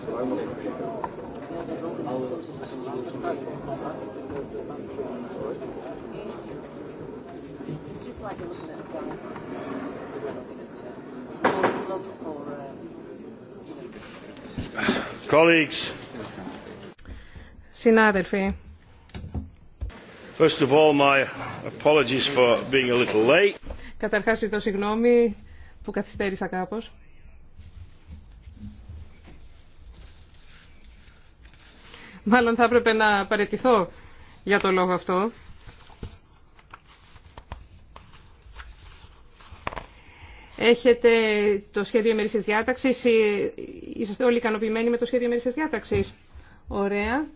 It's just like for, Colleagues. Συνάδελφοι. First of all, my apologies for being a little late. Καταρχάς ζητώ συγγνώμη που καθυστέρησα κάπως. Μάλλον θα έπρεπε να παραιτηθώ για το λόγο αυτό. Έχετε το σχέδιο ημερήσια διάταξη. Είσαστε όλοι ικανοποιημένοι με το σχέδιο ημερήσεις διάταξη. Ωραία.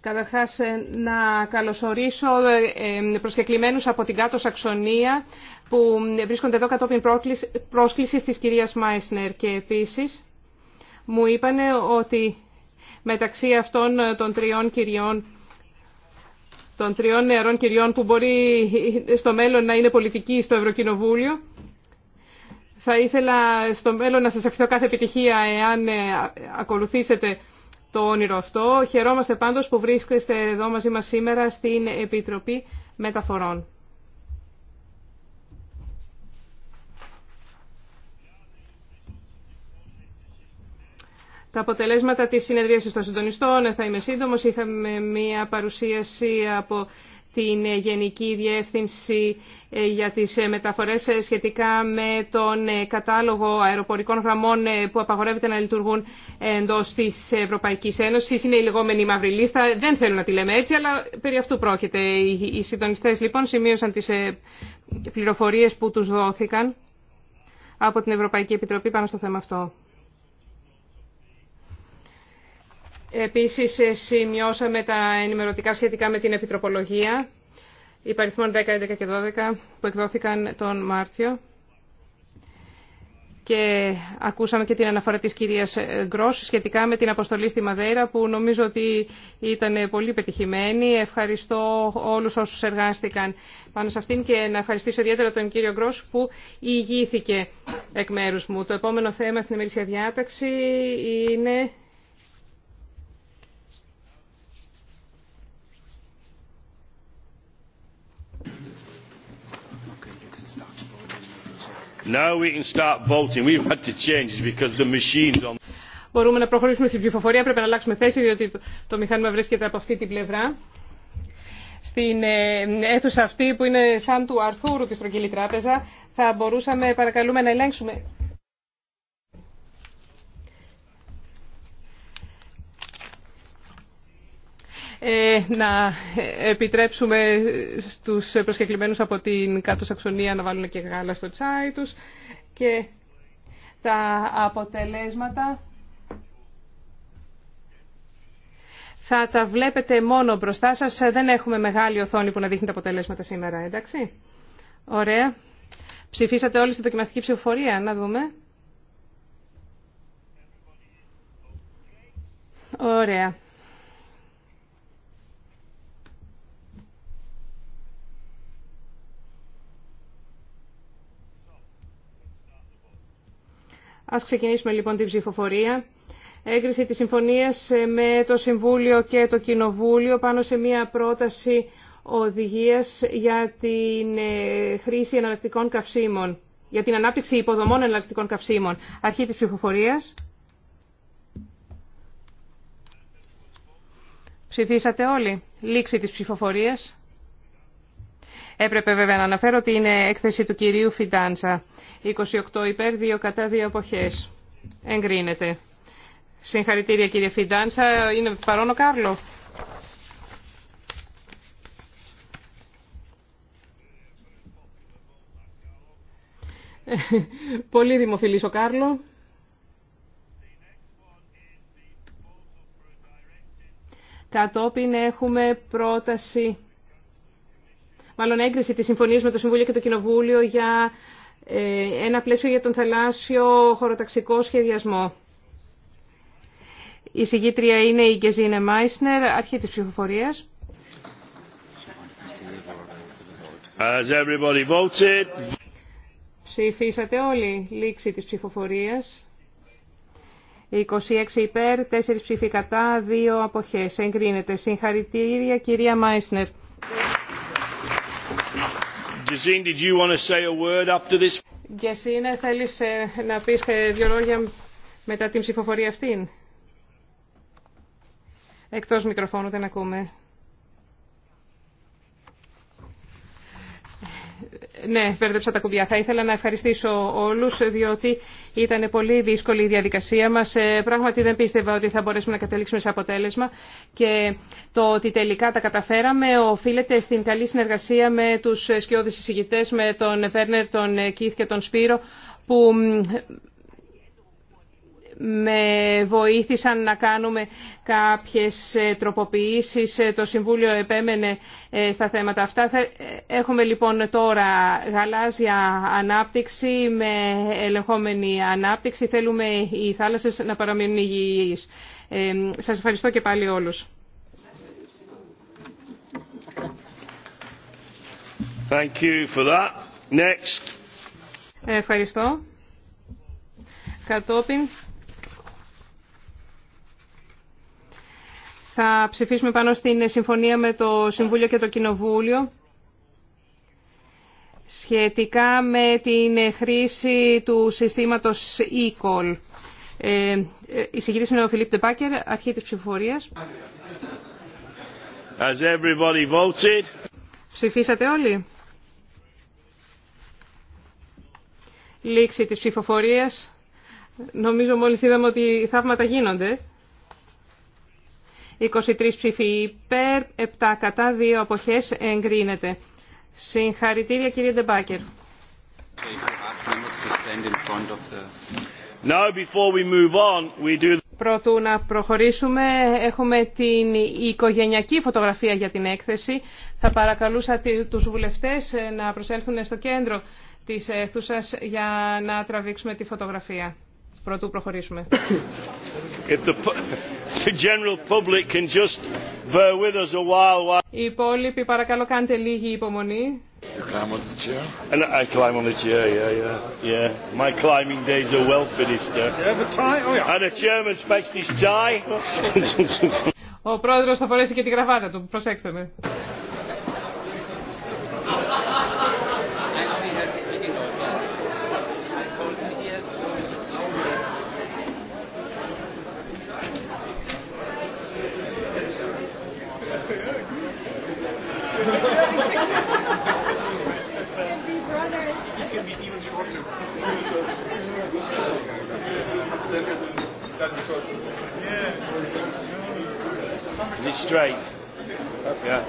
Καταρχάς ε, να καλωσορίσω ε, προσκεκλημένους από την κάτω Σαξονία που βρίσκονται εδώ κατόπιν πρόσκλησης της κυρίας Μάισνερ και επίσης μου είπαν ότι μεταξύ αυτών ε, των τριών κυριών των τριών νεαρών κυριών που μπορεί στο μέλλον να είναι πολιτικοί στο Ευρωκοινοβούλιο. Θα ήθελα στο μέλλον να σας ευχηθώ κάθε επιτυχία εάν ε, ακολουθήσετε το όνειρο αυτό. Χαιρόμαστε πάντως που βρίσκεστε εδώ μαζί μας σήμερα στην Επιτροπή Μεταφορών. τα αποτελέσματα της συνεδρίασης των συντονιστών. Ε, θα είμαι σύντομος. Είχαμε μία παρουσίαση από την Γενική Διεύθυνση ε, για τις ε, μεταφορές σχετικά με τον κατάλογο αεροπορικών γραμμών που απαγορεύεται να λειτουργούν εντός της Ευρωπαϊκής Ένωσης. Είναι η λεγόμενη μαύρη λίστα. Δεν θέλω να τη λέμε έτσι, αλλά περί αυτού πρόκειται. Οι συντονιστές λοιπόν σημείωσαν τις πληροφορίες που τους δόθηκαν από την Ευρωπαϊκή Επιτροπή πάνω στο θέμα αυτό. Επίσης ε, σημειώσαμε τα ενημερωτικά σχετικά με την επιτροπολογία υπαριθμών 10, 11 και 12 που εκδόθηκαν τον Μάρτιο και ακούσαμε και την αναφορά της κυρίας Γκρός σχετικά με την αποστολή στη Μαδέρα που νομίζω ότι ήταν πολύ πετυχημένη. Ευχαριστώ όλους όσους εργάστηκαν πάνω σε αυτήν και να ευχαριστήσω ιδιαίτερα τον κύριο Γκρός που ηγήθηκε εκ μέρους μου. Το επόμενο θέμα στην ημερήσια διάταξη είναι Μπορούμε να προχωρήσουμε στην ψηφοφορία. Πρέπει να αλλάξουμε θέση διότι το, μηχάνημα βρίσκεται από αυτή την πλευρά. Στην ε, αίθουσα αυτή που είναι σαν του Αρθούρου τη Τρογγυλή Τράπεζα θα μπορούσαμε παρακαλούμε να ελέγξουμε Ε, να επιτρέψουμε στους προσκεκλημένους από την κάτω Σαξονία να βάλουν και γάλα στο τσάι τους και τα αποτελέσματα θα τα βλέπετε μόνο μπροστά σας. Δεν έχουμε μεγάλη οθόνη που να δείχνει τα αποτελέσματα σήμερα, εντάξει. Ωραία. Ψηφίσατε όλοι στη δοκιμαστική ψηφοφορία, να δούμε. Ωραία. Ας ξεκινήσουμε λοιπόν την ψηφοφορία. Έγκριση της συμφωνίας ε, με το Συμβούλιο και το Κοινοβούλιο πάνω σε μια πρόταση οδηγίας για την ε, χρήση εναλλακτικών καυσίμων, για την ανάπτυξη υποδομών εναλλακτικών καυσίμων. Αρχή της ψηφοφορίας. Ψηφίσατε όλοι. Λήξη της ψηφοφορίας. Έπρεπε βέβαια να αναφέρω ότι είναι έκθεση του κυρίου Φιντάντσα. 28 υπέρ, 2 κατά, 2 εποχές. Εγκρίνεται. Συγχαρητήρια κύριε Φιντάντσα. Είναι παρόν ο Κάρλο. Πολύ δημοφιλής ο Κάρλο. Κατόπιν έχουμε πρόταση μάλλον έγκριση της συμφωνίας με το Συμβούλιο και το Κοινοβούλιο για ε, ένα πλαίσιο για τον θαλάσσιο χωροταξικό σχεδιασμό. Η συγγήτρια είναι η Γκεζίνε Μάισνερ, αρχή της ψηφοφορίας. Ψηφίσατε όλοι λήξη της ψηφοφορίας. 26 υπέρ, 4 ψήφοι κατά, 2 αποχές. Εγκρίνεται. Συγχαρητήρια κυρία Μάισνερ. Gesine, did you want to say a word after this? Gesine, θέλεις ε, να πεις ε, δύο λόγια μετά την ψηφοφορία αυτήν. Εκτός μικροφώνου δεν ακούμε. Ναι, βέρδεψα τα κουμπιά. Θα ήθελα να ευχαριστήσω όλους, διότι ήταν πολύ δύσκολη η διαδικασία μας. Ε, πράγματι δεν πίστευα ότι θα μπορέσουμε να καταλήξουμε σε αποτέλεσμα και το ότι τελικά τα καταφέραμε οφείλεται στην καλή συνεργασία με τους σκιώδεις εισηγητές, με τον Βέρνερ, τον Κίθ και τον Σπύρο, που με βοήθησαν να κάνουμε κάποιες ε, τροποποιήσεις. Ε, το Συμβούλιο επέμενε ε, στα θέματα αυτά. Έχουμε λοιπόν τώρα γαλάζια ανάπτυξη με ελεγχόμενη ανάπτυξη. Θέλουμε οι θάλασσες να παραμείνουν υγιείς. Σας ευχαριστώ και πάλι όλους. Thank you Ευχαριστώ. Κατόπιν θα ψηφίσουμε πάνω στην συμφωνία με το Συμβούλιο και το Κοινοβούλιο σχετικά με την χρήση του συστήματος e-call. Ε, ε, η συγκρίση είναι ο Φιλίπ Τεπάκερ, αρχή της ψηφοφορίας. everybody voted? Ψηφίσατε όλοι. Λήξη της ψηφοφορίας. Νομίζω μόλις είδαμε ότι θαύματα γίνονται. 23 ψήφοι υπέρ, 7 κατά, 2 αποχές εγκρίνεται. Συγχαρητήρια κύριε Ντεμπάκερ. Πρωτού να προχωρήσουμε, έχουμε την οικογενειακή φωτογραφία για την έκθεση. Θα παρακαλούσα τους βουλευτές ε, να προσέλθουν στο κέντρο της αίθουσας για να τραβήξουμε τη φωτογραφία πρωτού προχωρήσουμε. Οι υπόλοιποι παρακαλώ κάντε λίγη υπομονή. Ο πρόεδρος θα φορέσει και τη γραβάτα του, προσέξτε με. Be straight. Yeah.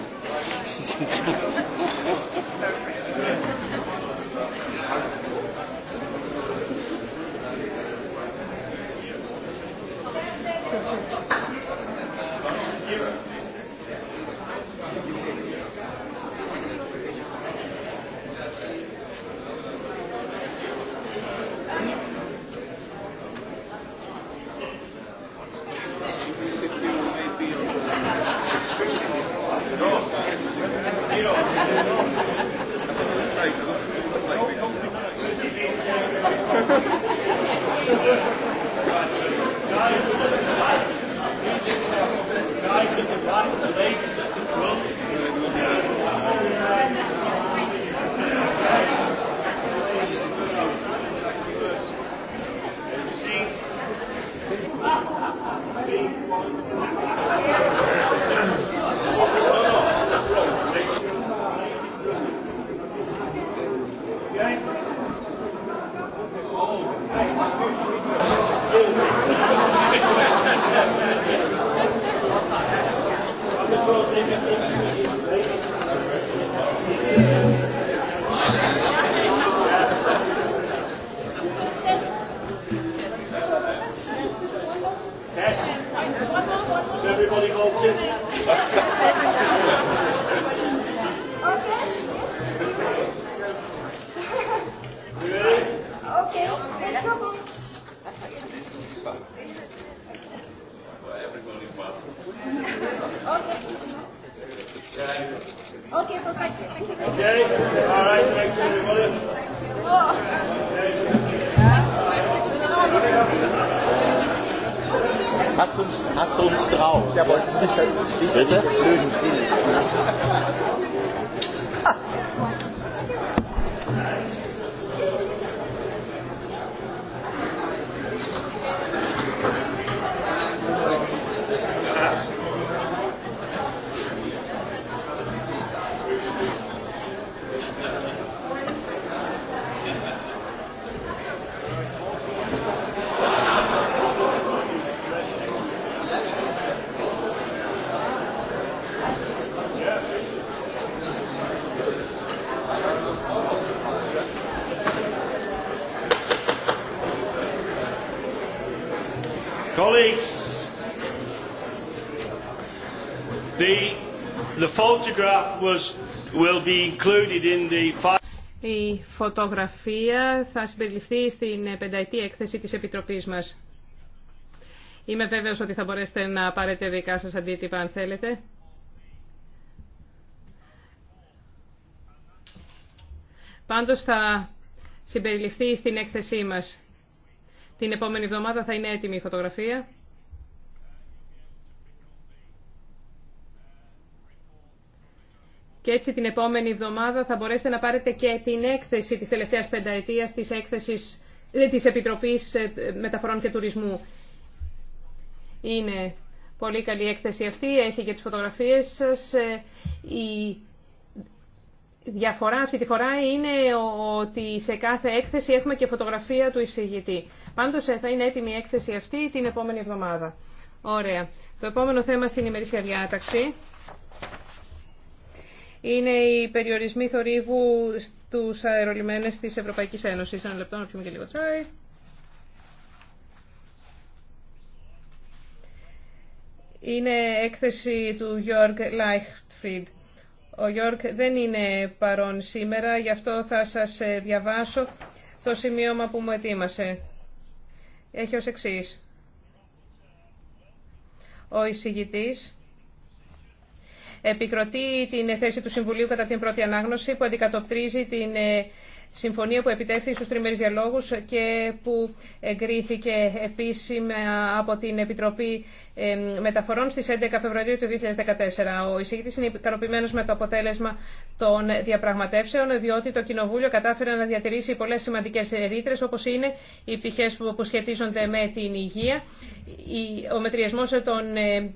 Η φωτογραφία θα συμπεριληφθεί στην πενταετή έκθεση της Επιτροπής μας. Είμαι βέβαιος ότι θα μπορέσετε να πάρετε δικά σας αντίτυπα αν θέλετε. Πάντως θα συμπεριληφθεί στην έκθεσή μας. Την επόμενη εβδομάδα θα είναι έτοιμη η φωτογραφία. Και έτσι την επόμενη εβδομάδα θα μπορέσετε να πάρετε και την έκθεση της τελευταίας πενταετίας της, έκθεσης, ε, της Επιτροπής ε, Μεταφορών και Τουρισμού. Είναι πολύ καλή έκθεση αυτή, έχει και τις φωτογραφίες σας. Ε, η διαφορά αυτή τη φορά είναι ότι σε κάθε έκθεση έχουμε και φωτογραφία του εισηγητή. Πάντως θα είναι έτοιμη η έκθεση αυτή την επόμενη εβδομάδα. Ωραία. Το επόμενο θέμα στην ημερήσια διάταξη είναι οι περιορισμοί θορύβου στους Αερολιμένε της Ευρωπαϊκής Ένωση. Ένα λεπτό να πιούμε και λίγο τσάι. Είναι έκθεση του Γιώργ Λάιχτφριντ. Ο Γιώργ δεν είναι παρόν σήμερα, γι' αυτό θα σας ε, διαβάσω το σημείωμα που μου ετοίμασε. Έχει ως εξής. Ο εισηγητής επικροτεί την θέση του Συμβουλίου κατά την πρώτη ανάγνωση που αντικατοπτρίζει την ε, συμφωνία που επιτεύχθηκε στους τριμερείς διαλόγους και που εγκρίθηκε επίσημα από την Επιτροπή ε, Μεταφορών στις 11 Φεβρουαρίου του 2014. Ο εισηγητής είναι ικανοποιημένο με το αποτέλεσμα των διαπραγματεύσεων, διότι το Κοινοβούλιο κατάφερε να διατηρήσει πολλές σημαντικές ρήτρες, όπως είναι οι πτυχές που σχετίζονται με την υγεία, ο μετριασμός των ε,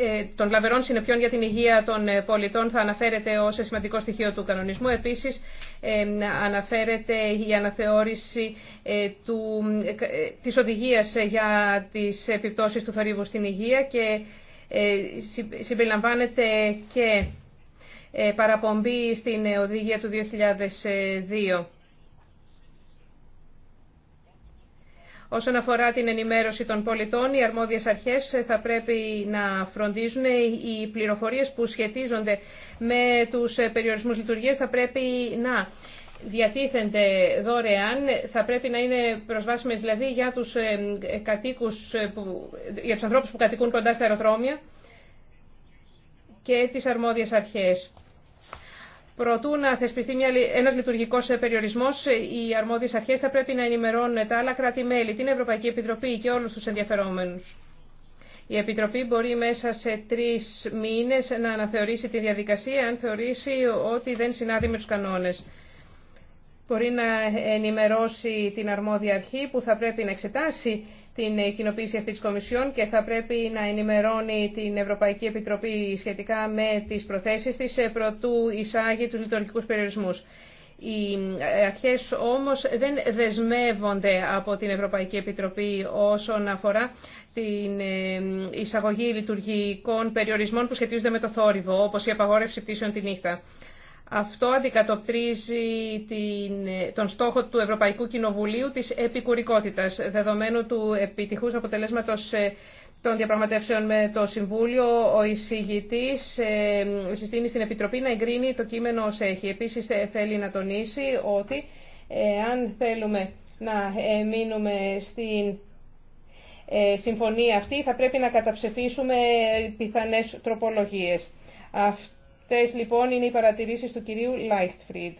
ε, των λαβερών συνεπιών για την υγεία των ε, πολιτών θα αναφέρεται ως ε, σημαντικό στοιχείο του κανονισμού. Επίσης αναφέρεται η αναθεώρηση του, της οδηγίας για τις επιπτώσεις του θορύβου στην υγεία και συμπεριλαμβάνεται και παραπομπή στην οδηγία του 2002. Όσον αφορά την ενημέρωση των πολιτών, οι αρμόδιες αρχές θα πρέπει να φροντίζουν οι πληροφορίες που σχετίζονται με τους περιορισμούς λειτουργίας θα πρέπει να διατίθενται δωρεάν, θα πρέπει να είναι προσβάσιμες δηλαδή για τους, ε, κατοίκους που, για τους ανθρώπους που κατοικούν κοντά στα αεροδρόμια και τις αρμόδιες αρχές. Προτού να θεσπιστεί μια, ένας λειτουργικός ε, περιορισμός, οι αρμόδιες αρχές θα πρέπει να ενημερώνουν τα άλλα κράτη-μέλη, την Ευρωπαϊκή Επιτροπή και όλους τους ενδιαφερόμενους. Η Επιτροπή μπορεί μέσα σε τρεις μήνες να αναθεωρήσει τη διαδικασία, αν θεωρήσει ότι δεν συνάδει με τους κανόνες. Μπορεί να ενημερώσει την αρμόδια αρχή που θα πρέπει να εξετάσει την κοινοποίηση αυτή τη Κομισιόν και θα πρέπει να ενημερώνει την Ευρωπαϊκή Επιτροπή σχετικά με τι προθέσει τη ε, προτού εισάγει του λειτουργικού περιορισμού. Οι ε, αρχέ όμω δεν δεσμεύονται από την Ευρωπαϊκή Επιτροπή όσον αφορά την ε, εισαγωγή λειτουργικών περιορισμών που σχετίζονται με το θόρυβο, όπω η απαγόρευση πτήσεων τη νύχτα. Αυτό αντικατοπτρίζει τον στόχο του Ευρωπαϊκού Κοινοβουλίου της επικουρικότητας. Δεδομένου του επιτυχούς αποτελέσματος ε, των διαπραγματεύσεων με το Συμβούλιο, ο εισηγητής ε, συστήνει στην Επιτροπή να εγκρίνει το κείμενο ως έχει. Επίσης ε, θέλει να τονίσει ότι αν θέλουμε να μείνουμε στην συμφωνία αυτή, θα πρέπει να καταψεφίσουμε πιθανές τροπολογίες. Αυτές λοιπόν είναι οι παρατηρήσεις του κυρίου Λάιχτφριντ.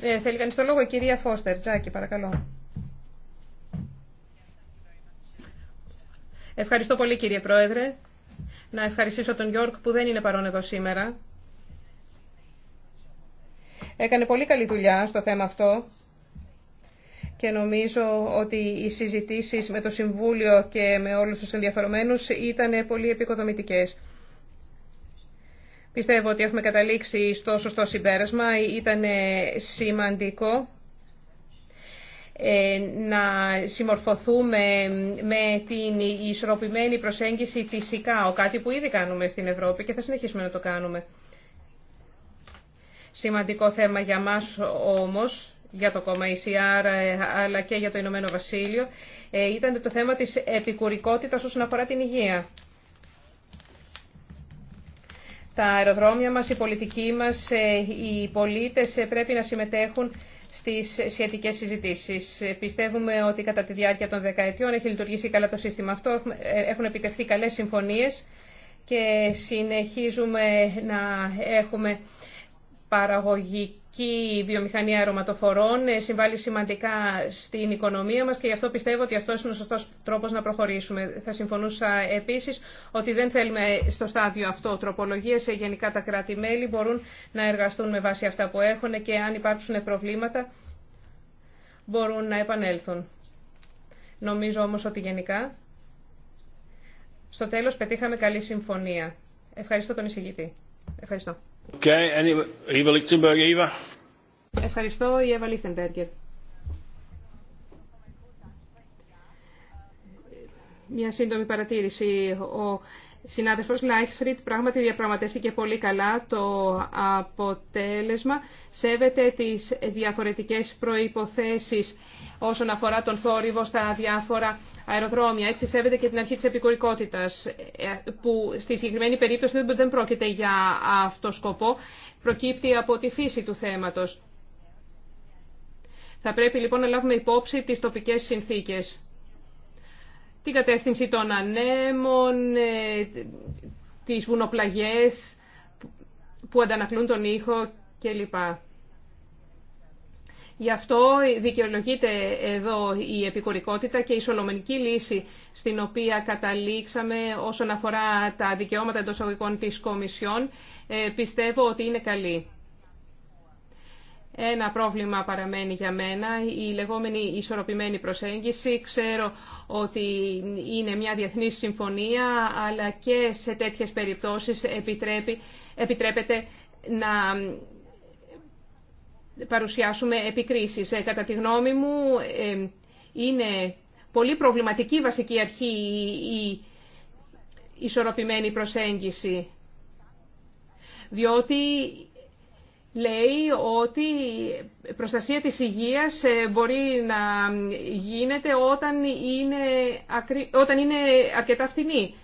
Ε, θέλει κανείς το λόγο, η κυρία Φώστερ. Τζάκι, παρακαλώ. Ευχαριστώ πολύ κύριε Πρόεδρε. Να ευχαριστήσω τον Γιώργ που δεν είναι παρόν εδώ σήμερα. Έκανε πολύ καλή δουλειά στο θέμα αυτό και νομίζω ότι οι συζητήσεις με το Συμβούλιο και με όλους τους ενδιαφερομένους ήταν πολύ επικοδομητικές. Πιστεύω ότι έχουμε καταλήξει στο σωστό συμπέρασμα. Ήταν ε, σημαντικό ε, να συμμορφωθούμε με την ισορροπημένη προσέγγιση φυσικά. ο κάτι που ήδη κάνουμε στην Ευρώπη και θα συνεχίσουμε να το κάνουμε. Σημαντικό θέμα για μας όμως για το κόμμα ECR ε, αλλά και για το Ηνωμένο Βασίλειο ε, ήταν το θέμα της επικουρικότητας όσον αφορά την υγεία. Τα αεροδρόμια μας, η πολιτική μας, ε, οι πολίτες πρέπει να συμμετέχουν στις σχετικές συζητήσεις. Πιστεύουμε ότι κατά τη διάρκεια των δεκαετιών έχει λειτουργήσει καλά το σύστημα αυτό, έχουν επιτευχθεί καλές συμφωνίες και συνεχίζουμε να έχουμε παραγωγική και η βιομηχανία αρωματοφορών ε, συμβάλλει σημαντικά στην οικονομία μας και γι' αυτό πιστεύω ότι αυτό είναι ο σωστός τρόπος να προχωρήσουμε. Θα συμφωνούσα επίσης ότι δεν θέλουμε στο στάδιο αυτό τροπολογίες. Ε, γενικά τα κράτη-μέλη μπορούν να εργαστούν με βάση αυτά που έχουν και αν υπάρξουν προβλήματα μπορούν να επανέλθουν. Νομίζω όμως ότι γενικά στο τέλος πετύχαμε καλή συμφωνία. Ευχαριστώ τον εισηγητή. Ευχαριστώ. Ευχαριστώ, η Εύα Μια σύντομη παρατήρηση. Ο συνάδελφος Λάιχσφριτ πράγματι διαπραγματεύτηκε πολύ καλά. Το αποτέλεσμα σέβεται τις διαφορετικές προϋποθέσεις όσον αφορά τον θόρυβο στα διάφορα αεροδρόμια. Έτσι σέβεται και την αρχή της επικουρικότητα, ε, που στη συγκεκριμένη περίπτωση δεν πρόκειται για αυτό σκοπό, προκύπτει από τη φύση του θέματος. Θα πρέπει λοιπόν να λάβουμε υπόψη τις τοπικέ συνθήκες. Την κατεύθυνση των ανέμων, ε, τις βουνοπλαγιές που αντανακλούν τον ήχο κλπ. Γι' αυτό δικαιολογείται εδώ η επικουρικότητα και η σολομενική λύση στην οποία καταλήξαμε όσον αφορά τα δικαιώματα εντός αγωγικών της Κομισιόν ε, πιστεύω ότι είναι καλή. Ένα πρόβλημα παραμένει για μένα, η λεγόμενη ισορροπημένη προσέγγιση. Ξέρω ότι είναι μια διεθνή συμφωνία, αλλά και σε τέτοιες περιπτώσεις επιτρέπεται να παρουσιάσουμε επικρίσεις. Ε, κατά τη γνώμη μου ε, είναι πολύ προβληματική βασική αρχή η ισορροπημένη προσέγγιση. Διότι λέει ότι προστασία της υγείας ε, μπορεί να γίνεται όταν είναι, όταν είναι αρκετά φθηνή.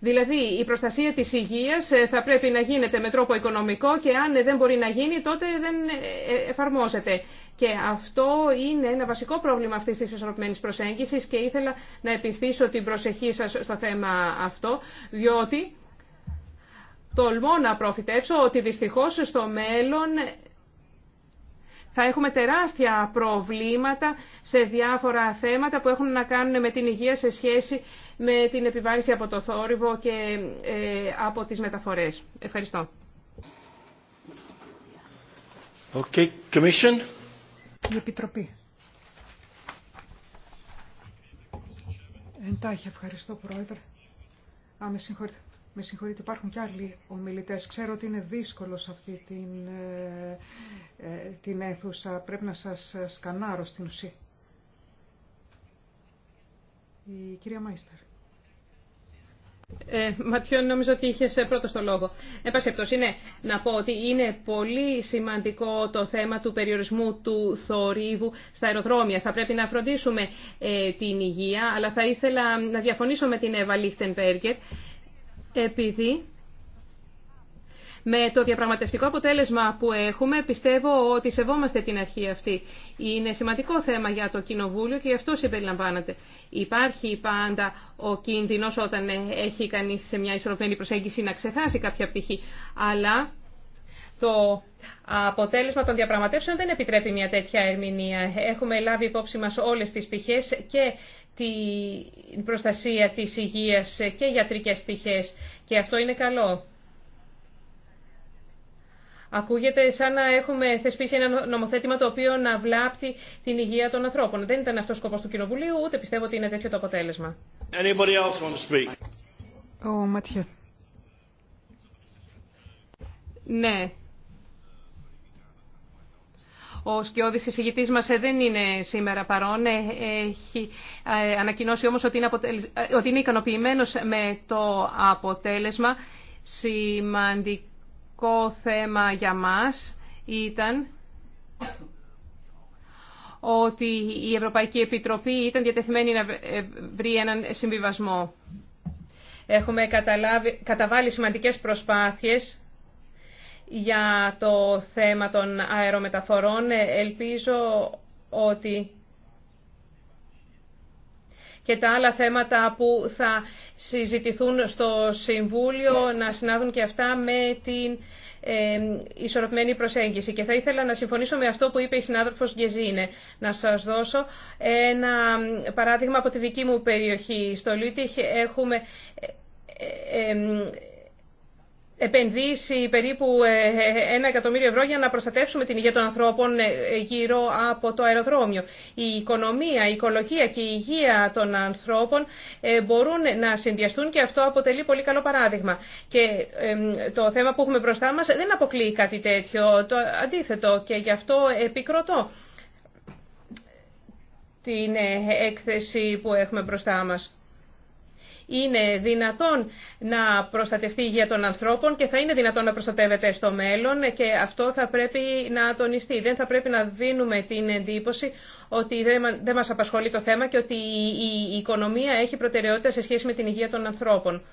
Δηλαδή η προστασία της υγείας ε, θα πρέπει να γίνεται με τρόπο οικονομικό και αν ε, δεν μπορεί να γίνει τότε δεν ε, εφαρμόζεται. Και αυτό είναι ένα βασικό πρόβλημα αυτή τη ισορροπημένη προσέγγιση και ήθελα να επιστήσω την προσοχή σα στο θέμα αυτό, διότι τολμώ να προφητεύσω ότι δυστυχώ στο μέλλον θα έχουμε τεράστια προβλήματα σε διάφορα θέματα που έχουν να κάνουν με την υγεία σε σχέση με την επιβάρηση από το θόρυβο και ε, από τις μεταφορές. Ευχαριστώ. Okay, Commission. Η Επιτροπή. Εντάχει, ευχαριστώ Πρόεδρε. Α, με συγχωρείτε. Με συγχωρείτε, υπάρχουν και άλλοι ομιλητές. Ξέρω ότι είναι δύσκολο σε αυτή την, ε, ε, την αίθουσα. Πρέπει να σας σκανάρω στην ουσία. Η κυρία Μάιστερ. Ε, νομίζω ότι είχε πρώτο το λόγο. Εν πάση περιπτώσει, ναι, να πω ότι είναι πολύ σημαντικό το θέμα του περιορισμού του θορύβου στα αεροδρόμια. Θα πρέπει να φροντίσουμε ε, την υγεία, αλλά θα ήθελα να διαφωνήσω με την Εύα Λίχτενπέργκερ, επειδή με το διαπραγματευτικό αποτέλεσμα που έχουμε, πιστεύω ότι σεβόμαστε την αρχή αυτή. Είναι σημαντικό θέμα για το Κοινοβούλιο και γι' αυτό συμπεριλαμβάνεται. Υπάρχει πάντα ο κίνδυνος όταν έχει κανείς σε μια ισορροπημένη προσέγγιση να ξεχάσει κάποια πτυχή. Αλλά το αποτέλεσμα των διαπραγματεύσεων δεν επιτρέπει μια τέτοια ερμηνεία. Έχουμε λάβει υπόψη μας όλες τις πτυχές και την προστασία της υγείας και γιατρικές πτυχές και αυτό είναι καλό. Ακούγεται σαν να έχουμε θεσπίσει ένα νομοθέτημα το οποίο να βλάπτει την υγεία των ανθρώπων. Δεν ήταν αυτό ο σκοπό του Κοινοβουλίου, ούτε πιστεύω ότι είναι τέτοιο το αποτέλεσμα. Ο Ναι. Ο σκιώδης εισηγητής μας ε, δεν είναι σήμερα παρόν. Ε, έχει ε, ανακοινώσει όμως ότι είναι, αποτελεσ... ότι είναι ικανοποιημένος με το αποτέλεσμα. Σημαντικό το θέμα για μας ήταν ότι η Ευρωπαϊκή Επιτροπή ήταν διατεθειμένη να βρει έναν συμβιβασμό. Έχουμε καταλάβει, καταβάλει σημαντικές προσπάθειες για το θέμα των αερομεταφορών. Ελπίζω ότι και τα άλλα θέματα που θα συζητηθούν στο Συμβούλιο να συνάδουν και αυτά με την ισορροπημένη προσέγγιση. Και θα ήθελα να συμφωνήσω με αυτό που είπε η συνάδελφος Γκεζίνε. Να σας δώσω ένα παράδειγμα από τη δική μου περιοχή. Στο Λίτιχ έχουμε ε, ε, επενδύσει περίπου ε, ε, ένα εκατομμύριο ευρώ για να προστατεύσουμε την υγεία των ανθρώπων ε, γύρω από το αεροδρόμιο. Η οικονομία, η οικολογία και η υγεία των ανθρώπων μπορούν να συνδυαστούν και αυτό αποτελεί πολύ καλό παράδειγμα. Και το θέμα που έχουμε μπροστά μας δεν αποκλείει κάτι τέτοιο, το αντίθετο και γι' αυτό επικροτώ την έκθεση που έχουμε μπροστά μας είναι δυνατόν να προστατευτεί η υγεία των ανθρώπων και θα είναι δυνατόν να προστατεύεται στο μέλλον και αυτό θα πρέπει να τονιστεί. Δεν θα πρέπει να δίνουμε την εντύπωση ότι δεν μας απασχολεί το θέμα και ότι η οικονομία έχει προτεραιότητα σε σχέση με την υγεία των ανθρώπων.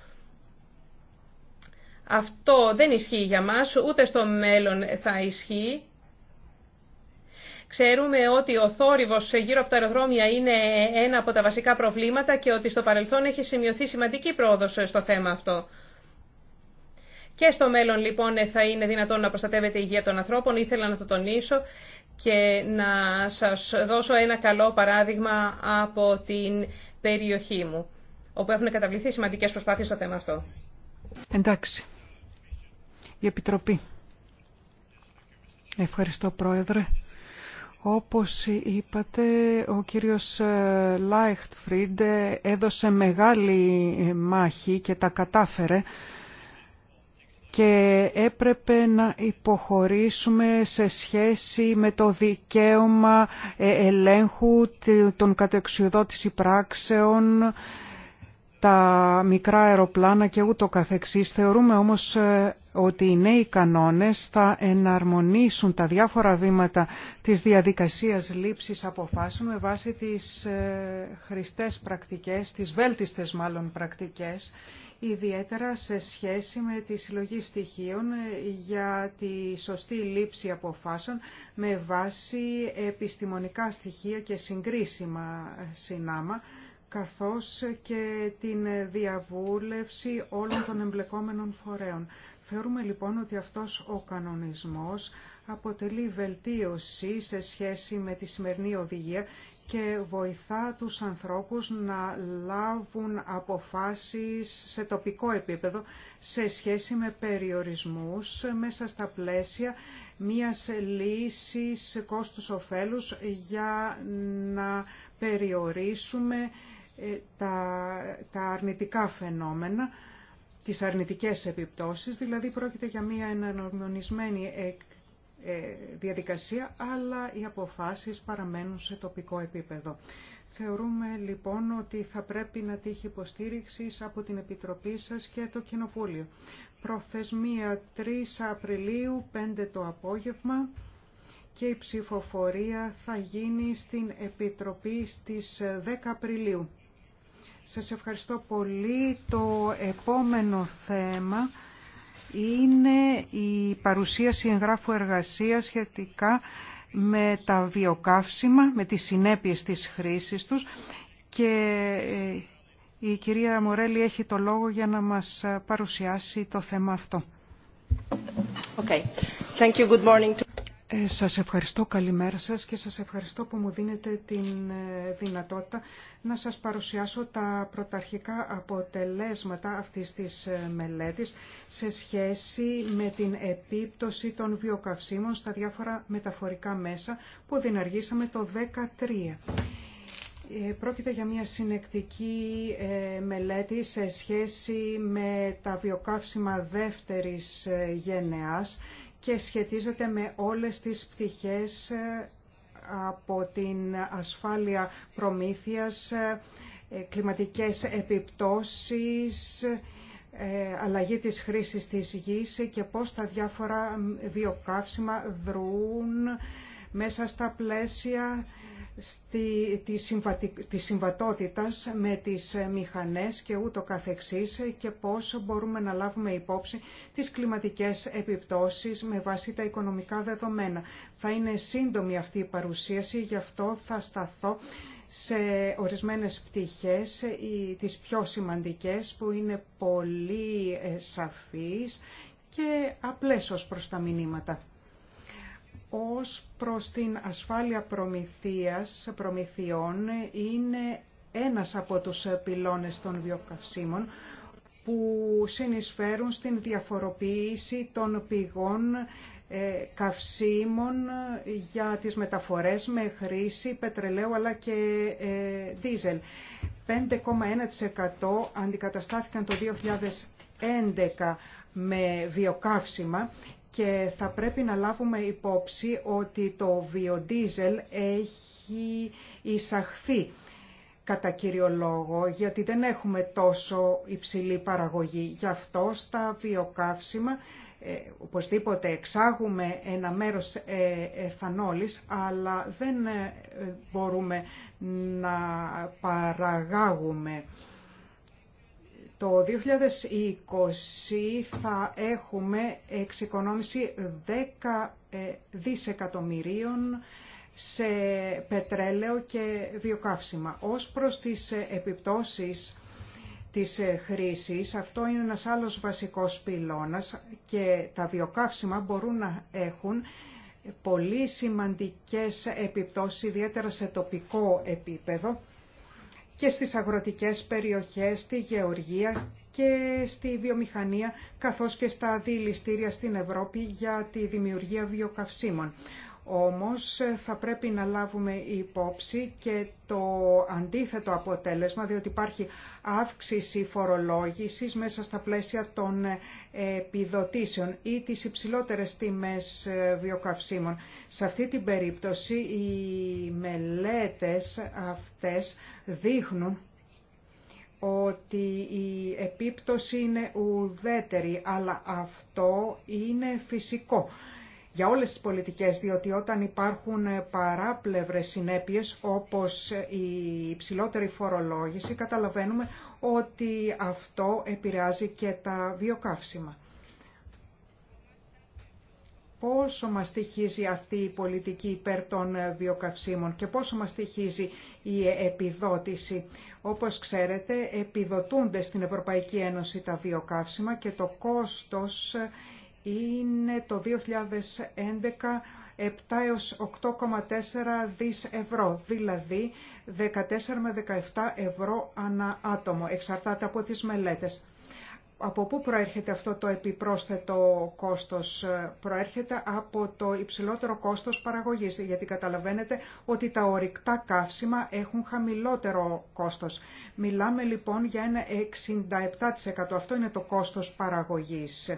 Αυτό δεν ισχύει για μας, ούτε στο μέλλον θα ισχύει. Ξέρουμε ότι ο θόρυβος γύρω από τα αεροδρόμια είναι ένα από τα βασικά προβλήματα και ότι στο παρελθόν έχει σημειωθεί σημαντική πρόοδος στο θέμα αυτό. Και στο μέλλον λοιπόν θα είναι δυνατόν να προστατεύεται η υγεία των ανθρώπων. Ήθελα να το τονίσω και να σας δώσω ένα καλό παράδειγμα από την περιοχή μου, όπου έχουν καταβληθεί σημαντικές προσπάθειες στο θέμα αυτό. Εντάξει. Η Επιτροπή. Ευχαριστώ Πρόεδρε. Όπως είπατε, ο κύριος ε, Λάιχτφριντ ε, έδωσε μεγάλη ε, μάχη και τα κατάφερε και έπρεπε να υποχωρήσουμε σε σχέση με το δικαίωμα ελέγχου των κατεξιοδότηση πράξεων τα μικρά αεροπλάνα και ούτω καθεξής. Θεωρούμε όμως ε, ότι οι νέοι κανόνες θα εναρμονίσουν τα διάφορα βήματα της διαδικασίας λήψης αποφάσεων με βάση τις ε, χρηστές πρακτικές, τις βέλτιστες μάλλον πρακτικές, ιδιαίτερα σε σχέση με τη συλλογή στοιχείων ε, για τη σωστή λήψη αποφάσεων με βάση επιστημονικά στοιχεία και συγκρίσιμα συνάμα καθώς και την διαβούλευση όλων των εμπλεκόμενων φορέων. Θεωρούμε λοιπόν ότι αυτός ο κανονισμός αποτελεί βελτίωση σε σχέση με τη σημερινή οδηγία και βοηθά τους ανθρώπους να λάβουν αποφάσεις σε τοπικό επίπεδο σε σχέση με περιορισμούς μέσα στα πλαίσια μιας λύσης κόστους-οφέλους για να περιορίσουμε ε, τα, αρνητικά φαινόμενα, τις αρνητικές επιπτώσεις, δηλαδή πρόκειται για μια εναρμονισμένη ε, ε, διαδικασία, αλλά οι αποφάσεις παραμένουν σε τοπικό επίπεδο. Θεωρούμε λοιπόν ότι θα πρέπει να τύχει υποστήριξη από την Επιτροπή σας και το Κοινοβούλιο. Προθεσμία 3 Απριλίου, 5 το απόγευμα και η ψηφοφορία θα γίνει στην Επιτροπή στις 10 Απριλίου. Σας ευχαριστώ πολύ. Το επόμενο θέμα είναι η παρουσίαση εγγράφου εργασίας σχετικά με τα βιοκαύσιμα, με τις συνέπειες της χρήσης τους και ε, η κυρία Μορέλη έχει το λόγο για να μας παρουσιάσει το θέμα αυτό. Okay. Thank you. Good morning. Ε, σας ευχαριστώ, καλημέρα σας και σας ευχαριστώ που μου δίνετε την ε, δυνατότητα να σας παρουσιάσω τα πρωταρχικά αποτελέσματα αυτής της ε, μελέτης σε σχέση με την επίπτωση των βιοκαυσίμων στα διάφορα μεταφορικά μέσα που διναργήσαμε το 2013. Ε, πρόκειται για μια συνεκτική μελέτη σε σχέση με τα βιοκαύσιμα δεύτερης γενεάς και σχετίζεται με όλες τις πτυχές ε, από την ασφάλεια προμήθειας, ε, ε, κλιματικές επιπτώσεις, αλλαγή της χρήσης της γης και πώς τα διάφορα βιοκαύσιμα δρούν μέσα στα πλαίσια στη, τη, συμβατότητας με τις μηχανές και ούτω καθεξής και πώς μπορούμε να λάβουμε υπόψη τις κλιματικές επιπτώσεις με βάση τα οικονομικά δεδομένα. Θα είναι σύντομη αυτή η παρουσίαση, γι' αυτό θα σταθώ σε ορισμένες πτυχές, τις πιο σημαντικές που είναι πολύ ε, σαφείς και απλές ως προς τα μηνύματα ως προς την ασφάλεια προμηθείας, προμηθειών είναι ένας από τους πυλώνες των βιοκαυσίμων που συνεισφέρουν στην διαφοροποίηση των πηγών ε, καυσίμων για τις μεταφορές με χρήση πετρελαίου αλλά και ε, δίζελ. 5,1% αντικαταστάθηκαν το 2011 με βιοκαύσιμα και θα πρέπει να λάβουμε υπόψη ότι το βιοδίζελ έχει εισαχθεί κατά κύριο λόγο, γιατί δεν έχουμε τόσο υψηλή παραγωγή. Γι' αυτό στα βιοκαύσιμα ε, οπωσδήποτε εξάγουμε ένα μέρος ε, εθανόλης, αλλά δεν ε, μπορούμε να παραγάγουμε το 2020 θα έχουμε εξοικονόμηση 10 ε, δισεκατομμυρίων σε πετρέλαιο και βιοκαύσιμα. Ως προς τις επιπτώσεις της χρήσης, αυτό είναι ένας άλλος βασικός πυλώνας και τα βιοκαύσιμα μπορούν να έχουν πολύ σημαντικές επιπτώσεις, ιδιαίτερα σε τοπικό επίπεδο, και στις αγροτικές περιοχές, στη γεωργία και στη βιομηχανία καθώς και στα δηληστήρια στην Ευρώπη για τη δημιουργία βιοκαυσίμων. Όμως ε, θα πρέπει να λάβουμε υπόψη και το αντίθετο αποτέλεσμα, διότι υπάρχει αύξηση φορολόγησης μέσα στα πλαίσια των ε, επιδοτήσεων ή τις υψηλότερες τιμές ε, βιοκαυσίμων. Σε αυτή την περίπτωση οι μελέτες αυτές δείχνουν ότι η επίπτωση είναι ουδέτερη, αλλά αυτό είναι φυσικό για όλες τις πολιτικές, διότι όταν υπάρχουν ε, παράπλευρες συνέπειες όπως ε, η υψηλότερη φορολόγηση, καταλαβαίνουμε ότι αυτό επηρεάζει και τα βιοκαύσιμα. Πόσο μας στοιχίζει αυτή η πολιτική υπέρ των ε, βιοκαυσίμων και πόσο μας στοιχίζει η επιδότηση. Όπως ξέρετε, επιδοτούνται στην Ευρωπαϊκή Ένωση τα βιοκαύσιμα και το κόστος είναι το 2011 7 έως 8,4 δις ευρώ, δηλαδή 14 με 17 ευρώ ανά άτομο, εξαρτάται από τις μελέτες. Από πού προέρχεται αυτό το επιπρόσθετο κόστος. Προέρχεται από το υψηλότερο κόστος παραγωγής, γιατί καταλαβαίνετε ότι τα ορυκτά καύσιμα έχουν χαμηλότερο κόστος. Μιλάμε λοιπόν για ένα 67%. Αυτό είναι το κόστος παραγωγής.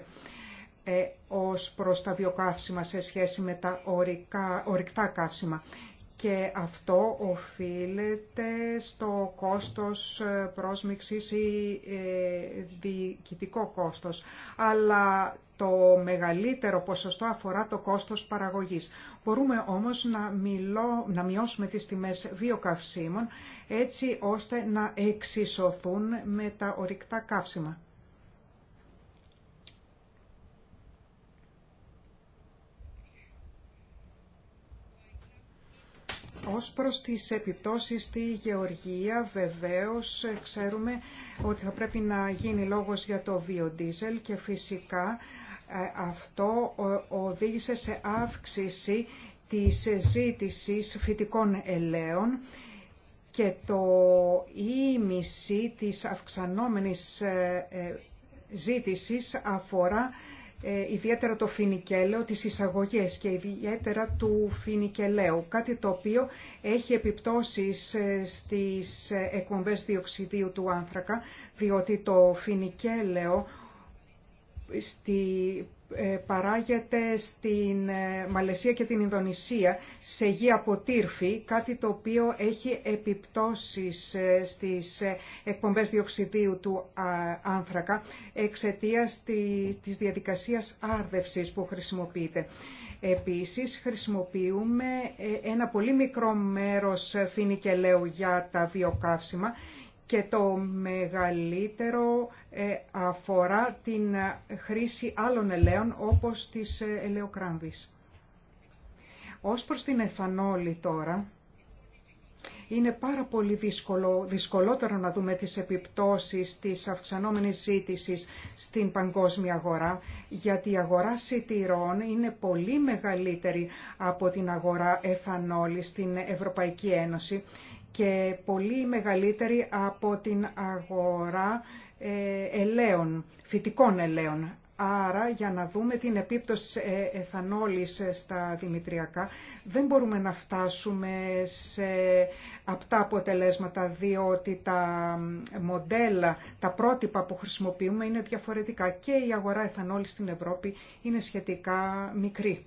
Ε, ως προς τα βιοκαύσιμα σε σχέση με τα ορικά, ορυκτά καύσιμα. Και αυτό οφείλεται στο κόστος ε, πρόσμιξης ή ε, διοικητικό κόστος. Αλλά το μεγαλύτερο ποσοστό αφορά το κόστος παραγωγής. Μπορούμε όμως να, μιλώ, να μειώσουμε τις τιμές βιοκαυσίμων έτσι ώστε να εξισωθούν με τα ορυκτά καύσιμα. Ως προς τις επιπτώσεις στη γεωργία, βεβαίως ξέρουμε ότι θα πρέπει να γίνει λόγος για το βιοντίζελ και φυσικά ε, αυτό οδήγησε σε αύξηση της ζήτησης φυτικών ελαίων και το ίμιση της αυξανόμενης ε, ε, ζήτησης αφορά ε, ιδιαίτερα το φινικέλαιο, τις εισαγωγές και ιδιαίτερα του φινικελαίου, κάτι το οποίο έχει επιπτώσεις ε, στις ε, εκπομπές διοξιδίου του άνθρακα, διότι το φινικέλαιο ε, παράγεται στην ε, Μαλαισία και την Ινδονησία σε γη από κάτι το οποίο έχει επιπτώσεις ε, στις εκπομπές διοξιδίου του άνθρακα εξαιτίας της διαδικασίας άρδευσης που χρησιμοποιείται. Επίσης χρησιμοποιούμε ένα πολύ μικρό μέρος φινικελαίου για τα βιοκαύσιμα και το μεγαλύτερο ε, αφορά την χρήση άλλων ελαίων όπως της ε, ελαιοκράμβης. Ως προς την εθανόλη τώρα, είναι πάρα πολύ δύσκολο, δυσκολότερο να δούμε τις επιπτώσεις της αυξανόμενης ζήτησης στην παγκόσμια αγορά, γιατί η αγορά σιτηρών είναι πολύ μεγαλύτερη από την αγορά εθανόλη στην Ευρωπαϊκή Ένωση και πολύ μεγαλύτερη από την αγορά ε, ελαίων, φυτικών ελαίων. Άρα, για να δούμε την επίπτωση ε, εθανόλης ε, στα δημητριακά, δεν μπορούμε να φτάσουμε σε απτά αποτελέσματα, διότι τα μοντέλα, τα πρότυπα που χρησιμοποιούμε είναι διαφορετικά και η αγορά εθανόλης στην Ευρώπη είναι σχετικά μικρή.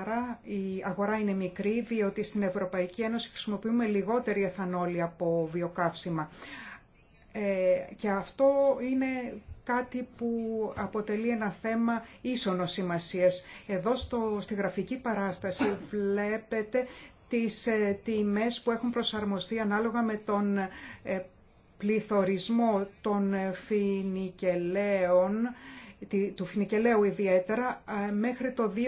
Άρα η αγορά είναι μικρή διότι στην Ευρωπαϊκή Ένωση χρησιμοποιούμε λιγότερη εθανόλη από βιοκαύσιμα. Ε, και αυτό είναι κάτι που αποτελεί ένα θέμα ίσονος σημασίας. Εδώ στο, στη γραφική παράσταση βλέπετε τις ε, τιμές που έχουν προσαρμοστεί ανάλογα με τον ε, πληθωρισμό των ε, φινικελαίων του Φινικελαίου ιδιαίτερα, ε, μέχρι το 2011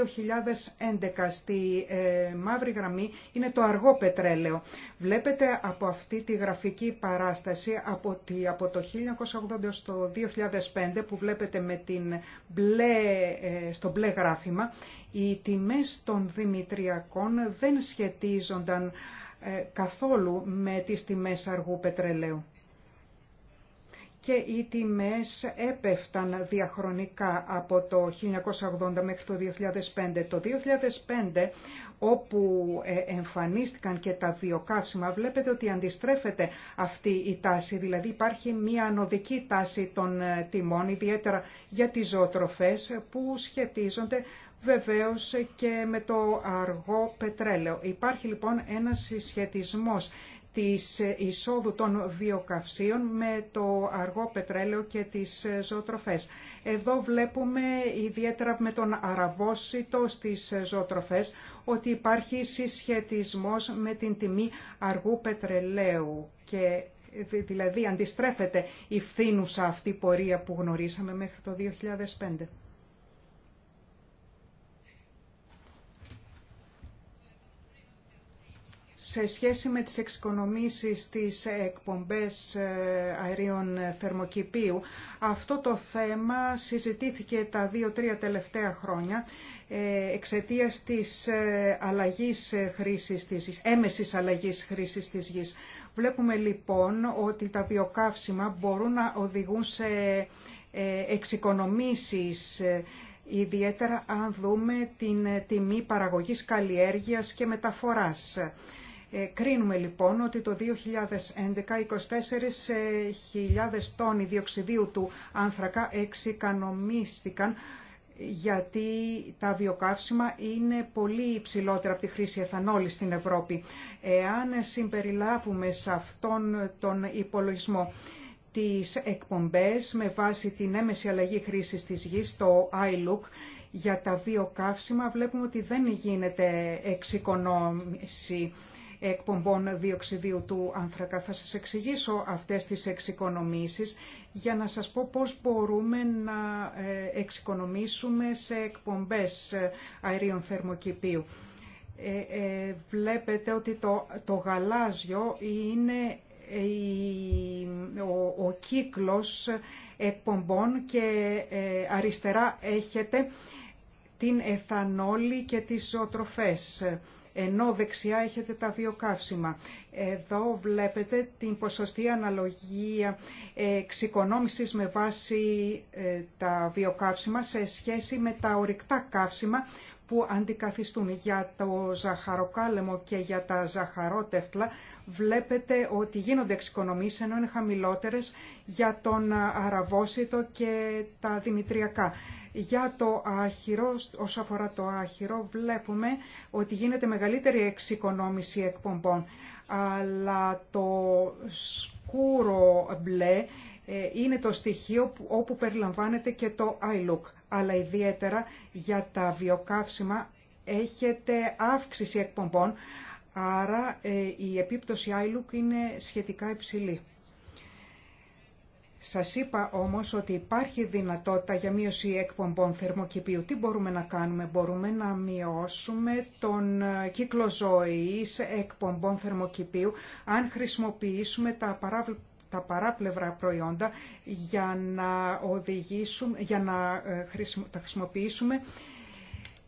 στη ε, μαύρη γραμμή είναι το αργό πετρέλαιο. Βλέπετε από αυτή τη γραφική παράσταση από το 1980 στο 2005 που βλέπετε με την μπλε, ε, στο μπλε γράφημα, οι τιμές των Δημητριακών δεν σχετίζονταν καθόλου με τις τιμές αργού πετρελαίου και οι τιμές έπεφταν διαχρονικά από το 1980 μέχρι το 2005. Το 2005 όπου ε, εμφανίστηκαν και τα βιοκαύσιμα βλέπετε ότι αντιστρέφεται αυτή η τάση, δηλαδή υπάρχει μια ανωδική τάση των ε, τιμών, ιδιαίτερα για τις ζωοτροφές που σχετίζονται βεβαίως και με το αργό πετρέλαιο. Υπάρχει λοιπόν ένας συσχετισμός της εισόδου των βιοκαυσίων με το αργό πετρέλαιο και τις ζωοτροφές. Εδώ βλέπουμε ιδιαίτερα με τον αραβόσιτο στις ζωοτροφές ότι υπάρχει συσχετισμός με την τιμή αργού πετρελαίου και δηλαδή αντιστρέφεται η φθήνουσα αυτή πορεία που γνωρίσαμε μέχρι το 2005. σε σχέση με τις εξοικονομήσεις της εκπομπές ε, αερίων θερμοκηπίου. Αυτό το θέμα συζητήθηκε τα δύο-τρία τελευταία χρόνια ε, εξαιτίας της ε, αλλαγής χρήσης της γης, έμεσης αλλαγής χρήσης της γης. Βλέπουμε λοιπόν ότι τα βιοκαύσιμα μπορούν να οδηγούν σε εξοικονομήσεις ιδιαίτερα αν δούμε την τιμή παραγωγής καλλιέργειας και μεταφοράς. Ε, κρίνουμε λοιπόν ότι το 2011 24.000 τόνοι διοξιδίου του άνθρακα εξοικονομήθηκαν γιατί τα βιοκαύσιμα είναι πολύ υψηλότερα από τη χρήση εθανόλη στην Ευρώπη. Εάν συμπεριλάβουμε σε αυτόν τον υπολογισμό τις εκπομπές με βάση την έμεση αλλαγή χρήσης της γης, το iLook, για τα βιοκαύσιμα βλέπουμε ότι δεν γίνεται εξοικονόμηση εκπομπών διοξιδίου του άνθρακα. Θα σας εξηγήσω αυτές τις εξοικονομήσεις για να σας πω πώς μπορούμε να ε, εξοικονομήσουμε σε εκπομπές ε, αερίων θερμοκηπίου. Ε, ε, βλέπετε ότι το, το γαλάζιο είναι ο, ο κύκλος εκπομπών και αριστερά έχετε την εθανόλη και τις ζωοτροφές ενώ δεξιά έχετε τα βιοκαύσιμα. Εδώ βλέπετε την ποσοστή αναλογία ε, εξοικονόμησης με βάση ε, τα βιοκαύσιμα σε σχέση με τα ορυκτά καύσιμα που αντικαθιστούν για το ζαχαροκάλεμο και για τα ζαχαρότευτλα βλέπετε ότι γίνονται εξοικονομήσεις ενώ είναι χαμηλότερες για τον ε, αραβόσιτο και τα δημητριακά. Για το άχυρο, όσο αφορά το άχυρο, βλέπουμε ότι γίνεται μεγαλύτερη εξοικονόμηση εκπομπών. Αλλά το σκούρο μπλε ε, είναι το στοιχείο όπου περιλαμβάνεται και το iLook. Αλλά ιδιαίτερα για τα βιοκαύσιμα έχετε αύξηση εκπομπών, άρα ε, η επίπτωση iLook είναι σχετικά υψηλή σα είπα όμως ότι υπάρχει δυνατότητα για μείωση εκπομπών θερμοκηπίου. Τι μπορούμε να κάνουμε, μπορούμε να μειώσουμε τον ε, κύκλο ζωής εκπομπών θερμοκηπίου αν χρησιμοποιήσουμε τα παράπλευρα προϊόντα για να, οδηγήσουμε, για να ε, τα χρησιμοποιήσουμε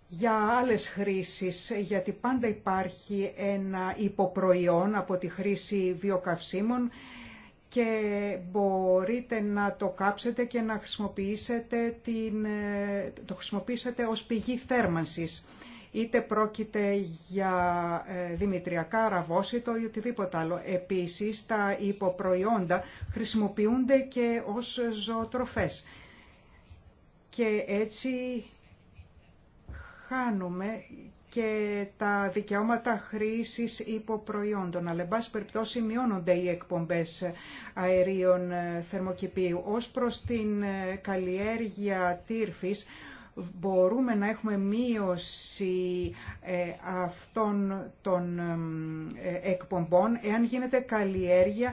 για άλλες χρήσεις, γιατί πάντα υπάρχει ένα υποπροϊόν από τη χρήση βιοκαυσίμων και μπορείτε να το κάψετε και να χρησιμοποιήσετε την, ε, το χρησιμοποιήσετε ως πηγή θέρμανσης. Είτε πρόκειται για ε, δημητριακά ραβόσιτο ή οτιδήποτε άλλο. Επίσης, τα υποπροϊόντα χρησιμοποιούνται και ως ζωοτροφές. Και έτσι χάνουμε και τα δικαιώματα χρήσης υποπροϊόντων. Αλλά, εν πάση περιπτώσει, μειώνονται οι εκπομπές αερίων θερμοκηπίου. Ως προς την ε, καλλιέργεια τύρφης, μπορούμε να έχουμε μείωση ε, αυτών των ε, εκπομπών εάν γίνεται καλλιέργεια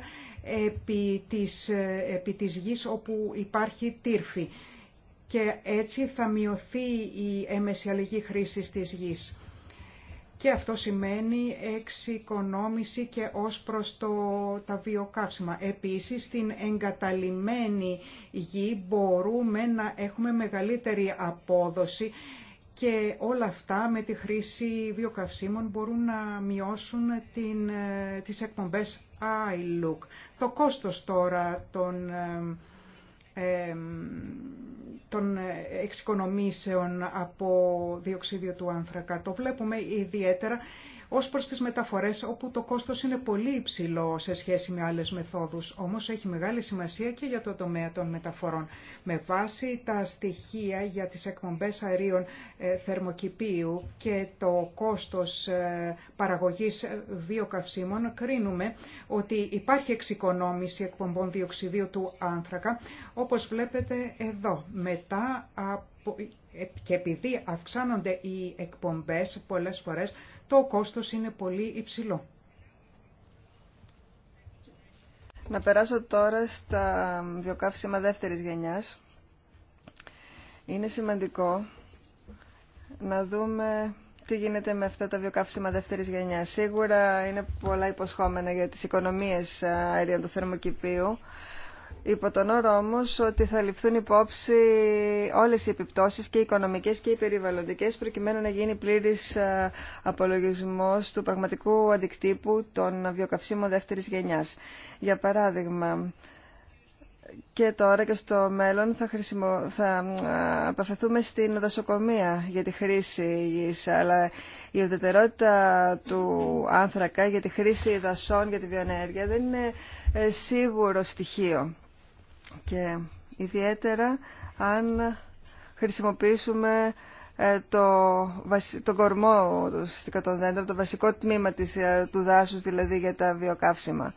επί της, επί της γης όπου υπάρχει τύρφη και έτσι θα μειωθεί η έμεση αλληλεγγύη χρήση της γης. Και αυτό σημαίνει εξοικονόμηση και ως προς το, τα βιοκαύσιμα. Επίσης, στην εγκαταλειμμένη γη μπορούμε να έχουμε μεγαλύτερη απόδοση και όλα αυτά με τη χρήση βιοκαυσίμων μπορούν να μειώσουν την, ε, τις εκπομπές iLook. Το κόστος τώρα των ε, των εξοικονομήσεων από διοξίδιο του άνθρακα. Το βλέπουμε ιδιαίτερα Ω προ τι μεταφορές όπου το κόστος είναι πολύ υψηλό σε σχέση με άλλες μεθόδους, όμως έχει μεγάλη σημασία και για το τομέα των μεταφορών. Με βάση τα στοιχεία για τις εκπομπές αερίων ε, θερμοκηπίου και το κόστος ε, παραγωγής ε, βιοκαυσίμων, κρίνουμε ότι υπάρχει εξοικονόμηση εκπομπών διοξιδίου του άνθρακα, όπως βλέπετε εδώ, μετά από και επειδή αυξάνονται οι εκπομπές πολλές φορές το κόστος είναι πολύ υψηλό. Να περάσω τώρα στα βιοκαύσιμα δεύτερης γενιάς. Είναι σημαντικό να δούμε τι γίνεται με αυτά τα βιοκαύσιμα δεύτερης γενιάς. Σίγουρα είναι πολλά υποσχόμενα για τις οικονομίες αερίων του θερμοκηπίου Υπό τον όρο όμω ότι θα ληφθούν υπόψη όλες οι επιπτώσεις και οι οικονομικές και οι περιβαλλοντικές προκειμένου να γίνει πλήρης ε, απολογισμός του πραγματικού αντικτύπου των βιοκαυσίμων δεύτερης γενιάς. Για παράδειγμα, και τώρα και στο μέλλον θα, χρησιμο... θα ε, απαφεθούμε στην δασοκομεία για τη χρήση γης, αλλά η ουδετερότητα του άνθρακα για τη χρήση δασών για τη βιονέργεια δεν είναι ε, σίγουρο στοιχείο και ιδιαίτερα αν χρησιμοποιήσουμε ε, το, τον κορμό των δέντρων, το βασικό τμήμα της, ε, του δάσους δηλαδή για τα βιοκαύσιμα.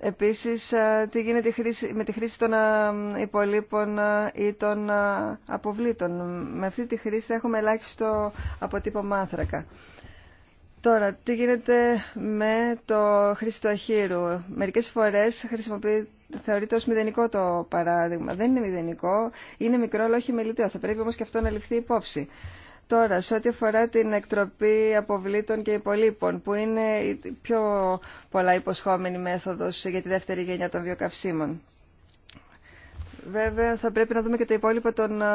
Επίσης, ε, τι γίνεται με τη χρήση των υπολείπων ή των αποβλήτων. Με αυτή τη χρήση θα έχουμε ελάχιστο αποτύπωμα άνθρακα. Τώρα, τι γίνεται με το χρήση του αχύρου. Μερικές φορές χρησιμοποιεί θεωρείται ως μηδενικό το παράδειγμα. Δεν είναι μηδενικό, είναι μικρό αλλά όχι μελιτέο. Θα πρέπει όμως και αυτό να ληφθεί υπόψη. Τώρα, σε ό,τι αφορά την εκτροπή αποβλήτων και υπολείπων, που είναι η πιο πολλά υποσχόμενη μέθοδος για τη δεύτερη γενιά των βιοκαυσίμων. Βέβαια, θα πρέπει να δούμε και τα υπόλοιπα των ε,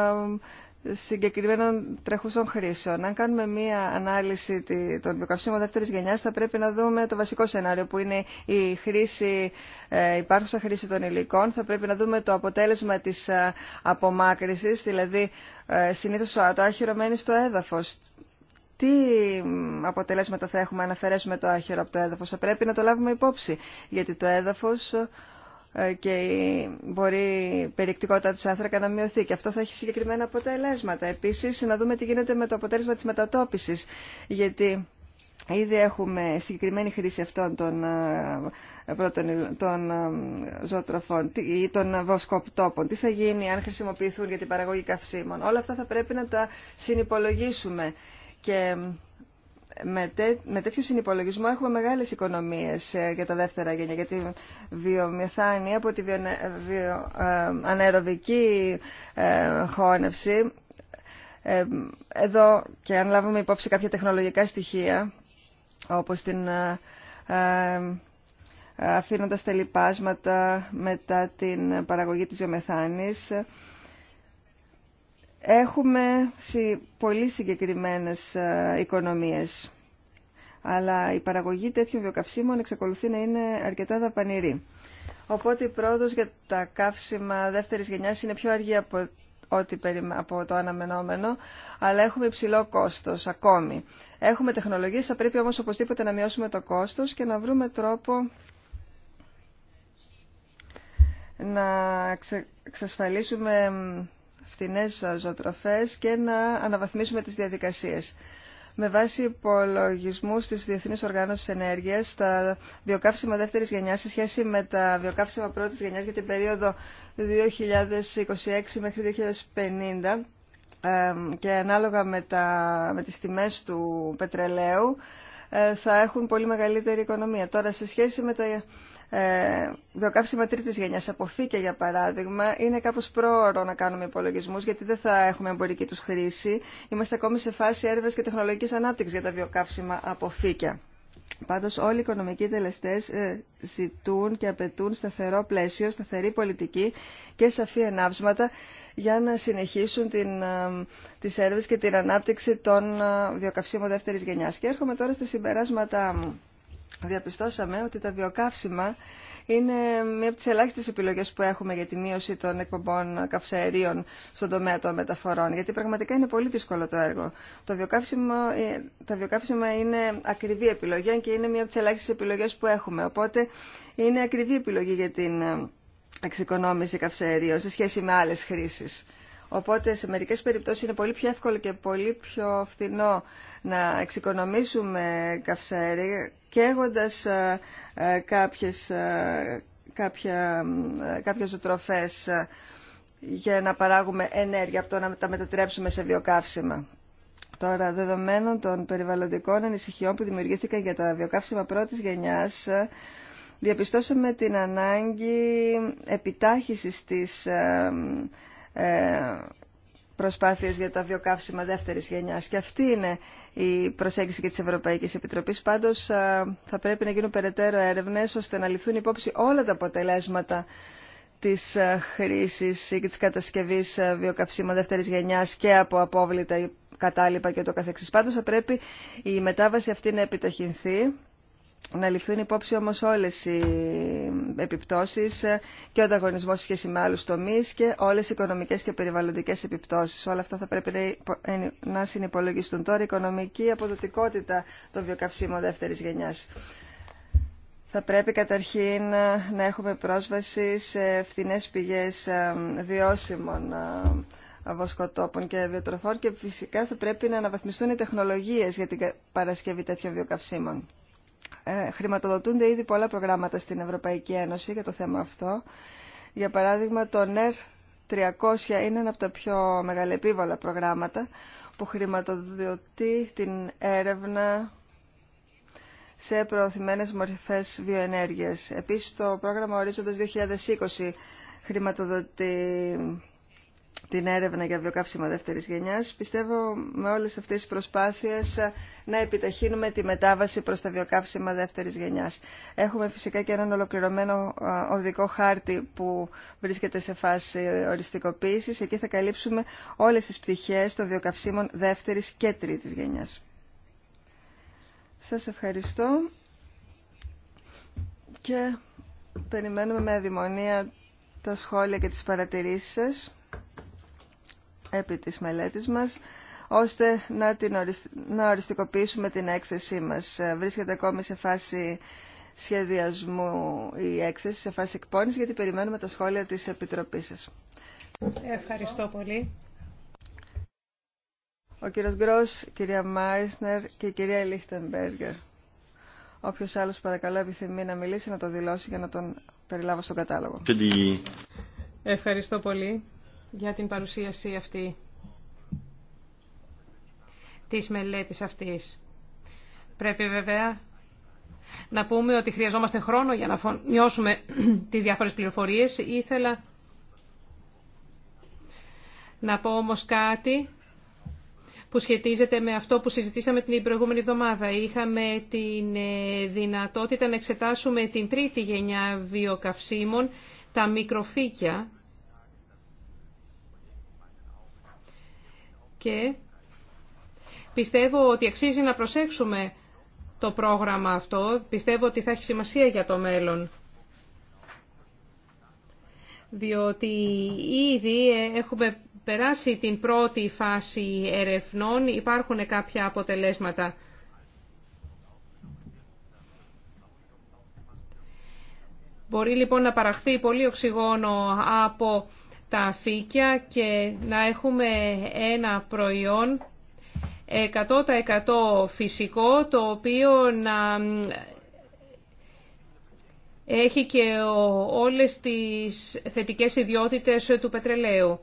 συγκεκριμένων τρεχούσων χρήσεων. Αν κάνουμε μία ανάλυση των βιοκαυσίμων δεύτερης γενιάς θα πρέπει να δούμε το βασικό σενάριο που είναι η χρήση, ε, υπάρχουσα χρήση των υλικών. Θα πρέπει να δούμε το αποτέλεσμα της ε, απομάκρυσης, δηλαδή ε, συνήθως το άχυρο μένει στο έδαφος. Τι αποτελέσματα θα έχουμε αν αφαιρέσουμε το άχυρο από το έδαφος. Θα πρέπει να το λάβουμε υπόψη, γιατί το έδαφος ε, και μπορεί η περιεκτικότητα του άνθρακα να μειωθεί και αυτό θα έχει συγκεκριμένα αποτελέσματα. Επίσης να δούμε τι γίνεται με το αποτέλεσμα της μετατόπισης γιατί ήδη έχουμε συγκεκριμένη χρήση αυτών των, ε, πρώτων, των ε, ζωοτροφών ή των βοσκοπτόπων. Τι θα γίνει αν χρησιμοποιηθούν για την παραγωγή καυσίμων. Όλα αυτά θα πρέπει να τα συνυπολογίσουμε και με, τέτοιο συνυπολογισμό έχουμε μεγάλες οικονομίες ε, για τα δεύτερα γένια, για τη βιομηθάνη από τη βιο, ε, βιο, ε, χώνευση. εδώ και αν λάβουμε υπόψη κάποια τεχνολογικά στοιχεία, όπως την αφήνοντας τελειπάσματα μετά την παραγωγή της βιομεθάνης, Έχουμε πολύ συγκεκριμένες ε, οικονομίες, αλλά η παραγωγή τέτοιων βιοκαυσίμων εξακολουθεί να είναι αρκετά δαπανηρή. Οπότε η πρόοδος για τα καύσιμα δεύτερης γενιάς είναι πιο αργή από ό,τι από το αναμενόμενο, αλλά έχουμε υψηλό κόστος ακόμη. Έχουμε τεχνολογίες, θα πρέπει όμως οπωσδήποτε να μειώσουμε το κόστος και να βρούμε τρόπο να εξασφαλίσουμε φτηνές ζωοτροφές και να αναβαθμίσουμε τις διαδικασίες. Με βάση υπολογισμού τη Διεθνή Οργάνωση Ενέργεια, τα βιοκαύσιμα δεύτερη γενιά σε σχέση με τα βιοκαύσιμα πρώτη γενιά για την περίοδο 2026 μέχρι 2050 και ανάλογα με, τα, με τις τιμές του πετρελαίου ε, θα έχουν πολύ μεγαλύτερη οικονομία. Τώρα, σε σχέση με τα ε, βιοκαύσιμα τρίτης γενιάς, από φύκια για παράδειγμα, είναι κάπω πρόωρο να κάνουμε υπολογισμού γιατί δεν θα έχουμε εμπορική του χρήση. Είμαστε ακόμη σε φάση έρευνας και τεχνολογική ανάπτυξη για τα βιοκαύσιμα από φύκια. Πάντως όλοι οι οικονομικοί τελεστές ε, ζητούν και απαιτούν σταθερό πλαίσιο, σταθερή πολιτική και σαφή ενάψματα για να συνεχίσουν την, ε, τις έρευνες και την ανάπτυξη των ε, βιοκαυσίμων δεύτερης γενιάς. Και έρχομαι τώρα στα συμπεράσματά μου διαπιστώσαμε ότι τα βιοκαύσιμα είναι μία από τις ελάχιστες επιλογές που έχουμε για τη μείωση των εκπομπών καυσαερίων στον τομέα των μεταφορών, γιατί πραγματικά είναι πολύ δύσκολο το έργο. Το βιοκαύσιμο, ε, τα βιοκαύσιμα είναι ακριβή επιλογή και είναι μία από τις ελάχιστες επιλογές που έχουμε, οπότε είναι ακριβή επιλογή για την ε, εξοικονόμηση καυσαερίων σε σχέση με άλλες χρήσεις. Οπότε σε μερικές περιπτώσεις είναι πολύ πιο εύκολο και πολύ πιο φθηνό να εξοικονομήσουμε καυσαέρι καίγοντας ε, ε, κάποιες, ε, κάποια, κάποιες για να παράγουμε ενέργεια από το να τα μετατρέψουμε σε βιοκαύσιμα. Τώρα, δεδομένων των περιβαλλοντικών ανησυχιών που δημιουργήθηκαν για τα βιοκαύσιμα πρώτης γενιάς, διαπιστώσαμε την ανάγκη επιτάχυσης της ε, προσπάθειες για τα βιοκαύσιμα δεύτερης γενιάς. Και αυτή είναι η προσέγγιση και της Ευρωπαϊκής Επιτροπής. Πάντως ε, θα πρέπει να γίνουν περαιτέρω έρευνες ώστε να ληφθούν υπόψη όλα τα αποτελέσματα της ε, χρήσης και της κατασκευής βιοκαύσιμα δεύτερης γενιάς και από απόβλητα κατάλοιπα και το καθεξής. Πάντως θα πρέπει η μετάβαση αυτή να επιταχυνθεί να ληφθούν υπόψη όμως όλες οι επιπτώσεις και ο ανταγωνισμός σχέση με άλλους τομείς και όλες οι οικονομικές και περιβαλλοντικές επιπτώσεις. Όλα αυτά θα πρέπει να συνυπολογιστούν τώρα η οικονομική αποδοτικότητα των βιοκαυσίμων δεύτερης γενιάς. Θα πρέπει καταρχήν να έχουμε πρόσβαση σε φθηνές πηγές ε, βιώσιμων ε, βοσκοτόπων και βιοτροφών και φυσικά θα πρέπει να αναβαθμιστούν οι τεχνολογίες για την παρασκευή τέτοιων βιοκαυσίμων. Ε, χρηματοδοτούνται ήδη πολλά προγράμματα στην Ευρωπαϊκή Ένωση για το θέμα αυτό. Για παράδειγμα, το NER 300 είναι ένα από τα πιο μεγαλεπίβολα προγράμματα που χρηματοδοτεί την έρευνα σε προωθημένες μορφές βιοενέργειας. Επίσης, το πρόγραμμα Ορίζοντας 2020 χρηματοδοτεί την έρευνα για βιοκαύσιμα δεύτερης γενιάς. Πιστεύω με όλες αυτές τις προσπάθειες να επιταχύνουμε τη μετάβαση προς τα βιοκαύσιμα δεύτερης γενιάς. Έχουμε φυσικά και έναν ολοκληρωμένο οδικό χάρτη που βρίσκεται σε φάση οριστικοποίησης. Εκεί θα καλύψουμε όλες τις πτυχές των βιοκαυσίμων δεύτερη και τρίτη γενιάς. Σας ευχαριστώ και περιμένουμε με αδημονία τα σχόλια και τις παρατηρήσεις σας επί της μελέτης μας, ώστε να, την οριστικοποιήσουμε την έκθεσή μας. Βρίσκεται ακόμη σε φάση σχεδιασμού η έκθεση, σε φάση εκπόνηση, γιατί περιμένουμε τα σχόλια της Επιτροπής σας. Ευχαριστώ πολύ. Ο κύριος Γκρός, η κυρία Μάισνερ και η κυρία Λίχτεμπεργκερ. Όποιος άλλος παρακαλώ επιθυμεί να μιλήσει, να το δηλώσει για να τον περιλάβω στον κατάλογο. Ευχαριστώ πολύ για την παρουσίαση αυτή της μελέτης αυτής. Πρέπει βέβαια να πούμε ότι χρειαζόμαστε χρόνο για να μειώσουμε τις διάφορες πληροφορίες. Ήθελα να πω όμως κάτι που σχετίζεται με αυτό που συζητήσαμε την προηγούμενη εβδομάδα. Είχαμε την ε, δυνατότητα να εξετάσουμε την τρίτη γενιά βιοκαυσίμων, τα μικροφύκια, και πιστεύω ότι αξίζει να προσέξουμε το πρόγραμμα αυτό. Πιστεύω ότι θα έχει σημασία για το μέλλον. Διότι ήδη έχουμε περάσει την πρώτη φάση ερευνών, υπάρχουν κάποια αποτελέσματα. Μπορεί λοιπόν να παραχθεί πολύ οξυγόνο από τα αφήκια και να έχουμε ένα προϊόν 100% φυσικό, το οποίο να έχει και όλες τις θετικές ιδιότητες του πετρελαίου.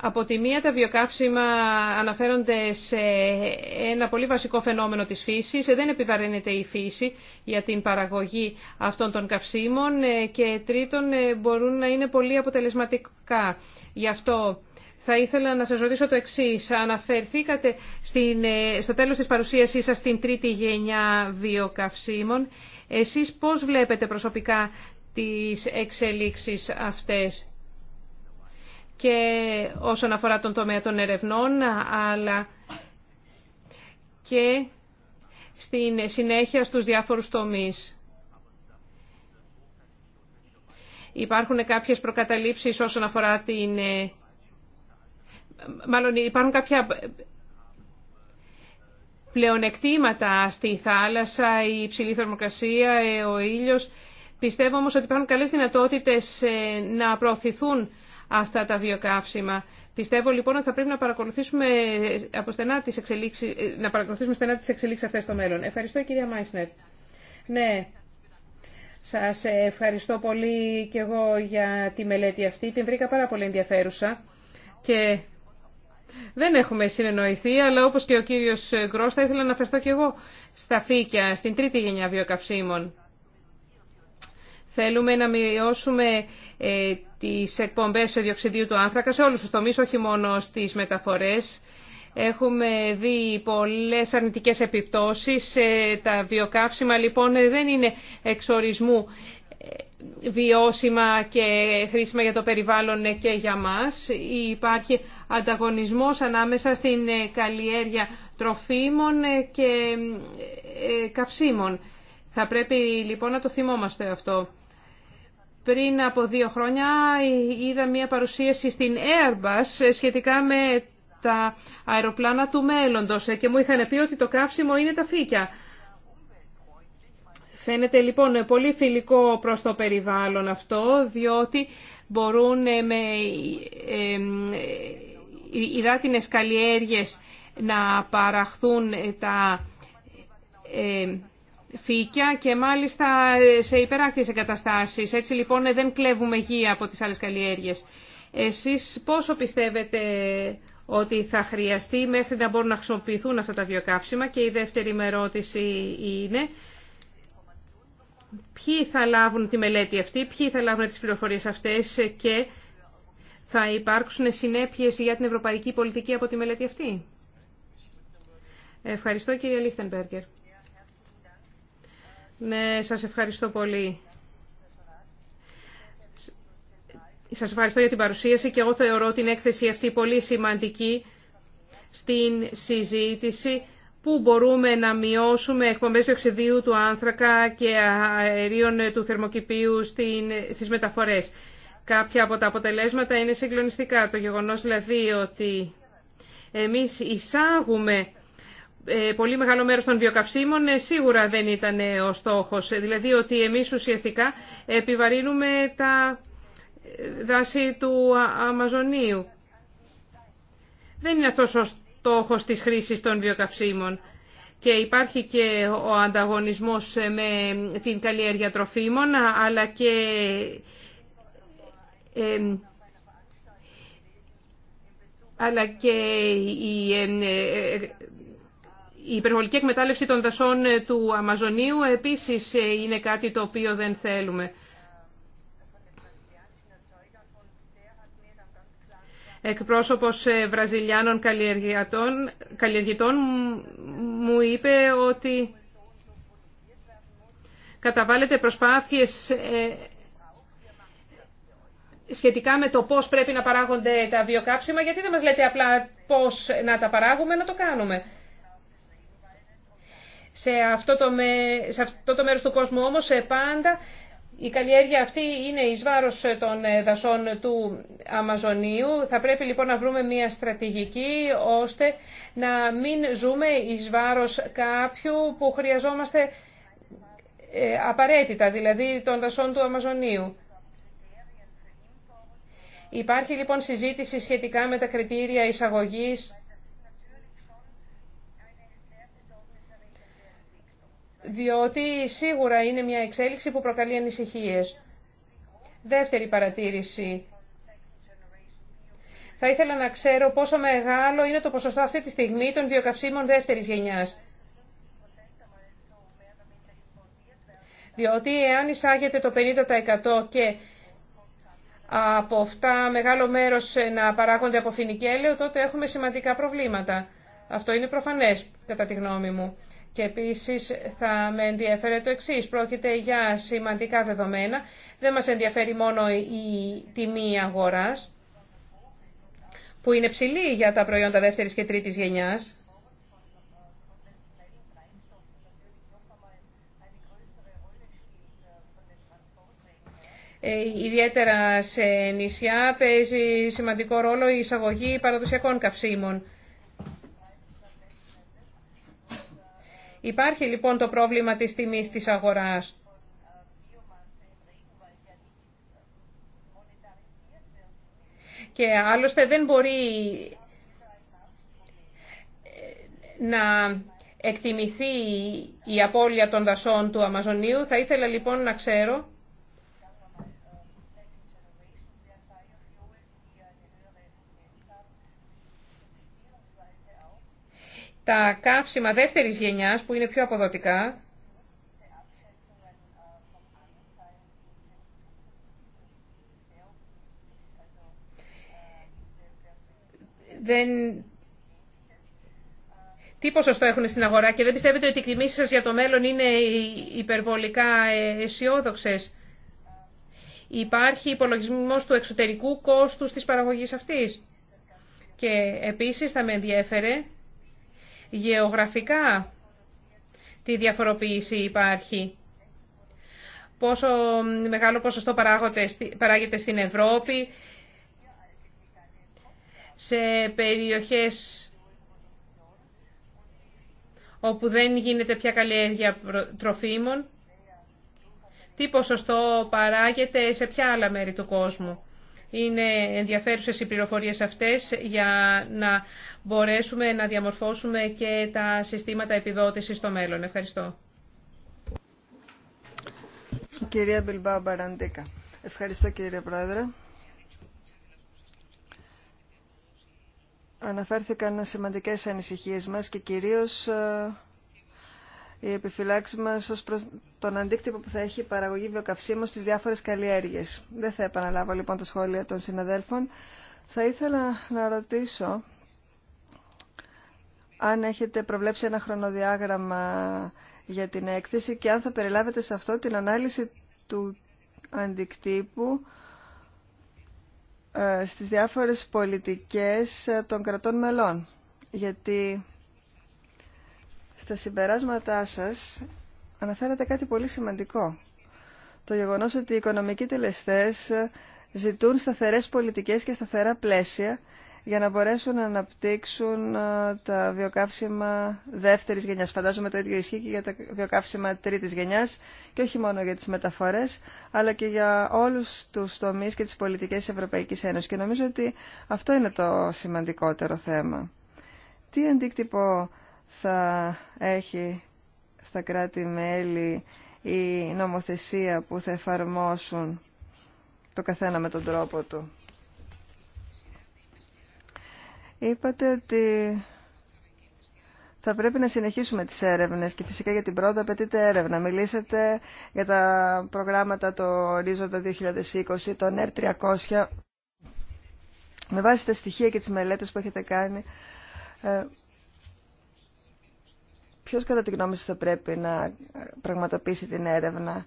Από τη μία τα βιοκαύσιμα αναφέρονται σε ένα πολύ βασικό φαινόμενο της φύσης. Δεν επιβαρύνεται η φύση για την παραγωγή αυτών των καυσίμων ε, και τρίτον ε, μπορούν να είναι πολύ αποτελεσματικά. Γι' αυτό θα ήθελα να σας ρωτήσω το εξής. Αναφερθήκατε στην, ε, στο τέλος της παρουσίασής σας στην τρίτη γενιά βιοκαυσίμων. Εσείς πώς βλέπετε προσωπικά τις εξελίξεις αυτές και όσον αφορά τον τομέα των ερευνών, αλλά και στην συνέχεια στους διάφορους τομείς. Υπάρχουν κάποιες προκαταλήψεις όσον αφορά την... Ε, μάλλον υπάρχουν κάποια πλεονεκτήματα στη θάλασσα, η υψηλή θερμοκρασία, ε, ο ήλιος. Πιστεύω όμως ότι υπάρχουν καλές δυνατότητες ε, να προωθηθούν αυτά τα βιοκαύσιμα. Πιστεύω λοιπόν ότι θα πρέπει να παρακολουθήσουμε, ε, από στενά τις εξελίξεις, ε, να παρακολουθήσουμε στενά τις εξελίξεις αυτές στο μέλλον. Ευχαριστώ κυρία Μάισνερ. Ναι, σας ευχαριστώ πολύ και εγώ για τη μελέτη αυτή. Την βρήκα πάρα πολύ ενδιαφέρουσα και δεν έχουμε συνεννοηθεί, αλλά όπως και ο κύριος Γκρός θα ήθελα να αναφερθώ και εγώ στα φύκια, στην τρίτη γενιά βιοκαυσίμων. Θέλουμε να μειώσουμε ε, τις εκπομπές διοξιδίου του άνθρακα σε όλους τους τομείς, όχι μόνο στις μεταφορές. Έχουμε δει πολλές αρνητικές επιπτώσεις. Ε, τα βιοκαύσιμα λοιπόν ε, δεν είναι εξορισμού βιώσιμα και χρήσιμα για το περιβάλλον και για μας. Υπάρχει ανταγωνισμός ανάμεσα στην καλλιέργεια τροφίμων και καυσίμων. Θα πρέπει λοιπόν να το θυμόμαστε αυτό. Πριν από δύο χρόνια ε, είδα μία παρουσίαση στην Airbus ε, σχετικά με τα αεροπλάνα του μέλλοντος ε, και μου είχαν πει ότι το καύσιμο είναι τα φύκια. Φαίνεται λοιπόν πολύ φιλικό προς το περιβάλλον αυτό, διότι μπορούν με υδάτινες καλλιέργειες να παραχθούν τα φύκια και μάλιστα σε υπεράκτιες εγκαταστάσεις. Έτσι λοιπόν δεν κλέβουμε γη από τις άλλες καλλιέργειες. Εσείς πόσο πιστεύετε ότι θα χρειαστεί μέχρι να μπορούν να χρησιμοποιηθούν αυτά τα βιοκαύσιμα και η δεύτερη με ερώτηση είναι ποιοι θα λάβουν τη μελέτη αυτή, ποιοι θα λάβουν τις πληροφορίες αυτές και θα υπάρξουν συνέπειες για την ευρωπαϊκή πολιτική από τη μελέτη αυτή. Ευχαριστώ κύριε Λίχτενμπέργκερ. Ναι, σας ευχαριστώ πολύ. Σας ευχαριστώ για την παρουσίαση και εγώ θεωρώ την έκθεση αυτή πολύ σημαντική στην συζήτηση που μπορούμε να μειώσουμε εκπομπές διοξιδίου του άνθρακα και αερίων του θερμοκηπίου στις μεταφορές. Κάποια από τα αποτελέσματα είναι συγκλονιστικά. Το γεγονός δηλαδή ότι εμείς εισάγουμε ε, πολύ μεγάλο μέρο των βιοκαυσίμων ε, σίγουρα δεν ήταν ε, ο στόχος. Δηλαδή ότι εμεί ουσιαστικά επιβαρύνουμε τα δάση του Αμαζονίου. Δεν είναι αυτό ο στόχο της χρήση των βιοκαυσίμων. Και υπάρχει και ο ανταγωνισμός με την καλλιέργεια τροφίμων, αλλά και αλλά και η η υπερβολική εκμετάλλευση των δασών ε, του Αμαζονίου επίσης ε, είναι κάτι το οποίο δεν θέλουμε. Εκπρόσωπος ε, Βραζιλιάνων καλλιεργητών, μου είπε ότι καταβάλλεται προσπάθειες σχετικά με το πώς πρέπει να παράγονται τα βιοκάψιμα, γιατί δεν μας λέτε απλά πώς να τα παράγουμε, να το κάνουμε. Σε αυτό το, με, το μέρος του κόσμου όμως ε, πάντα η καλλιέργεια αυτή είναι εις βάρος ε, των ε, δασών του Αμαζονίου. Θα πρέπει λοιπόν να βρούμε μια στρατηγική ώστε να μην ζούμε εις βάρος κάποιου που χρειαζόμαστε απαραίτητα, δηλαδή των δασών του Αμαζονίου. Υπάρχει λοιπόν συζήτηση σχετικά με τα κριτήρια εισαγωγής διότι σίγουρα είναι μια εξέλιξη που προκαλεί ανησυχίες. Δεύτερη παρατήρηση. Θα ήθελα να ξέρω πόσο μεγάλο είναι το ποσοστό αυτή τη στιγμή των βιοκαυσίμων δεύτερης γενιάς. Διότι εάν εισάγεται το 50% και από αυτά μεγάλο μέρος να παράγονται από φοινικέλαιο, τότε έχουμε σημαντικά προβλήματα. Αυτό είναι προφανές, κατά τη γνώμη μου. Και επίσης θα με ενδιαφέρει το εξή. Πρόκειται για σημαντικά δεδομένα. Δεν μας ενδιαφέρει μόνο η τιμή αγοράς, που είναι ψηλή για τα προϊόντα δεύτερης και τρίτης γενιάς. Ε, ιδιαίτερα σε νησιά παίζει σημαντικό ρόλο η εισαγωγή παραδοσιακών καυσίμων. Υπάρχει λοιπόν το πρόβλημα της τιμής της αγοράς. Και άλλωστε δεν μπορεί ε, να εκτιμηθεί η απώλεια των δασών του Αμαζονίου. Θα ήθελα λοιπόν να ξέρω τα καύσιμα δεύτερης γενιάς που είναι πιο αποδοτικά δεν... Τι ποσοστό έχουν στην αγορά και δεν πιστεύετε ότι οι εκτιμήσεις σας για το μέλλον είναι υπερβολικά ε, αισιόδοξε. Υπάρχει υπολογισμός του εξωτερικού κόστους της παραγωγής αυτής. Και επίσης θα με ενδιέφερε γεωγραφικά τι διαφοροποίηση υπάρχει. Πόσο μεγάλο ποσοστό παράγεται στην Ευρώπη, σε περιοχές όπου δεν γίνεται πια καλλιέργεια τροφίμων, τι ποσοστό παράγεται σε ποια άλλα μέρη του κόσμου. Είναι ενδιαφέρουσες οι πληροφορίες αυτές για να μπορέσουμε να διαμορφώσουμε και τα συστήματα επιδότησης στο μέλλον. Ευχαριστώ. κυρία Μπιλμπάου Μπαραντίκα. Ευχαριστώ κύριε Πρόεδρε. Αναφέρθηκαν σημαντικές ανησυχίες μας και κυρίως ε, η επιφυλάξη μα ω προ τον αντίκτυπο που θα έχει η παραγωγή βιοκαυσίμων στι διάφορε καλλιέργειε. Δεν θα επαναλάβω λοιπόν τα σχόλια των συναδέλφων. Θα ήθελα να ρωτήσω αν έχετε προβλέψει ένα χρονοδιάγραμμα για την έκθεση και αν θα περιλάβετε σε αυτό την ανάλυση του αντικτύπου ε, στις διάφορες πολιτικές των κρατών μελών. Γιατί στα συμπεράσματά σας αναφέρατε κάτι πολύ σημαντικό. Το γεγονός ότι οι οικονομικοί τελεστές ζητούν σταθερές πολιτικές και σταθερά πλαίσια για να μπορέσουν να αναπτύξουν ε, τα βιοκαύσιμα δεύτερης γενιάς. Φαντάζομαι το ίδιο ισχύει και για τα βιοκαύσιμα τρίτης γενιάς και όχι μόνο για τις μεταφορές, αλλά και για όλους τους τομείς και τις πολιτικές της Ευρωπαϊκής Ένωσης. Και νομίζω ότι αυτό είναι το σημαντικότερο θέμα. Τι αντίκτυπο θα έχει στα κράτη-μέλη η νομοθεσία που θα εφαρμόσουν το καθένα με τον τρόπο του. Είπατε ότι θα πρέπει να συνεχίσουμε τις έρευνες και φυσικά για την πρώτη απαιτείται έρευνα. Μιλήσατε για τα προγράμματα το ορίζοντα 2020, το NER 300 Με βάση τα στοιχεία και τις μελέτες που έχετε κάνει, ε, ποιος κατά τη γνώμη σας θα πρέπει να πραγματοποιήσει την έρευνα.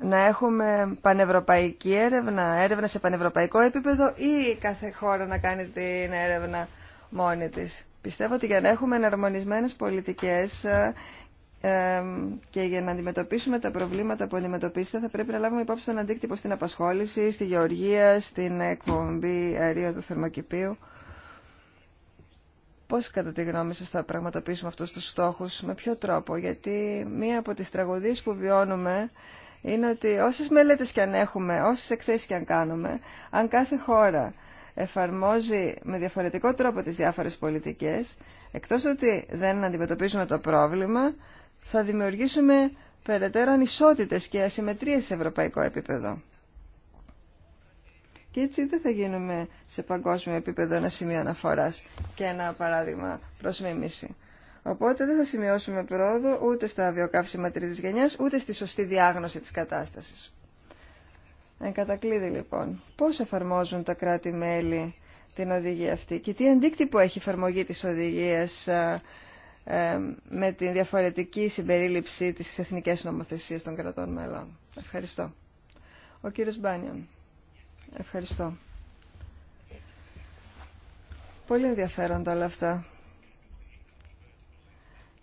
Να έχουμε πανευρωπαϊκή έρευνα, έρευνα σε πανευρωπαϊκό επίπεδο ή κάθε χώρα να κάνει την έρευνα μόνη της. Πιστεύω ότι για να έχουμε εναρμονισμένες πολιτικές ε, ε, και για να αντιμετωπίσουμε τα προβλήματα που αντιμετωπίσετε θα πρέπει να λάβουμε υπόψη τον αντίκτυπο στην απασχόληση, στη γεωργία, στην εκπομπή αερίου του θερμοκηπίου. Πώς κατά τη γνώμη σας θα πραγματοποιήσουμε αυτούς τους στόχους, με ποιο τρόπο, γιατί μία από τις τραγωδίες που βιώνουμε είναι ότι όσες μελέτες και αν έχουμε, όσες εκθέσεις και αν κάνουμε, αν κάθε χώρα εφαρμόζει με διαφορετικό τρόπο τις διάφορες πολιτικές, εκτός ότι δεν αντιμετωπίζουμε το πρόβλημα, θα δημιουργήσουμε περαιτέρω ανισότητες και ασυμμετρίες σε ευρωπαϊκό επίπεδο. Και έτσι δεν θα γίνουμε σε παγκόσμιο επίπεδο ένα σημείο αναφορά και ένα παράδειγμα προς μίμηση. Οπότε δεν θα σημειώσουμε πρόοδο ούτε στα βιοκαύσιμα τρίτη γενιά, ούτε στη σωστή διάγνωση τη κατάσταση. Εν κατακλείδη λοιπόν, πώ εφαρμόζουν τα κράτη-μέλη την οδηγία αυτή και τι αντίκτυπο έχει η εφαρμογή της οδηγίας ε, ε, με τη διαφορετική συμπερίληψη της εθνικής νομοθεσίας των κρατών μελών. Ευχαριστώ. Ο κύριος Μπάνιον. Ευχαριστώ. Πολύ ενδιαφέροντα όλα αυτά.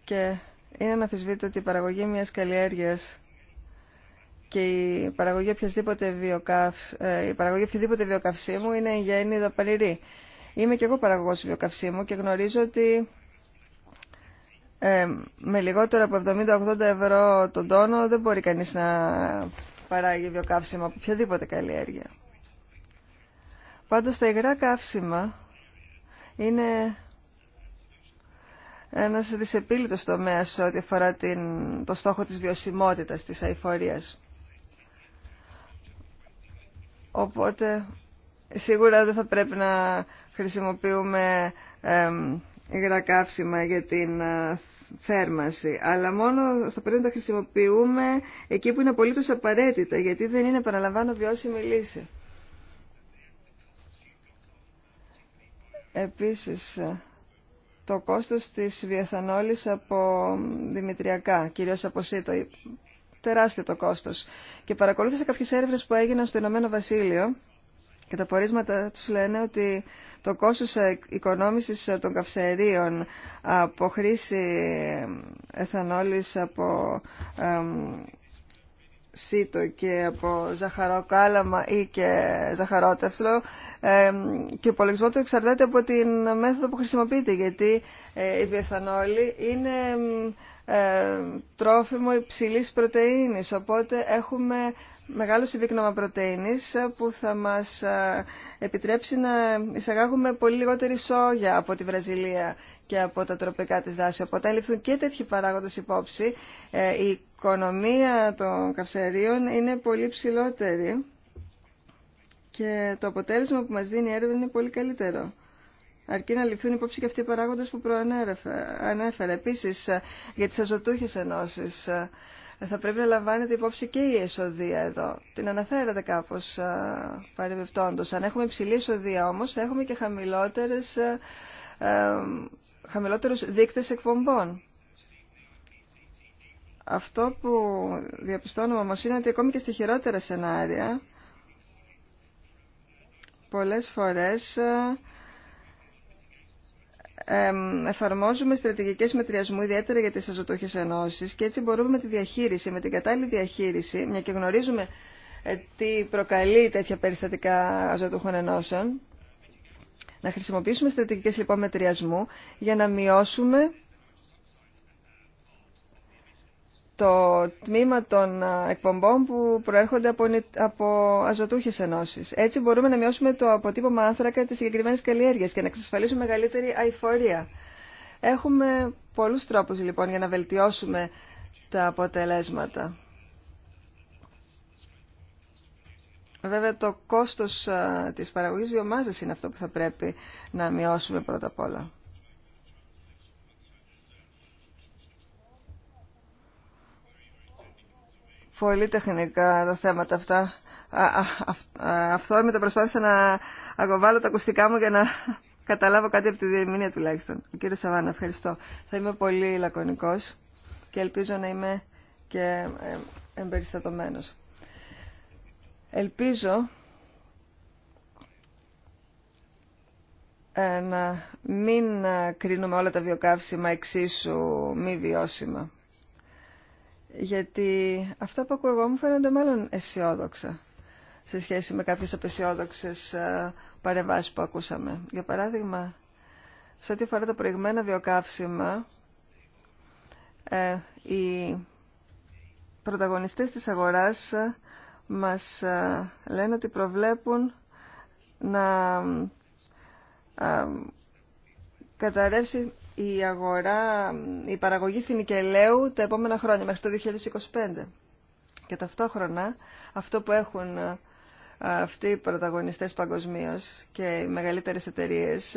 Και είναι αναφυσβήτω ότι η παραγωγή μιας καλλιέργειας και η παραγωγή οποιοδήποτε ε, η παραγωγή βιοκαυσίμου είναι η γέννη δαπανηρή. Είμαι και εγώ παραγωγός βιοκαυσίμου και γνωρίζω ότι ε, με λιγότερο από 70-80 ευρώ τον τόνο δεν μπορεί κανείς να παράγει βιοκαύσιμο από οποιαδήποτε καλλιέργεια. Πάντως τα υγρά καύσιμα είναι ένας δυσεπίλητος τομέας σε ό,τι αφορά την, το στόχο της βιωσιμότητας, της αηφορίας. Οπότε σίγουρα δεν θα πρέπει να χρησιμοποιούμε ε, υγρά καύσιμα για την ε, θέρμανση, αλλά μόνο θα πρέπει να τα χρησιμοποιούμε εκεί που είναι απολύτως απαραίτητα, γιατί δεν είναι, επαναλαμβάνω, βιώσιμη λύση. Επίσης, το κόστος της βιεθανόλης από δημητριακά, κυρίως από ΣΥΤΟ, τεράστιο το κόστος. Και παρακολούθησα κάποιες έρευνες που έγιναν στο Ηνωμένο Βασίλειο και τα πορίσματα τους λένε ότι το κόστος ε, οικονόμησης ε, των καυσαερίων από χρήση ε, εθανόλης από σίτο και από ζαχαροκάλαμα ή και ζαχαρότευλο και ο υπολογισμό του εξαρτάται από την μέθοδο που χρησιμοποιείται γιατί ε, η βιεθανόλη είναι ε, τρόφιμο υψηλής πρωτεΐνης οπότε έχουμε μεγάλο συμπίκνωμα πρωτεΐνης που θα μας ε, επιτρέψει να εισαγάγουμε πολύ λιγότερη σόγια από τη Βραζιλία και από τα τροπικά της δάση. Οπότε αν και τέτοιοι παράγοντες υπόψη οικονομία των καυσερίων είναι πολύ ψηλότερη και το αποτέλεσμα που μας δίνει η έρευνα είναι πολύ καλύτερο. Αρκεί να ληφθούν υπόψη και αυτοί οι παράγοντες που προανέφερα. Επίσης, για τις αζωτούχες ενώσεις θα πρέπει να λαμβάνεται υπόψη και η εσοδεία εδώ. Την αναφέρατε κάπως παρεμπιπτόντω. Αν έχουμε υψηλή εσοδεία όμως, θα έχουμε και χαμηλότερες, ε, χαμηλότερους εκπομπών. Αυτό που διαπιστώνουμε όμως είναι ότι ακόμη και στη χειρότερα σενάρια πολλές φορές ε, εφαρμόζουμε στρατηγικές μετριασμού ιδιαίτερα για τις αζωτούχες ενώσεις και έτσι μπορούμε με τη διαχείριση, με την κατάλληλη διαχείριση, μια και γνωρίζουμε ε, τι προκαλεί τέτοια περιστατικά αζωτούχων ενώσεων, να χρησιμοποιήσουμε στρατηγικές λοιπόν μετριασμού για να μειώσουμε το τμήμα των εκπομπών που προέρχονται από, από αζωτούχες ενώσεις. Έτσι μπορούμε να μειώσουμε το αποτύπωμα άνθρακα τη συγκεκριμένη καλλιέργεια και να εξασφαλίσουμε μεγαλύτερη αηφορία. Έχουμε πολλούς τρόπους λοιπόν για να βελτιώσουμε τα αποτελέσματα. Βέβαια το κόστος της παραγωγής βιομάζας είναι αυτό που θα πρέπει να μειώσουμε πρώτα απ' όλα. πολύ τεχνικά τα θέματα αυτά. Αυτό τα προσπάθησα να αγοβάλω τα ακουστικά μου για να καταλάβω κάτι από τη διερμηνία τουλάχιστον. Ο κύριος Σαβάνα, ευχαριστώ. Θα είμαι πολύ λακωνικός και ελπίζω να είμαι και ε, εμπεριστατωμένος. Ελπίζω ε, να μην ε, κρίνουμε όλα τα βιοκαύσιμα εξίσου μη βιώσιμα γιατί αυτά που ακούω εγώ μου φαίνονται μάλλον αισιόδοξα σε σχέση με κάποιες απεσιόδοξες ε, παρεμβάσεις που ακούσαμε. Για παράδειγμα, σε ό,τι αφορά το προηγμένα βιοκαύσιμα, ε, οι πρωταγωνιστές της αγοράς ε, μας λένε ότι προβλέπουν να καταρρεύσει η αγορά, η παραγωγή φινικελαίου τα επόμενα χρόνια, μέχρι το 2025. Και ταυτόχρονα αυτό που έχουν ε, αυτοί οι πρωταγωνιστές παγκοσμίω και οι μεγαλύτερες εταιρείες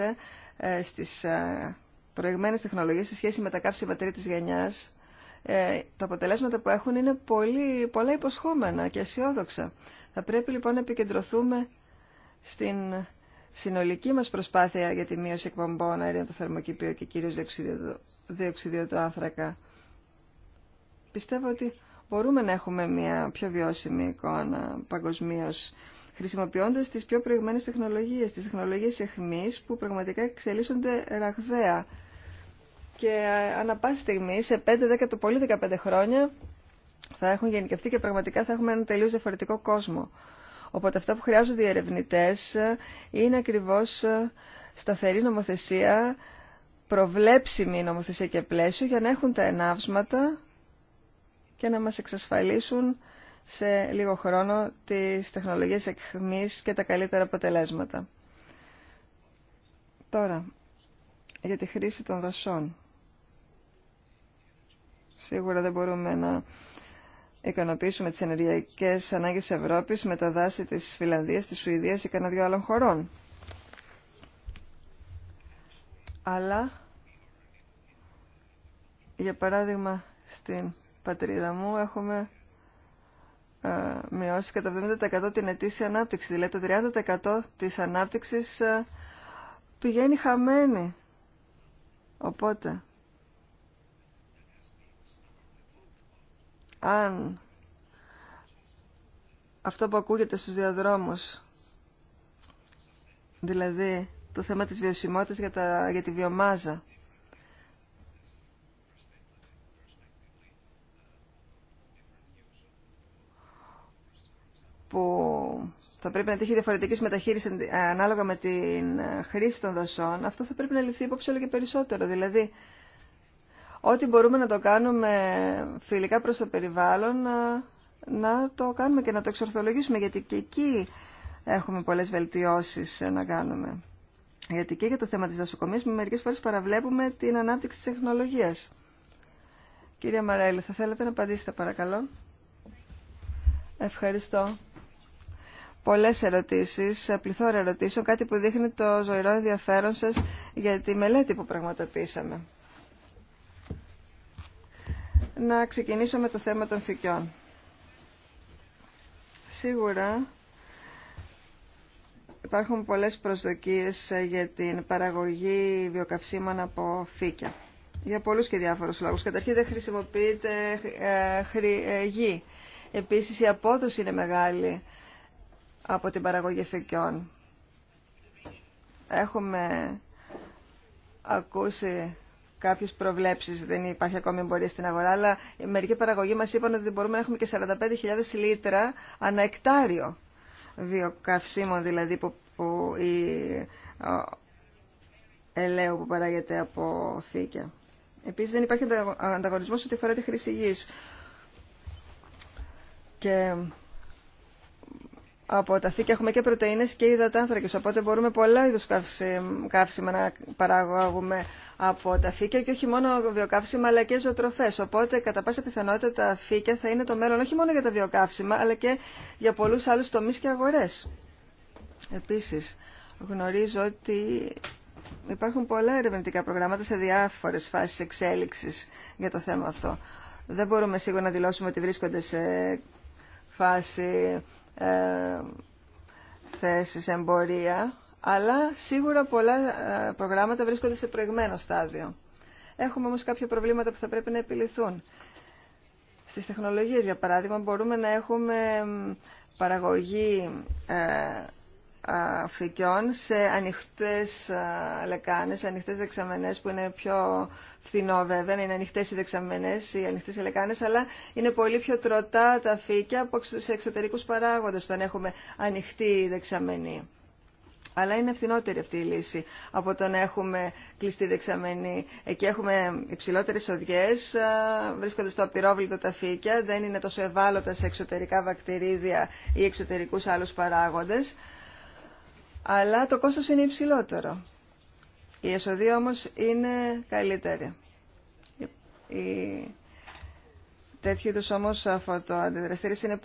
ε, στις ε, προηγμένες τεχνολογίες σε σχέση με τα καύσιμα τρίτης γενιάς, τα αποτελέσματα που έχουν είναι πολύ, πολλά υποσχόμενα και αισιόδοξα. Θα πρέπει λοιπόν να επικεντρωθούμε στην συνολική μας προσπάθεια για τη μείωση εκπομπών αερίων του θερμοκηπίου και κυρίως διοξιδίου του άνθρακα, πιστεύω ότι μπορούμε να έχουμε μια πιο βιώσιμη εικόνα παγκοσμίω χρησιμοποιώντας τις πιο προηγμένες τεχνολογίες, τις τεχνολογίες εχμής που πραγματικά εξελίσσονται ραγδαία. Και ε, ανά πάση στιγμή, σε 5, 10, το πολύ 15 χρόνια, θα έχουν γενικευτεί και πραγματικά θα έχουμε ένα τελείως διαφορετικό κόσμο. Οπότε αυτά που χρειάζονται οι ερευνητές ε, είναι ακριβώς ε, σταθερή νομοθεσία, προβλέψιμη νομοθεσία και πλαίσιο για να έχουν τα ενάυσματα και να μας εξασφαλίσουν σε λίγο χρόνο τις τεχνολογίες εκχμής και τα καλύτερα αποτελέσματα. Τώρα, για τη χρήση των δασών. Σίγουρα δεν μπορούμε να ικανοποιήσουμε τις ενεργειακές ανάγκες της Ευρώπης με τα δάση της Φιλανδίας, της Σουηδίας ή κανένα δύο άλλων χωρών. Αλλά, για παράδειγμα, στην πατρίδα μου έχουμε ε, μειώσει κατά 70% την ετήσια ανάπτυξη. Δηλαδή το 30% της ανάπτυξης ε, πηγαίνει χαμένη. Οπότε, αν αυτό που ακούγεται στους διαδρόμους, δηλαδή το θέμα της βιωσιμότητας για, τη βιομάζα, που θα πρέπει να τύχει διαφορετική μεταχείριση ανάλογα με την χρήση των δασών, αυτό θα πρέπει να ληφθεί υπόψη όλο και περισσότερο. Δηλαδή, ό,τι μπορούμε να το κάνουμε φιλικά προς το περιβάλλον, ε, να, το κάνουμε και να το εξορθολογήσουμε, γιατί και εκεί έχουμε πολλές βελτιώσεις να κάνουμε. Γιατί και για το θέμα της δασοκομείας με μερικές φορές παραβλέπουμε την ανάπτυξη της τεχνολογίας. Κυρία Μαρέλη, θα θέλετε να απαντήσετε παρακαλώ. Ευχαριστώ. Πολλές ερωτήσεις, ε, πληθώρα ερωτήσεων, κάτι που δείχνει το ζωηρό ενδιαφέρον σας για τη μελέτη που πραγματοποιήσαμε να ξεκινήσω με το θέμα των φυκιών. Σίγουρα υπάρχουν πολλές προσδοκίες ε, για την παραγωγή βιοκαυσίμων από φύκια. Για πολλούς και διάφορους λόγους. Καταρχήν δεν χρησιμοποιείται ε, ε, γη. Επίσης η απόδοση είναι μεγάλη από την παραγωγή φυκιών. Έχουμε ακούσει κάποιες προβλέψεις, δεν υπάρχει ακόμη εμπορία στην αγορά, αλλά μερικοί παραγωγοί μας είπαν ότι μπορούμε να έχουμε και 45.000 λίτρα ανά εκτάριο βιοκαυσίμων, δηλαδή που, που η, ελαίου που παράγεται από φύκια. Επίσης δεν υπάρχει ανταγωνισμός ό,τι αφορά τη χρήση γης. Και από τα φύκια έχουμε και πρωτεΐνες και υδατάνθρακες, οπότε μπορούμε πολλά είδους καύσιμα να παράγουμε από τα φύκια και όχι μόνο βιοκαύσιμα αλλά και ζωοτροφές. Οπότε κατά πάσα πιθανότητα τα φύκια θα είναι το μέλλον όχι μόνο για τα βιοκαύσιμα αλλά και για πολλούς άλλους τομείς και αγορές. Επίσης γνωρίζω ότι υπάρχουν πολλά ερευνητικά προγράμματα σε διάφορες φάσεις εξέλιξης για το θέμα αυτό. Δεν μπορούμε σίγουρα να δηλώσουμε ότι βρίσκονται σε φάση ε, εμπορία, αλλά σίγουρα πολλά ε, προγράμματα βρίσκονται σε προηγμένο στάδιο. Έχουμε όμως κάποια προβλήματα που θα πρέπει να επιληθούν. Στις τεχνολογίες, για παράδειγμα, μπορούμε να έχουμε παραγωγή ε, φυκιών σε ανοιχτές λεκάνες, ανοιχτές δεξαμενές που είναι πιο φθηνό βέβαια, είναι ανοιχτές οι δεξαμενές, οι ανοιχτές οι λεκάνες, αλλά είναι πολύ πιο τροτά τα φύκια από σε εξωτερικούς παράγοντες όταν έχουμε ανοιχτή δεξαμενή. Αλλά είναι φθηνότερη αυτή η λύση από το να έχουμε κλειστή δεξαμενή. Εκεί έχουμε υψηλότερε οδιέ, βρίσκονται στο απειρόβλητο τα φύκια, δεν είναι τόσο ευάλωτα σε εξωτερικά βακτηρίδια ή εξωτερικού άλλου παράγοντε αλλά το κόστος είναι υψηλότερο. Η εσοδία όμως είναι καλύτερη. Η... Τέτοιου είδου όμω φωτοαντιδραστήρε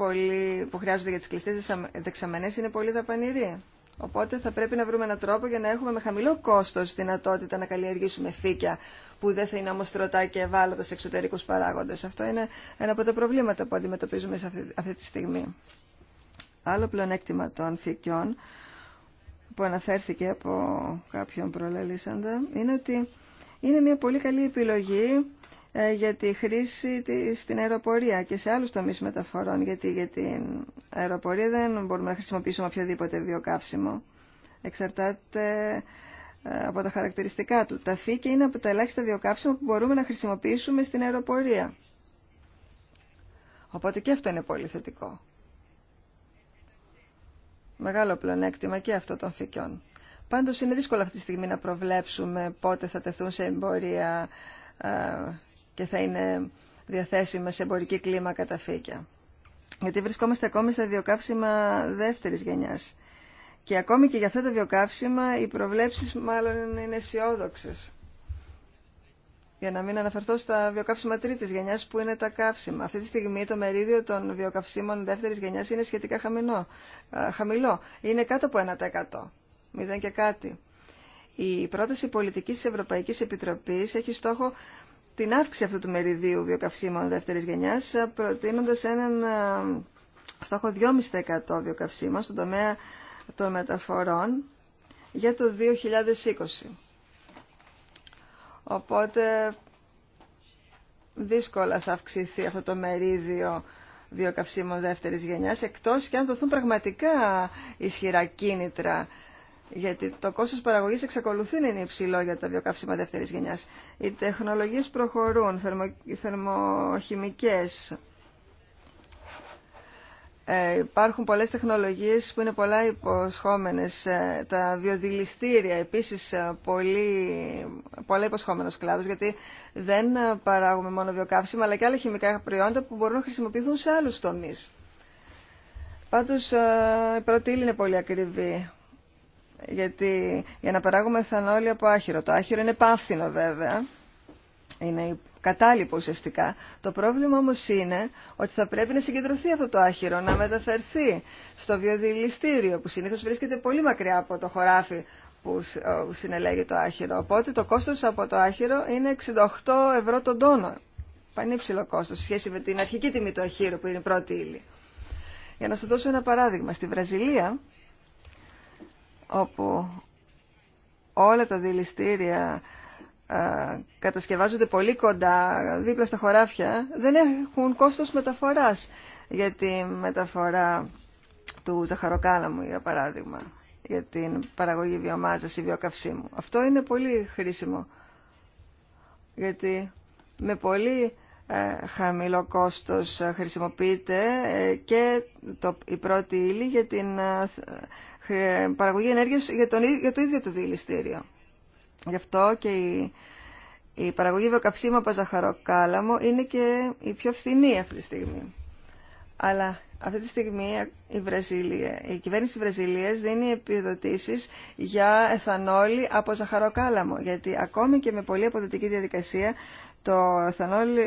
που χρειάζονται για τι κλειστέ δεξαμενέ είναι πολύ δαπανηροί. Οπότε θα πρέπει να βρούμε έναν τρόπο για να έχουμε με χαμηλό κόστο δυνατότητα να καλλιεργήσουμε φύκια που δεν θα είναι όμω τροτά και ευάλωτα σε εξωτερικού παράγοντε. Αυτό είναι ένα από τα προβλήματα που αντιμετωπίζουμε σε αυτή, αυτή τη στιγμή. Άλλο πλεονέκτημα των φυκιών που αναφέρθηκε από κάποιον προλαλήσαντα είναι ότι είναι μια πολύ καλή επιλογή ε, για τη χρήση στην αεροπορία και σε άλλους τομείς μεταφορών γιατί για την αεροπορία δεν μπορούμε να χρησιμοποιήσουμε οποιοδήποτε βιοκαύσιμο εξαρτάται ε, από τα χαρακτηριστικά του. Τα φύκια είναι από τα ελάχιστα βιοκαύσιμα που μπορούμε να χρησιμοποιήσουμε στην αεροπορία. Οπότε και αυτό είναι πολύ θετικό μεγάλο πλονέκτημα και αυτό των φυκιών. Πάντως είναι δύσκολο αυτή τη στιγμή να προβλέψουμε πότε θα τεθούν σε εμπορία ε, και θα είναι διαθέσιμα σε εμπορική κλίμακα τα φύκια. Γιατί βρισκόμαστε ακόμη στα βιοκαύσιμα δεύτερης γενιάς. Και ακόμη και για αυτά τα βιοκαύσιμα οι προβλέψεις μάλλον είναι αισιόδοξε για να μην αναφερθώ στα βιοκαύσιμα τρίτη γενιά, που είναι τα καύσιμα. Αυτή τη στιγμή το μερίδιο των βιοκαυσίμων δεύτερη γενιά είναι σχετικά χαμηλό. χαμηλό. Είναι κάτω από 1%. Μηδέν και κάτι. Η πρόταση πολιτική τη Ευρωπαϊκή Επιτροπή έχει στόχο την αύξηση αυτού του μεριδίου βιοκαυσίμων δεύτερη γενιά, προτείνοντα έναν στόχο 2,5% βιοκαυσίμων στον τομέα των μεταφορών για το 2020. Οπότε δύσκολα θα αυξηθεί αυτό το μερίδιο βιοκαυσίμων δεύτερης γενιάς, εκτός και αν δοθούν πραγματικά ισχυρά κίνητρα γιατί το κόστος παραγωγής εξακολουθεί να είναι υψηλό για τα βιοκαύσιμα δεύτερης γενιάς. Οι τεχνολογίες προχωρούν, οι θερμοχημικές, ε, υπάρχουν πολλές τεχνολογίες που είναι πολλά υποσχόμενες. Ε, τα βιοδηληστήρια επίσης ε, πολύ, πολλά υποσχόμενος κλάδος γιατί δεν ε, παράγουμε μόνο βιοκαύσιμα αλλά και άλλα χημικά προϊόντα που μπορούν να χρησιμοποιηθούν σε άλλους τομείς. Πάντως η πρώτη ύλη είναι πολύ ακριβή γιατί για να παράγουμε εθανόλιο από άχυρο. Το άχυρο είναι πάνθινο βέβαια είναι κατάλοιπο ουσιαστικά. Το πρόβλημα όμως είναι ότι θα πρέπει να συγκεντρωθεί αυτό το άχυρο, να μεταφερθεί στο βιοδηληστήριο που συνήθως βρίσκεται πολύ μακριά από το χωράφι που συνελέγει το άχυρο. Οπότε το κόστος από το άχυρο είναι 68 ευρώ τον τόνο. Πανύψηλο κόστος, σε σχέση με την αρχική τιμή του αχύρου που είναι η πρώτη ύλη. Για να σας δώσω ένα παράδειγμα, στη Βραζιλία, όπου όλα τα δηληστήρια ε, κατασκευάζονται πολύ κοντά, δίπλα στα χωράφια, δεν έχουν κόστος μεταφοράς για τη μεταφορά του ζαχαροκάλαμου, για παράδειγμα, για την παραγωγή βιομάζας ή βιοκαυσίμου. Αυτό είναι πολύ χρήσιμο, γιατί με πολύ ε, χαμηλό κόστος χρησιμοποιείται ε, και το, η πρώτη ύλη για την παραγωγή ενέργειας για, για το ίδιο το δηληστήριο. Γι' αυτό και η, η παραγωγή βιοκαυσίμου από ζαχαροκάλαμο είναι και η πιο φθηνή αυτή τη στιγμή. Αλλά αυτή τη στιγμή η, Βραζίλια, η κυβέρνηση της Βραζιλίας δίνει επιδοτήσεις για εθανόλη από ζαχαροκάλαμο. Γιατί ακόμη και με πολύ αποδοτική διαδικασία το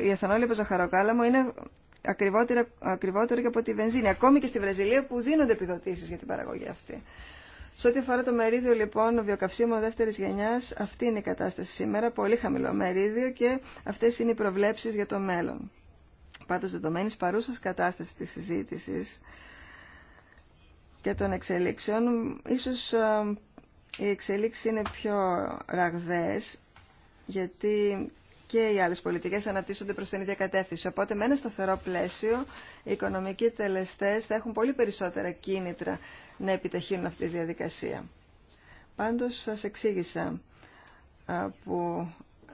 η εθανόλη από ζαχαροκάλαμο είναι ακριβότερο και από τη βενζίνη. Ακόμη και στη Βραζιλία που δίνονται επιδοτήσεις για την παραγωγή αυτή. Σε ό,τι αφορά το μερίδιο λοιπόν βιοκαυσίμων δεύτερη γενιά, αυτή είναι η κατάσταση σήμερα. Πολύ χαμηλό μερίδιο και αυτέ είναι οι προβλέψει για το μέλλον. Πάντω, δεδομένη παρούσα κατάσταση τη συζήτηση και των εξελίξεων, ίσω ε, οι εξελίξει είναι πιο ραγδαίε, γιατί και οι άλλες πολιτικές αναπτύσσονται προς την ίδια κατεύθυνση. Οπότε με ένα σταθερό πλαίσιο οι οικονομικοί τελεστές θα έχουν πολύ περισσότερα κίνητρα να επιταχύνουν αυτή τη διαδικασία. Πάντως σας εξήγησα που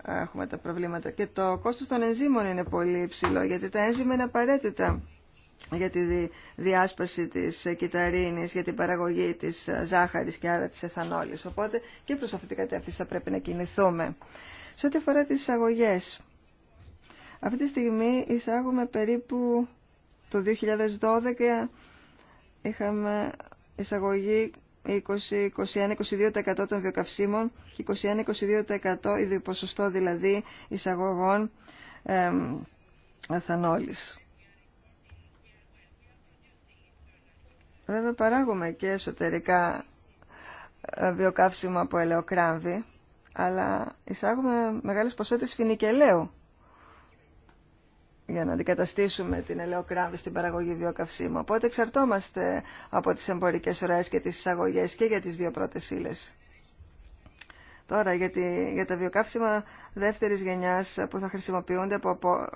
έχουμε τα προβλήματα και το κόστος των ενζήμων είναι πολύ υψηλό γιατί τα ένζημα είναι απαραίτητα για τη διάσπαση της κυταρίνης, για την παραγωγή της ζάχαρης και άρα της εθανόλης. Οπότε και προς αυτή την κατεύθυνση θα πρέπει να κινηθούμε. Σε ό,τι αφορά τις εισαγωγές, αυτή τη στιγμή εισάγουμε περίπου το 2012 είχαμε εισαγωγή 21-22% των βιοκαυσίμων και 21-22% ποσοστό δηλαδή εισαγωγών εθανόλης. Βέβαια παράγουμε και εσωτερικά ε, βιοκαύσιμα από ελαιοκράμβη, αλλά εισάγουμε μεγάλες ποσότητες φινικελαίου για να αντικαταστήσουμε την ελαιοκράμβη στην παραγωγή βιοκαυσίμου. Οπότε εξαρτόμαστε από τις εμπορικές οραίες και τις εισαγωγές και για τις δύο πρώτες ύλες. Τώρα για, για τα βιοκαύσιμα δεύτερης γενιάς που θα χρησιμοποιούνται από, από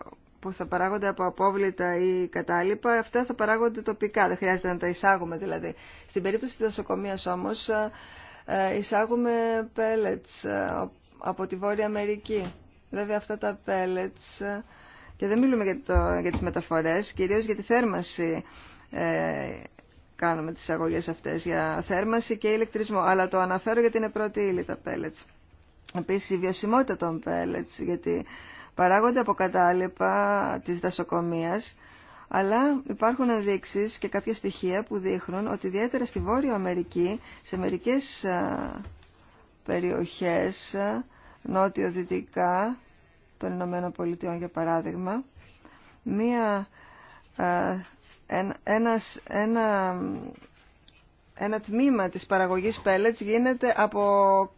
που θα παράγονται από απόβλητα ή κατάλοιπα, αυτά θα παράγονται τοπικά, δεν χρειάζεται να τα εισάγουμε δηλαδή. Στην περίπτωση της δασοκομείας όμως ε, ε, εισάγουμε pellets ε, από τη Βόρεια Αμερική. Βέβαια αυτά τα pellets και δεν μιλούμε για, το, για τις μεταφορές, κυρίως για τη θέρμαση κάνουμε τις αγωγές αυτές για θέρμαση και ηλεκτρισμό, αλλά το αναφέρω γιατί είναι πρώτη ύλη τα pellets Επίσης η βιωσιμότητα των pellets γιατί παράγονται από κατάλοιπα της δασοκομείας, αλλά υπάρχουν ενδείξει και κάποια στοιχεία που δείχνουν ότι ιδιαίτερα στη Βόρεια Αμερική, σε μερικές περιοχές νότιο-δυτικά των Ηνωμένων Πολιτειών για παράδειγμα, μία, ένας, ένα, ένα τμήμα της παραγωγής πέλετς γίνεται από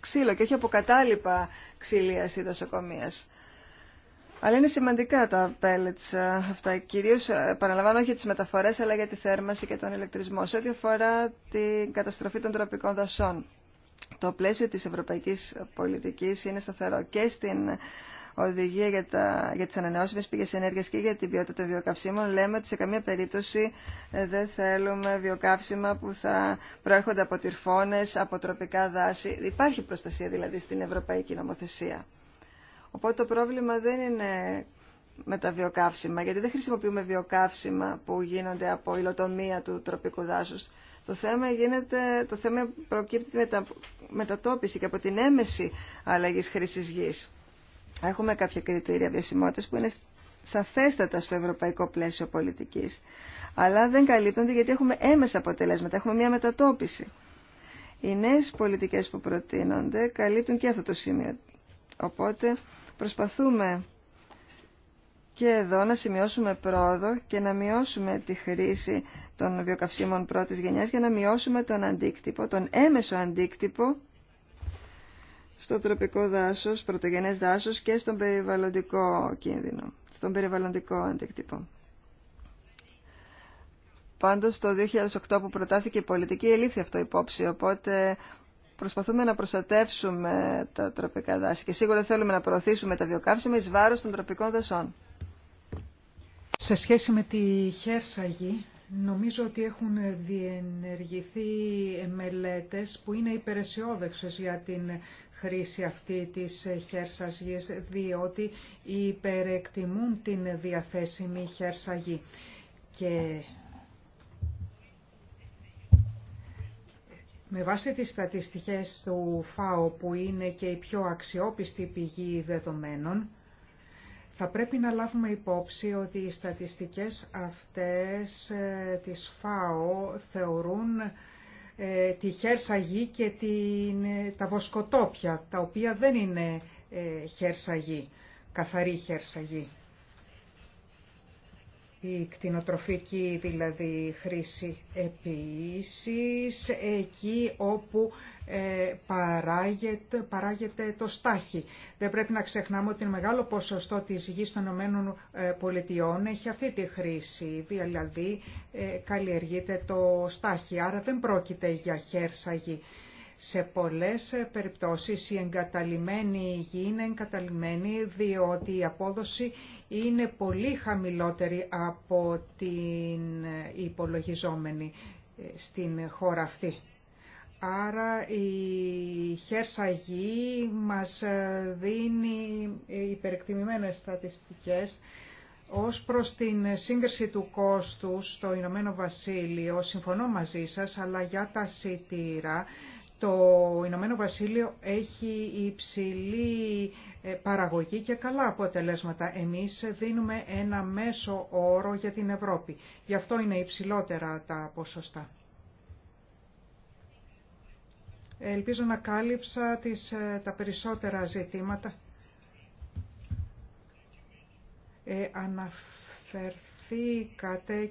ξύλο και όχι από κατάλοιπα ξυλίας ή δασοκομείας. Αλλά είναι σημαντικά τα pellets ε, αυτά, Κυρίω, ε, παραλαμβάνω όχι για τι μεταφορέ, αλλά για τη θέρμανση και τον ηλεκτρισμό. Σε ό,τι αφορά την καταστροφή των τροπικών δασών, το πλαίσιο τη Ευρωπαϊκή Πολιτική είναι σταθερό και στην οδηγία για, τα, για τις ανανεώσιμες πηγές ενέργειας και για την ποιότητα των βιοκαυσίμων λέμε ότι σε καμία περίπτωση ε, δεν θέλουμε βιοκαύσιμα που θα προέρχονται από τυρφώνες, από τροπικά δάση. Υπάρχει προστασία δηλαδή στην ευρωπαϊκή νομοθεσία. Οπότε το πρόβλημα δεν είναι με τα βιοκαύσιμα, γιατί δεν χρησιμοποιούμε βιοκαύσιμα που γίνονται από υλοτομία του τροπικού δάσους. Το θέμα, γίνεται, το θέμα προκύπτει με τα μετατόπιση και από την έμεση αλλαγής χρήσης γης. Έχουμε κάποια κριτήρια βιωσιμότητας που είναι σαφέστατα στο ευρωπαϊκό πλαίσιο πολιτικής, αλλά δεν καλύπτονται γιατί έχουμε έμεσα αποτελέσματα, έχουμε μια μετατόπιση. Οι νέε πολιτικές που προτείνονται καλύπτουν και αυτό το σημείο Οπότε προσπαθούμε και εδώ να σημειώσουμε πρόοδο και να μειώσουμε τη χρήση των βιοκαυσίμων πρώτης γενιάς για να μειώσουμε τον αντίκτυπο, τον έμεσο αντίκτυπο στο τροπικό δάσος, πρωτογενές δάσος και στον περιβαλλοντικό κίνδυνο, στον περιβαλλοντικό αντίκτυπο. Πάντως το 2008 που προτάθηκε η πολιτική ελήφθη αυτό υπόψη, οπότε προσπαθούμε να προστατεύσουμε τα τροπικά δάση και σίγουρα θέλουμε να προωθήσουμε τα βιοκαύσιμα εις βάρος των τροπικών δασών. Σε σχέση με τη Χέρσαγη, νομίζω ότι έχουν διενεργηθεί μελέτες που είναι υπεραισιόδεξες για την χρήση αυτή της χέρσαγης, διότι υπερεκτιμούν την διαθέσιμη χέρσαγη. Και Με βάση τις στατιστικές του ΦΑΟ που είναι και η πιο αξιόπιστη πηγή δεδομένων, θα πρέπει να λάβουμε υπόψη ότι οι στατιστικές αυτές ε, της ΦΑΟ θεωρούν ε, τη χέρσαγή και την, ε, τα βοσκοτόπια, τα οποία δεν είναι ε, χέρσαγή, καθαρή χέρσαγή η κτηνοτροφική δηλαδή χρήση επίσης εκεί όπου ε, παράγεται, το στάχι. Δεν πρέπει να ξεχνάμε ότι μεγάλο ποσοστό της γης των Ηνωμένων ε, Πολιτειών έχει αυτή τη χρήση, δηλαδή ε, καλλιεργείται το στάχι, άρα δεν πρόκειται για χέρσαγη. Σε πολλές ε, περιπτώσεις η εγκαταλειμμένη γη είναι εγκαταλειμμένη διότι η απόδοση είναι πολύ χαμηλότερη από την ε, υπολογιζόμενη ε, στην χώρα αυτή. Άρα η χέρσα γη μας δίνει υπερεκτιμημένες στατιστικές ως προς την σύγκριση του κόστου στο Ηνωμένο Βασίλειο, συμφωνώ μαζί σας, αλλά για τα σιτήρα το Ηνωμένο Βασίλειο έχει υψηλή ε, παραγωγή και καλά αποτελέσματα. Εμείς δίνουμε ένα μέσο όρο για την Ευρώπη. Γι' αυτό είναι υψηλότερα τα ποσοστά. Ελπίζω να κάλυψα τις, ε, τα περισσότερα ζητήματα. Ε,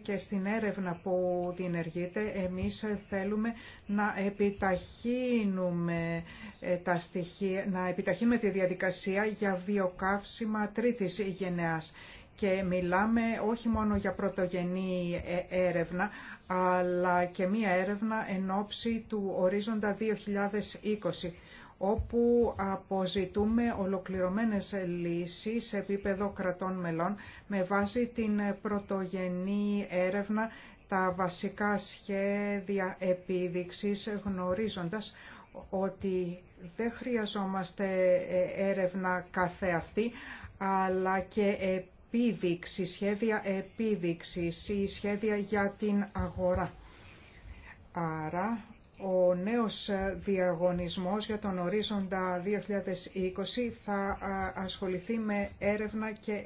και στην έρευνα που διενεργείται. Εμείς θέλουμε να επιταχύνουμε, ε, τα στοιχεία, να επιταχύνουμε τη διαδικασία για βιοκαύσιμα τρίτης γενεάς. Και μιλάμε όχι μόνο για πρωτογενή ε, έρευνα, αλλά και μία έρευνα εν του ορίζοντα 2020 όπου αποζητούμε ολοκληρωμένες λύσεις σε επίπεδο κρατών μελών με βάση την πρωτογενή έρευνα, τα βασικά σχέδια επίδειξης γνωρίζοντας ότι δεν χρειαζόμαστε ε, έρευνα αυτή αλλά και επίδειξη, σχέδια επίδειξης ή σχέδια για την αγορά. Άρα ο νέος διαγωνισμός για τον ορίζοντα 2020 θα ασχοληθεί με έρευνα και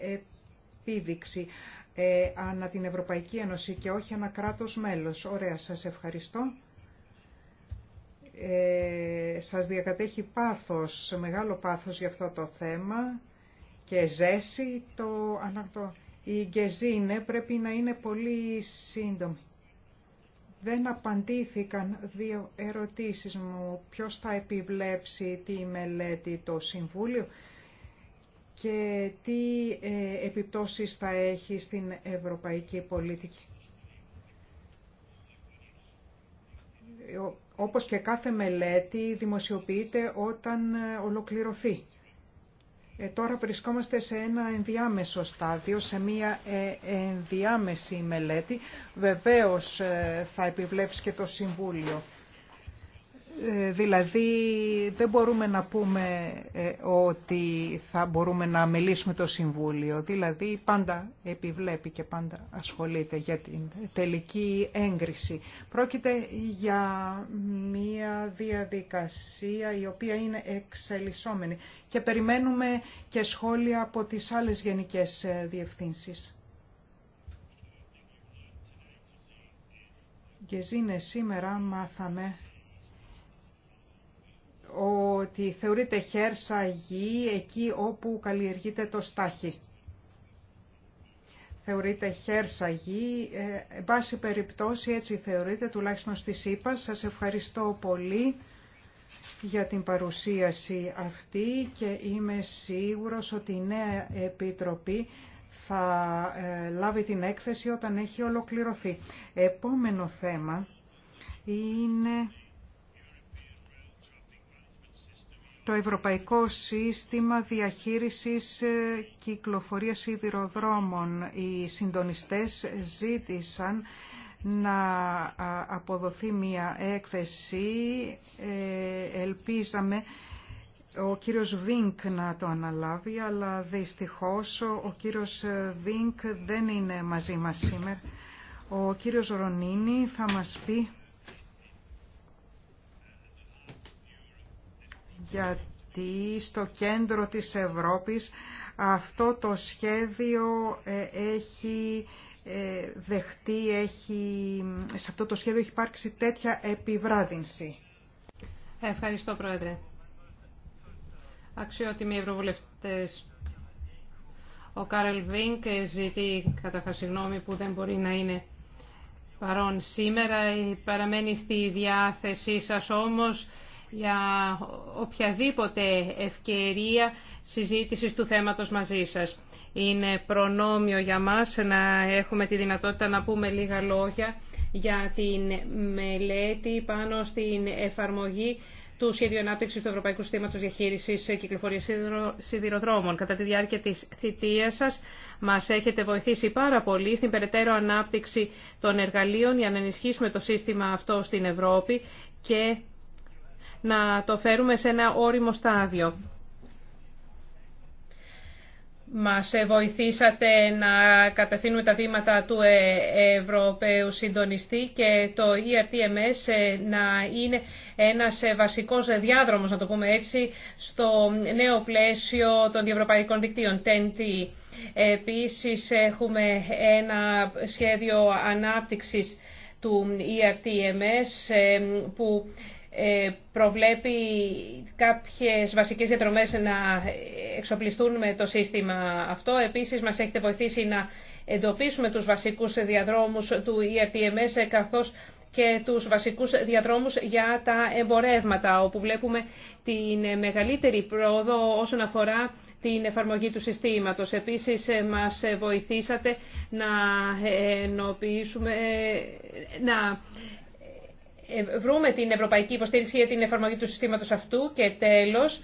επίδειξη ε, ανά την Ευρωπαϊκή Ένωση και όχι ανά κράτος μέλος. Ωραία, σας ευχαριστώ. Ε, σας διακατέχει πάθος, μεγάλο πάθος για αυτό το θέμα και ζέση το ανακτώ. Η γκεζίνε πρέπει να είναι πολύ σύντομη δεν απαντήθηκαν δύο ερωτήσεις μου. Ποιος θα επιβλέψει τη μελέτη το Συμβούλιο και τι ε, επιπτώσεις θα έχει στην ευρωπαϊκή πολιτική. Όπως και κάθε μελέτη δημοσιοποιείται όταν ε, ολοκληρωθεί. Ε, τώρα βρισκόμαστε σε ένα ενδιάμεσο στάδιο, σε μία ε, ενδιάμεση μελέτη. Βεβαίως ε, θα επιβλέψει και το Συμβούλιο. Ε, δηλαδή δεν μπορούμε να πούμε ε, ότι θα μπορούμε να μιλήσουμε το Συμβούλιο. Δηλαδή πάντα επιβλέπει και πάντα ασχολείται για την τελική έγκριση. Πρόκειται για μια διαδικασία η οποία είναι εξελισσόμενη και περιμένουμε και σχόλια από τις άλλες γενικές ε, διευθύνσεις. Και σήμερα μάθαμε ότι θεωρείται χέρσα γη εκεί όπου καλλιεργείται το στάχι. Θεωρείται χέρσα γη, ε, εν πάση περιπτώσει έτσι θεωρείται τουλάχιστον στη ΣΥΠΑ. Σας ευχαριστώ πολύ για την παρουσίαση αυτή και είμαι σίγουρος ότι η νέα Επιτροπή θα ε, λάβει την έκθεση όταν έχει ολοκληρωθεί. Επόμενο θέμα είναι το Ευρωπαϊκό Σύστημα Διαχείρισης ε, Κυκλοφορίας Σιδηροδρόμων. Οι συντονιστές ζήτησαν να αποδοθεί μια έκθεση. Ε, ελπίζαμε ο κύριος Βίνκ να το αναλάβει, αλλά δυστυχώς ο κύριος Βίνκ δεν είναι μαζί μας σήμερα. Ο κύριος Ρονίνη θα μας πει γιατί στο κέντρο της Ευρώπης αυτό το σχέδιο ε, έχει ε, δεχτεί, έχει, σε αυτό το σχέδιο έχει υπάρξει τέτοια επιβράδυνση. Ευχαριστώ Πρόεδρε. Αξιότιμοι Ευρωβουλευτές, ο Κάρελ Βίνκ ζητεί καταρχάς συγγνώμη που δεν μπορεί να είναι παρόν σήμερα. Παραμένει στη διάθεσή σας όμως για οποιαδήποτε ευκαιρία συζήτησης του θέματος μαζί σας. Είναι προνόμιο για μας να έχουμε τη δυνατότητα να πούμε λίγα λόγια για την μελέτη πάνω στην εφαρμογή του Σχέδιου Ανάπτυξη του Ευρωπαϊκού Συστήματο Διαχείριση Κυκλοφορία Σιδηροδρόμων. Κατά τη διάρκεια τη θητεία σα, μα έχετε βοηθήσει πάρα πολύ στην περαιτέρω ανάπτυξη των εργαλείων για να ενισχύσουμε το σύστημα αυτό στην Ευρώπη και να το φέρουμε σε ένα όριμο στάδιο. Μας βοηθήσατε να κατευθύνουμε τα βήματα του ε, Ευρωπαίου Συντονιστή και το ERTMS ε, να είναι ένας ε, βασικός διάδρομος, να το πούμε έτσι, στο νέο πλαίσιο των διευρωπαϊκών δικτύων, Επίσης έχουμε ένα σχέδιο ανάπτυξης του ERTMS που ε, προβλέπει κάποιες βασικές διαδρομές να εξοπλιστούν με το σύστημα αυτό. Επίσης, μας έχετε βοηθήσει να εντοπίσουμε τους βασικούς διαδρόμους του ERTMS, καθώς και τους βασικούς διαδρόμους για τα εμπορεύματα, όπου βλέπουμε την μεγαλύτερη πρόοδο όσον αφορά την εφαρμογή του συστήματος. Επίσης, μας βοηθήσατε να ενοποιήσουμε, ε, βρούμε την ευρωπαϊκή υποστήριξη για την εφαρμογή του συστήματος αυτού και τέλος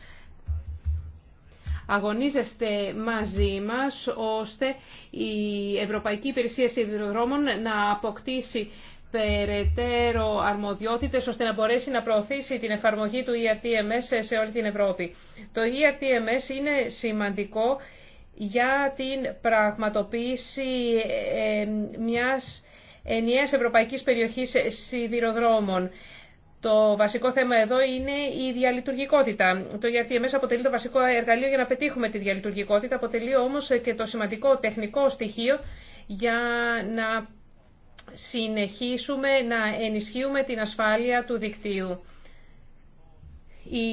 αγωνίζεστε μαζί μας ώστε η Ευρωπαϊκή Υπηρεσία Σιδηροδρόμων να αποκτήσει περαιτέρω αρμοδιότητες ώστε να μπορέσει να προωθήσει την εφαρμογή του ERTMS σε όλη την Ευρώπη. Το ERTMS είναι σημαντικό για την πραγματοποίηση ε, μιας ενιαίας ευρωπαϊκής περιοχής σιδηροδρόμων. Το βασικό θέμα εδώ είναι η διαλειτουργικότητα. Το ERTMS αποτελεί το βασικό εργαλείο για να πετύχουμε τη διαλειτουργικότητα, αποτελεί όμως και το σημαντικό τεχνικό στοιχείο για να συνεχίσουμε να ενισχύουμε την ασφάλεια του δικτύου. Η,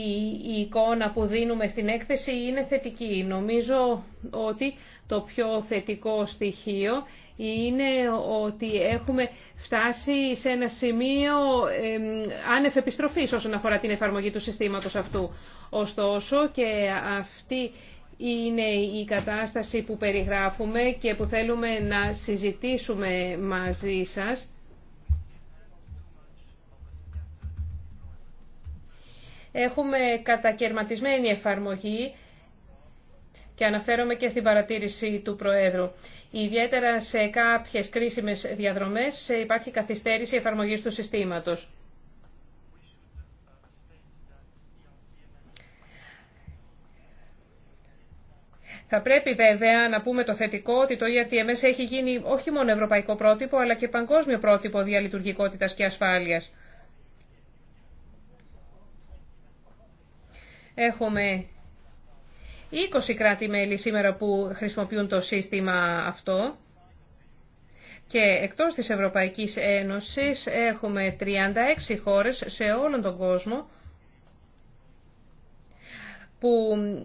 η εικόνα που δίνουμε στην έκθεση είναι θετική. Νομίζω ότι το πιο θετικό στοιχείο είναι ότι έχουμε φτάσει σε ένα σημείο άνευ επιστροφής όσον αφορά την εφαρμογή του συστήματος αυτού. Ωστόσο και αυτή είναι η κατάσταση που περιγράφουμε και που θέλουμε να συζητήσουμε μαζί σας. Έχουμε κατακαιρματισμένη εφαρμογή και αναφέρομαι και στην παρατήρηση του Προέδρου. Ιδιαίτερα σε κάποιες κρίσιμες διαδρομές υπάρχει καθυστέρηση εφαρμογής του συστήματος. Θα πρέπει βέβαια να πούμε το θετικό ότι το ERTMS έχει γίνει όχι μόνο ευρωπαϊκό πρότυπο, αλλά και παγκόσμιο πρότυπο διαλειτουργικότητας και ασφάλειας. Έχουμε 20 κράτη-μέλη σήμερα που χρησιμοποιούν το σύστημα αυτό. Και εκτός της Ευρωπαϊκής Ένωσης έχουμε 36 χώρες σε όλον τον κόσμο που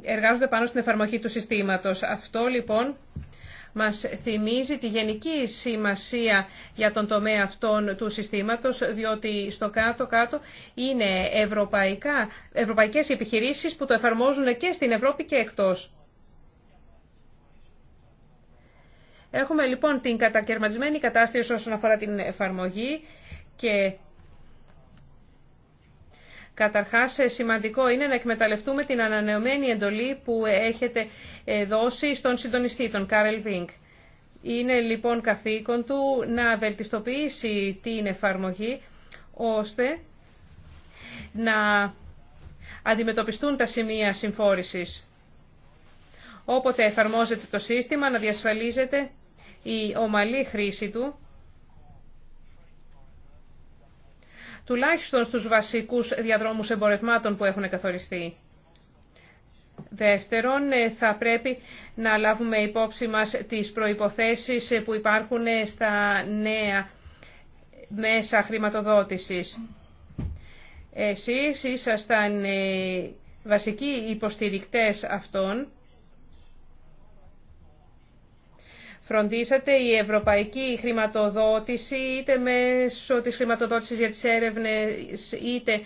εργάζονται πάνω στην εφαρμογή του συστήματος. Αυτό λοιπόν μας θυμίζει τη γενική σημασία για τον τομέα αυτών του συστήματος, διότι στο κάτω-κάτω είναι ευρωπαϊκά, ευρωπαϊκές επιχειρήσεις που το εφαρμόζουν και στην Ευρώπη και εκτός. Έχουμε λοιπόν την κατακαιρματισμένη κατάσταση όσον αφορά την εφαρμογή και Καταρχάς, ε, σημαντικό είναι να εκμεταλλευτούμε την ανανεωμένη εντολή που έχετε ε, δώσει στον συντονιστή, τον Κάρελ Βίνκ. Είναι λοιπόν καθήκον του να βελτιστοποιήσει την εφαρμογή, ώστε να αντιμετωπιστούν τα σημεία συμφόρησης. Όποτε εφαρμόζεται το σύστημα, να διασφαλίζεται η ομαλή χρήση του τουλάχιστον στους βασικούς διαδρόμους εμπορευμάτων που έχουν καθοριστεί. Δεύτερον, ε, θα πρέπει να λάβουμε υπόψη μας τις προϋποθέσεις ε, που υπάρχουν ε, στα νέα μέσα χρηματοδότησης. Εσείς ήσασταν βασικοί υποστηρικτές αυτών φροντίσατε η ευρωπαϊκή χρηματοδότηση είτε μέσω της χρηματοδότησης για τις έρευνες είτε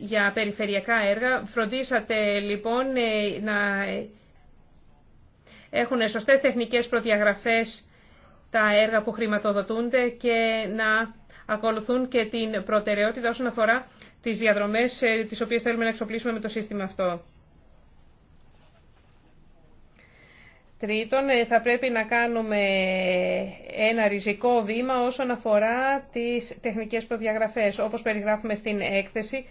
για περιφερειακά έργα. Φροντίσατε λοιπόν ε, να έχουν σωστές τεχνικές προδιαγραφές τα έργα που χρηματοδοτούνται και να ακολουθούν και την προτεραιότητα όσον αφορά τις διαδρομές ε, τις οποίες θέλουμε να εξοπλίσουμε με το σύστημα αυτό. Τρίτον, ε, θα πρέπει να κάνουμε ε, ένα ριζικό βήμα όσον αφορά τις τεχνικές προδιαγραφές. Όπως περιγράφουμε στην έκθεση,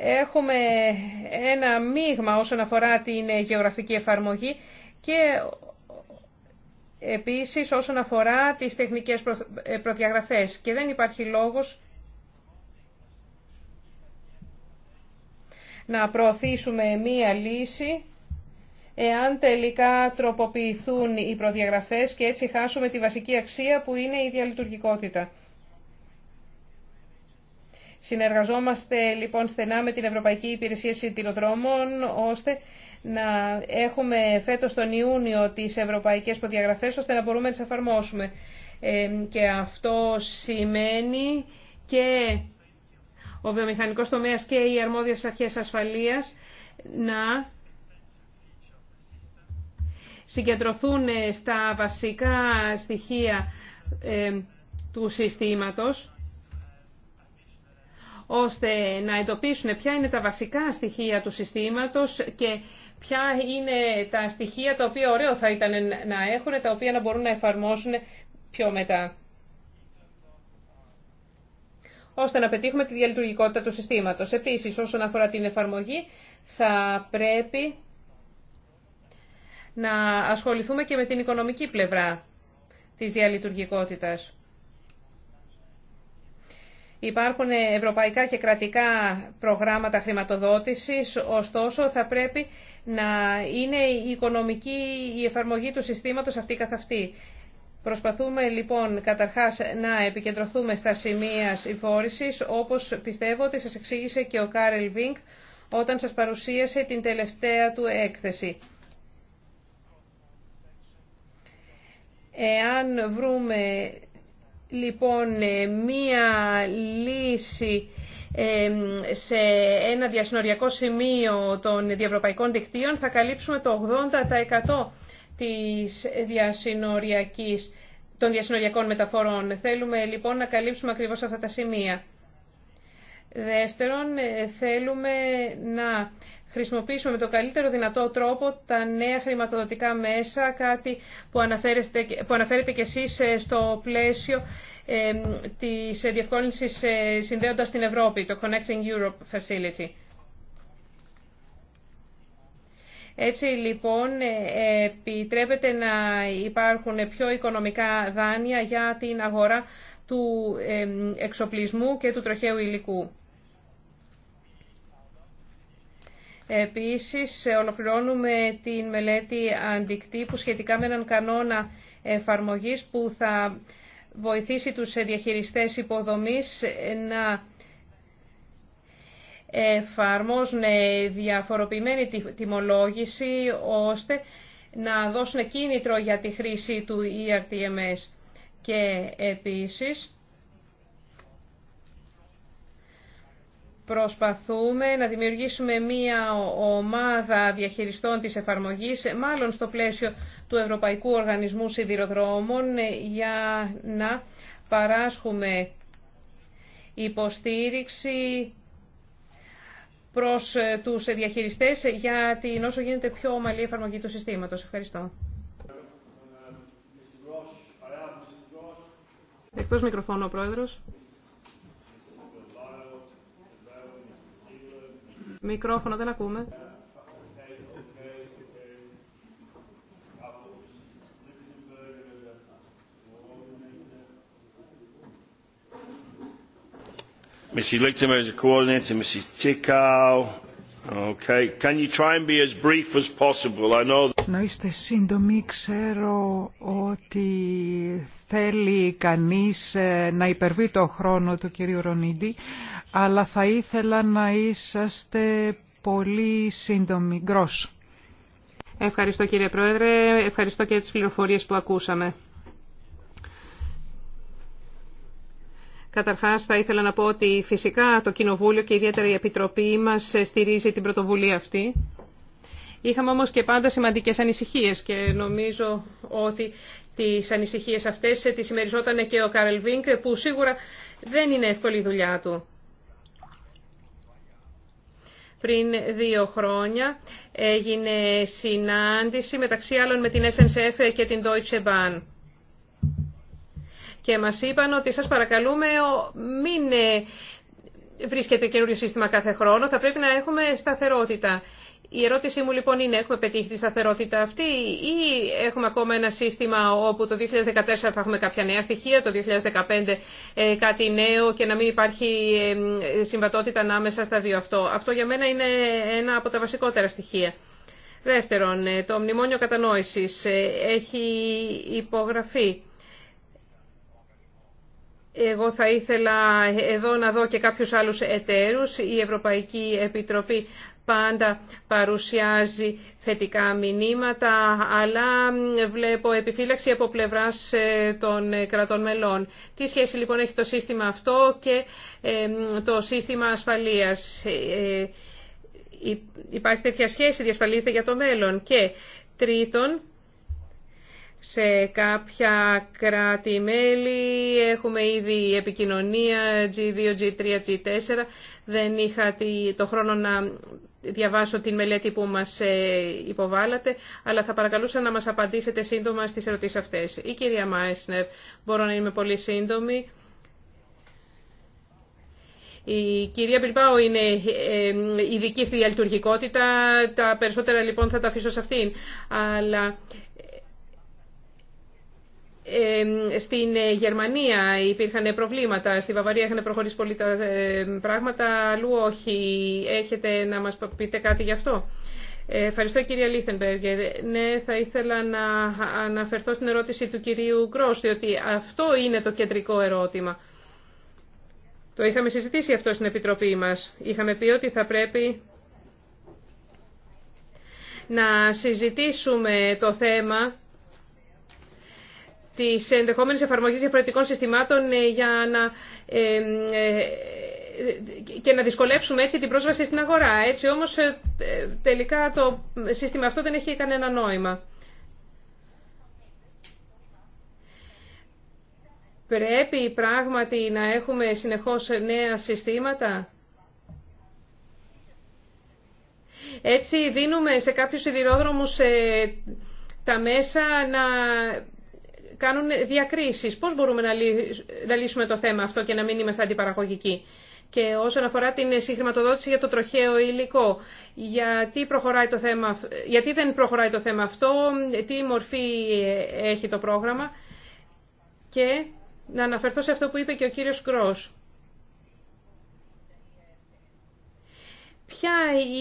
έχουμε ένα μείγμα όσον αφορά την ε, γεωγραφική εφαρμογή και επίσης όσον αφορά τις τεχνικές προδιαγραφές. Και δεν υπάρχει λόγος να προωθήσουμε μία λύση εάν τελικά τροποποιηθούν οι προδιαγραφές και έτσι χάσουμε τη βασική αξία που είναι η διαλειτουργικότητα. Συνεργαζόμαστε λοιπόν στενά με την Ευρωπαϊκή Υπηρεσία Συντηροδρόμων ώστε να έχουμε φέτος τον Ιούνιο τις ευρωπαϊκές προδιαγραφές ώστε να μπορούμε να τις εφαρμόσουμε. Ε, και αυτό σημαίνει και ο βιομηχανικός τομέας και οι αρμόδιες αρχές ασφαλείας να συγκεντρωθούν ε, στα βασικά στοιχεία ε, του συστήματος, ώστε να εντοπίσουν ποια είναι τα βασικά στοιχεία του συστήματος και ποια είναι τα στοιχεία τα οποία ωραίο θα ήταν να έχουν, τα οποία να μπορούν να εφαρμόσουν πιο μετά. Ώστε να πετύχουμε τη διαλειτουργικότητα του συστήματος. Επίσης, όσον αφορά την εφαρμογή, θα πρέπει να ασχοληθούμε και με την οικονομική πλευρά της διαλειτουργικότητας. Υπάρχουν ευρωπαϊκά και κρατικά προγράμματα χρηματοδότησης, ωστόσο θα πρέπει να είναι η οικονομική η εφαρμογή του συστήματος αυτή καθ' αυτή. Προσπαθούμε λοιπόν καταρχάς να επικεντρωθούμε στα σημεία συμφόρησης, όπως πιστεύω ότι σας εξήγησε και ο Κάρελ Βίνκ όταν σας παρουσίασε την τελευταία του έκθεση. Εάν βρούμε λοιπόν ε, μία λύση ε, σε ένα διασυνοριακό σημείο των διευρωπαϊκών δικτύων θα καλύψουμε το 80% της διασυνοριακής, των διασυνοριακών μεταφορών. Θέλουμε λοιπόν να καλύψουμε ακριβώς αυτά τα σημεία. Δεύτερον, ε, θέλουμε να χρησιμοποιήσουμε με τον καλύτερο δυνατό τρόπο τα νέα χρηματοδοτικά μέσα, κάτι που, που αναφέρετε κι εσείς ε, στο πλαίσιο ε, της διευκόλυνσης ε, συνδέοντας την Ευρώπη, το Connecting Europe Facility. Έτσι λοιπόν ε, επιτρέπεται να υπάρχουν πιο οικονομικά δάνεια για την αγορά του ε, εξοπλισμού και του τροχαίου υλικού. Επίσης, ολοκληρώνουμε την μελέτη αντικτύπου σχετικά με έναν κανόνα εφαρμογής που θα βοηθήσει τους διαχειριστές υποδομής να εφαρμόζουν διαφοροποιημένη τιμολόγηση ώστε να δώσουν κίνητρο για τη χρήση του ERTMS. Και επίσης, Προσπαθούμε να δημιουργήσουμε μία ομάδα διαχειριστών της εφαρμογής, μάλλον στο πλαίσιο του Ευρωπαϊκού Οργανισμού Σιδηροδρόμων, για να παράσχουμε υποστήριξη προς τους διαχειριστές για την όσο γίνεται πιο ομαλή εφαρμογή του συστήματος. Ευχαριστώ. Εκτός μικροφώνου ο Πρόεδρος. Μικρόφωνο δεν ακούμε. Mrs. Lichtenberg is a coordinator, Mrs. Tikal. Okay. Can you try and be as brief as possible? I know. Να είστε σύντομοι, ξέρω ότι θέλει κανείς ε, να υπερβεί το χρόνο του κυρίου Ρονίδη, αλλά θα ήθελα να είσαστε πολύ σύντομοι. Γκρός. Ευχαριστώ κύριε Πρόεδρε, ευχαριστώ και τις πληροφορίες που ακούσαμε. Καταρχάς θα ήθελα να πω ότι φυσικά το Κοινοβούλιο και ιδιαίτερα η Επιτροπή μας στηρίζει την πρωτοβουλία αυτή. Είχαμε όμως και πάντα σημαντικές ανησυχίες και νομίζω ότι τις ανησυχίες αυτές τις ημεριζόταν και ο Καρελ Βίνκ που σίγουρα δεν είναι εύκολη η δουλειά του πριν δύο χρόνια έγινε συνάντηση μεταξύ άλλων με την SNCF και την Deutsche Bahn. Και μας είπαν ότι σας παρακαλούμε μην ε, βρίσκεται καινούριο σύστημα κάθε χρόνο, θα πρέπει να έχουμε σταθερότητα. Η ερώτησή μου λοιπόν είναι έχουμε πετύχει τη σταθερότητα αυτή ή έχουμε ακόμα ένα σύστημα όπου το 2014 θα έχουμε κάποια νέα στοιχεία, το 2015 ε, κάτι νέο και να μην υπάρχει συμβατότητα ανάμεσα στα δύο αυτό. Αυτό για μένα είναι ένα από τα βασικότερα στοιχεία. Δεύτερον, ε, το μνημόνιο κατανόησης ε, έχει υπογραφεί. Εγώ θα ήθελα εδώ να δω και κάποιους άλλους εταίρους. Η Ευρωπαϊκή Επιτροπή πάντα παρουσιάζει θετικά μηνύματα, αλλά βλέπω επιφύλαξη από πλευράς ε, των ε, κρατών μελών. Τι σχέση λοιπόν έχει το σύστημα αυτό και ε, το σύστημα ασφαλείας. Υπάρχει τέτοια σχέση, διασφαλίζεται για το μέλλον. Και τρίτον, σε κάποια κράτη-μέλη έχουμε ήδη επικοινωνία G2, G3, G4. Δεν είχα το χρόνο να διαβάσω την μελέτη που μας ε, υποβάλατε, αλλά θα παρακαλούσα να μας απαντήσετε σύντομα στις ερωτήσεις αυτές. Η κυρία Μάισνερ, μπορώ να είμαι πολύ σύντομη. Η κυρία Μπιλπάου είναι ε, ειδική στη διαλειτουργικότητα, τα περισσότερα λοιπόν θα τα αφήσω σε αυτήν. Αλλά στην ε, Γερμανία υπήρχαν προβλήματα, στη Βαβαρία είχαν προχωρήσει πολύ τα ε, πράγματα, αλλού όχι. Έχετε να μας πείτε κάτι γι' αυτό. Ε, ευχαριστώ κυρία Λίθενμπεργκερ. Ναι, θα ήθελα να αναφερθώ στην ερώτηση του κυρίου Γκρός, διότι αυτό είναι το κεντρικό ερώτημα. Το είχαμε συζητήσει αυτό στην Επιτροπή μας. Είχαμε πει ότι θα πρέπει να συζητήσουμε το θέμα τις ενδεχόμενης εφαρμογές διαφορετικών συστημάτων ε, για να, ε, ε, και να δυσκολεύσουμε έτσι την πρόσβαση στην αγορά. Έτσι όμως τελικά το σύστημα αυτό δεν έχει κανένα νόημα. Πρέπει πράγματι να έχουμε συνεχώς νέα συστήματα. Έτσι δίνουμε σε κάποιους σιδηρόδρομους τα μέσα να κάνουν διακρίσει. Πώς μπορούμε να λύσουμε το θέμα αυτό και να μην είμαστε αντιπαραγωγικοί. Και όσον αφορά την συγχρηματοδότηση για το τροχαίο υλικό, γιατί, προχωράει το θέμα, γιατί δεν προχωράει το θέμα αυτό, τι μορφή έχει το πρόγραμμα και να αναφερθώ σε αυτό που είπε και ο κύριος Γκρός. Ποια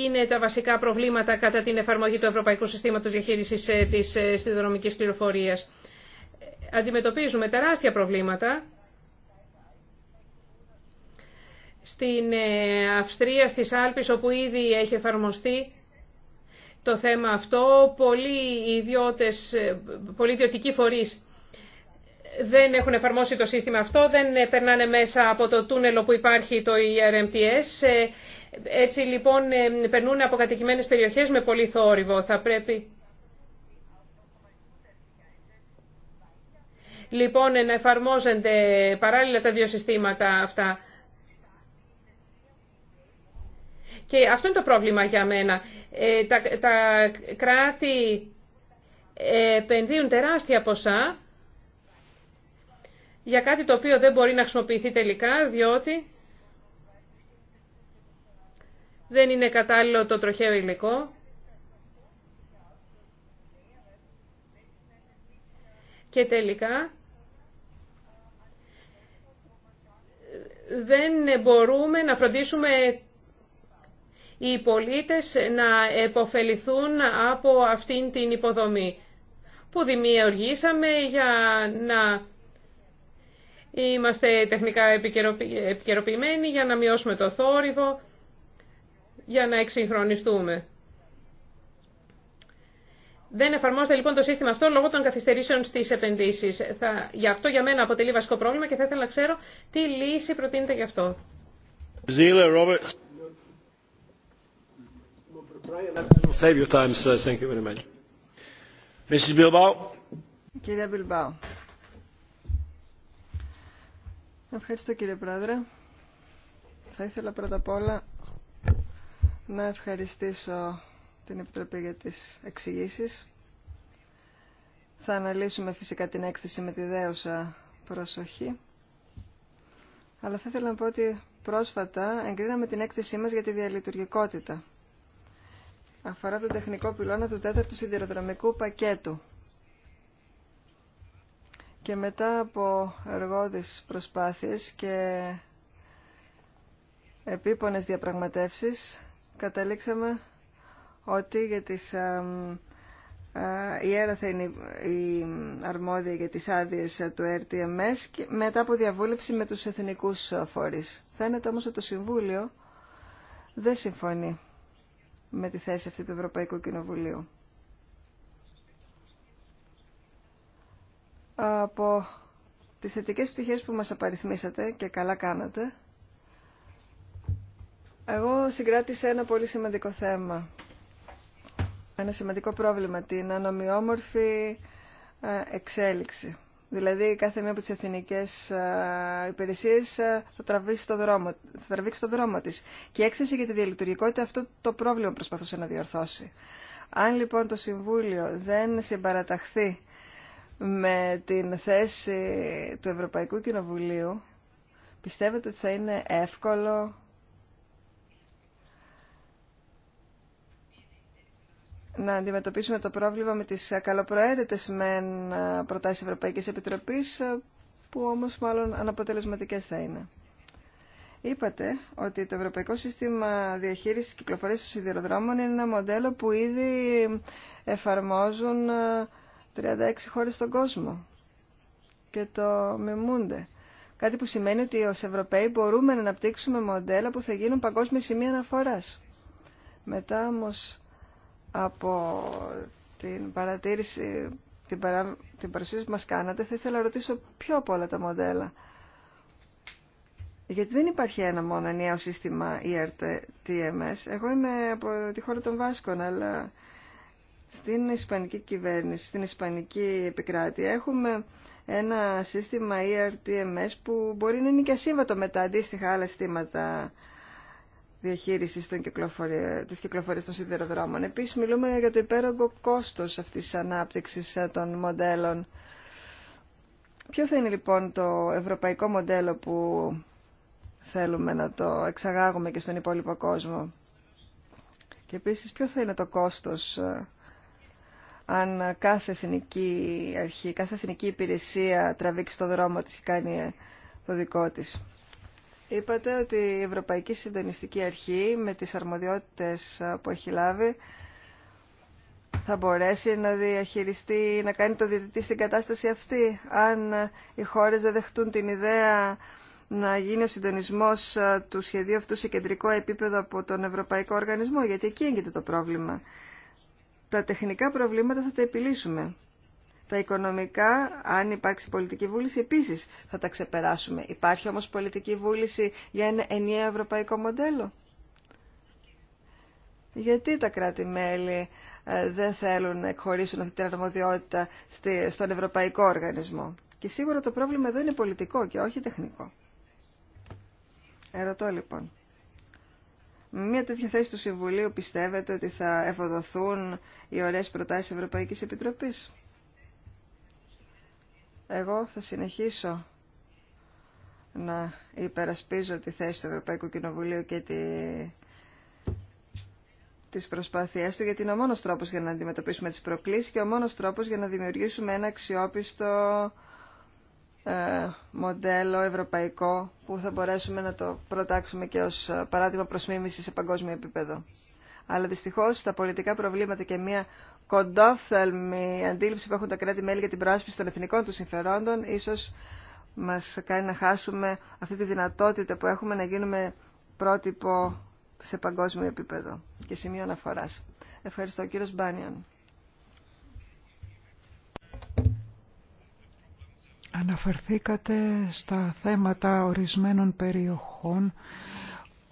είναι τα βασικά προβλήματα κατά την εφαρμογή του Ευρωπαϊκού Συστήματος Διαχείρισης ε, της ε, Συνδρομικής Πληροφορίας αντιμετωπίζουμε τεράστια προβλήματα. Στην ε, Αυστρία, στις Άλπεις, όπου ήδη έχει εφαρμοστεί το θέμα αυτό, πολλοί ιδιώτες, ε, πολλοί ιδιωτικοί φορείς δεν έχουν εφαρμόσει το σύστημα αυτό, δεν ε, περνάνε μέσα από το τούνελο που υπάρχει το ERMTS. Έτσι λοιπόν περνούν από κατοικημένες περιοχές με πολύ θόρυβο. Θα πρέπει λοιπόν ε, να εφαρμόζονται παράλληλα τα δύο συστήματα αυτά. Και αυτό είναι το πρόβλημα για μένα. Ε, τα, τα κράτη ε, επενδύουν τεράστια ποσά για κάτι το οποίο δεν μπορεί να χρησιμοποιηθεί τελικά, διότι δεν είναι κατάλληλο το τροχαίο υλικό. Και τελικά δεν μπορούμε να φροντίσουμε οι πολίτες να επωφεληθούν από αυτήν την υποδομή που δημιουργήσαμε για να είμαστε τεχνικά επικαιροποιημένοι, για να μειώσουμε το θόρυβο, για να εξυγχρονιστούμε. Δεν εφαρμόζεται λοιπόν το σύστημα αυτό λόγω των καθυστερήσεων στι επενδύσει. Γι' αυτό για μένα αποτελεί βασικό πρόβλημα και θα ήθελα να ξέρω τι λύση προτείνεται γι' αυτό. Ευχαριστώ κύριε Πρόεδρε. Θα ήθελα πρώτα απ' όλα να ευχαριστήσω την Επιτροπή για τις εξηγήσει. Θα αναλύσουμε φυσικά την έκθεση με τη δέουσα προσοχή. Αλλά θα ήθελα να πω ότι πρόσφατα εγκρίναμε την έκθεσή μας για τη διαλειτουργικότητα. Αφορά το τεχνικό πυλώνα του τέταρτου σιδηροδρομικού πακέτου. Και μετά από εργόδεις προσπάθειες και επίπονες διαπραγματεύσεις, καταλήξαμε ότι για τις, ε, η ΕΡΑ θα είναι η αρμόδια για τις άδειες του RTMS και μετά από διαβούλευση με τους εθνικούς φορείς. Φαίνεται όμως ότι το Συμβούλιο δεν συμφωνεί με τη θέση αυτή του Ευρωπαϊκού Κοινοβουλίου. Από τις θετικές πτυχές που μας απαριθμίσατε και καλά κάνατε, εγώ συγκράτησα ένα πολύ σημαντικό θέμα ένα σημαντικό πρόβλημα, την ανομοιόμορφη ε, εξέλιξη. Δηλαδή κάθε μία από τις εθνικές ε, υπηρεσίες ε, θα, τραβήξει το δρόμο, θα τραβήξει δρόμο της. Και η έκθεση για τη διαλειτουργικότητα αυτό το πρόβλημα προσπαθούσε να διορθώσει. Αν λοιπόν το Συμβούλιο δεν συμπαραταχθεί με την θέση του Ευρωπαϊκού Κοινοβουλίου, πιστεύετε ότι θα είναι εύκολο να αντιμετωπίσουμε το πρόβλημα με τις καλοπροαίρετες μεν ε, προτάσεις Ευρωπαϊκής Επιτροπής, ε, που όμως μάλλον αναποτελεσματικές θα είναι. Είπατε ότι το Ευρωπαϊκό Σύστημα Διαχείρισης Κυκλοφορίας των Σιδηροδρόμων είναι ένα μοντέλο που ήδη εφαρμόζουν 36 ε, χώρες στον κόσμο και το μιμούνται. Κάτι που σημαίνει ότι ως Ευρωπαίοι μπορούμε να αναπτύξουμε μοντέλα που θα γίνουν παγκόσμια σημεία αναφοράς. Μετά όμως από την παρατήρηση, την, παρα... την παρουσίαση που μας κάνατε, θα ήθελα να ρωτήσω ποιο από όλα τα μοντέλα. Γιατί δεν υπάρχει ένα μόνο ενιαίο σύστημα ERTMS. Εγώ είμαι από τη χώρα των Βάσκων, αλλά στην Ισπανική κυβέρνηση, στην Ισπανική επικράτεια έχουμε ένα σύστημα ERTMS που μπορεί να είναι και ασύμβατο με τα αντίστοιχα άλλα συστήματα διαχείρισης τη κυκλοφορία, των σιδηροδρόμων. Επίσης μιλούμε για το υπέρογκο κόστο αυτή τη ανάπτυξη ε, των μοντέλων. Ποιο θα είναι λοιπόν το ευρωπαϊκό μοντέλο που θέλουμε να το εξαγάγουμε και στον υπόλοιπο κόσμο. Και επίσης ποιο θα είναι το κόστος ε, αν κάθε εθνική αρχή, κάθε εθνική υπηρεσία τραβήξει το δρόμο της και κάνει ε, το δικό της. Είπατε ότι η Ευρωπαϊκή Συντονιστική Αρχή με τις αρμοδιότητες ε, που έχει λάβει θα μπορέσει να διαχειριστεί, να κάνει το διαιτητή στην κατάσταση αυτή. Αν ε, οι χώρες δεν δεχτούν την ιδέα να γίνει ο συντονισμός ε, του σχεδίου αυτού σε κεντρικό επίπεδο από τον Ευρωπαϊκό Οργανισμό, γιατί εκεί έγκυται το πρόβλημα. Τα τεχνικά προβλήματα θα τα επιλύσουμε. Τα οικονομικά, αν υπάρξει πολιτική βούληση, επίσης θα τα ξεπεράσουμε. Υπάρχει όμως πολιτική βούληση για ένα ενιαίο ευρωπαϊκό μοντέλο. Γιατί τα κράτη-μέλη ε, δεν θέλουν να εκχωρήσουν αυτή την αρμοδιότητα στον Ευρωπαϊκό Οργανισμό. Και σίγουρα το πρόβλημα εδώ είναι πολιτικό και όχι τεχνικό. Ερωτώ λοιπόν. Με μια τέτοια θέση του Συμβουλίου πιστεύετε ότι θα ευοδοθούν οι ωραίες προτάσεις Ευρωπαϊκής Επιτροπής. Εγώ θα συνεχίσω να υπερασπίζω τη θέση του Ευρωπαϊκού Κοινοβουλίου και τη... τις προσπάθειές του, γιατί είναι ο μόνος τρόπος για να αντιμετωπίσουμε τις προκλήσεις και ο μόνος τρόπος για να δημιουργήσουμε ένα αξιόπιστο ε, μοντέλο ευρωπαϊκό που θα μπορέσουμε να το προτάξουμε και ως ε, παράδειγμα προς σε παγκόσμιο επίπεδο. Αλλά δυστυχώς τα πολιτικά προβλήματα και μια κοντόφθαλμη αντίληψη που έχουν τα κράτη-μέλη για την πρόσπιση των εθνικών του συμφερόντων ίσως μας κάνει να χάσουμε αυτή τη δυνατότητα που έχουμε να γίνουμε πρότυπο σε παγκόσμιο επίπεδο και σημείο αναφοράς. Ευχαριστώ κύριος Μπάνιον. Αναφερθήκατε στα θέματα ορισμένων περιοχών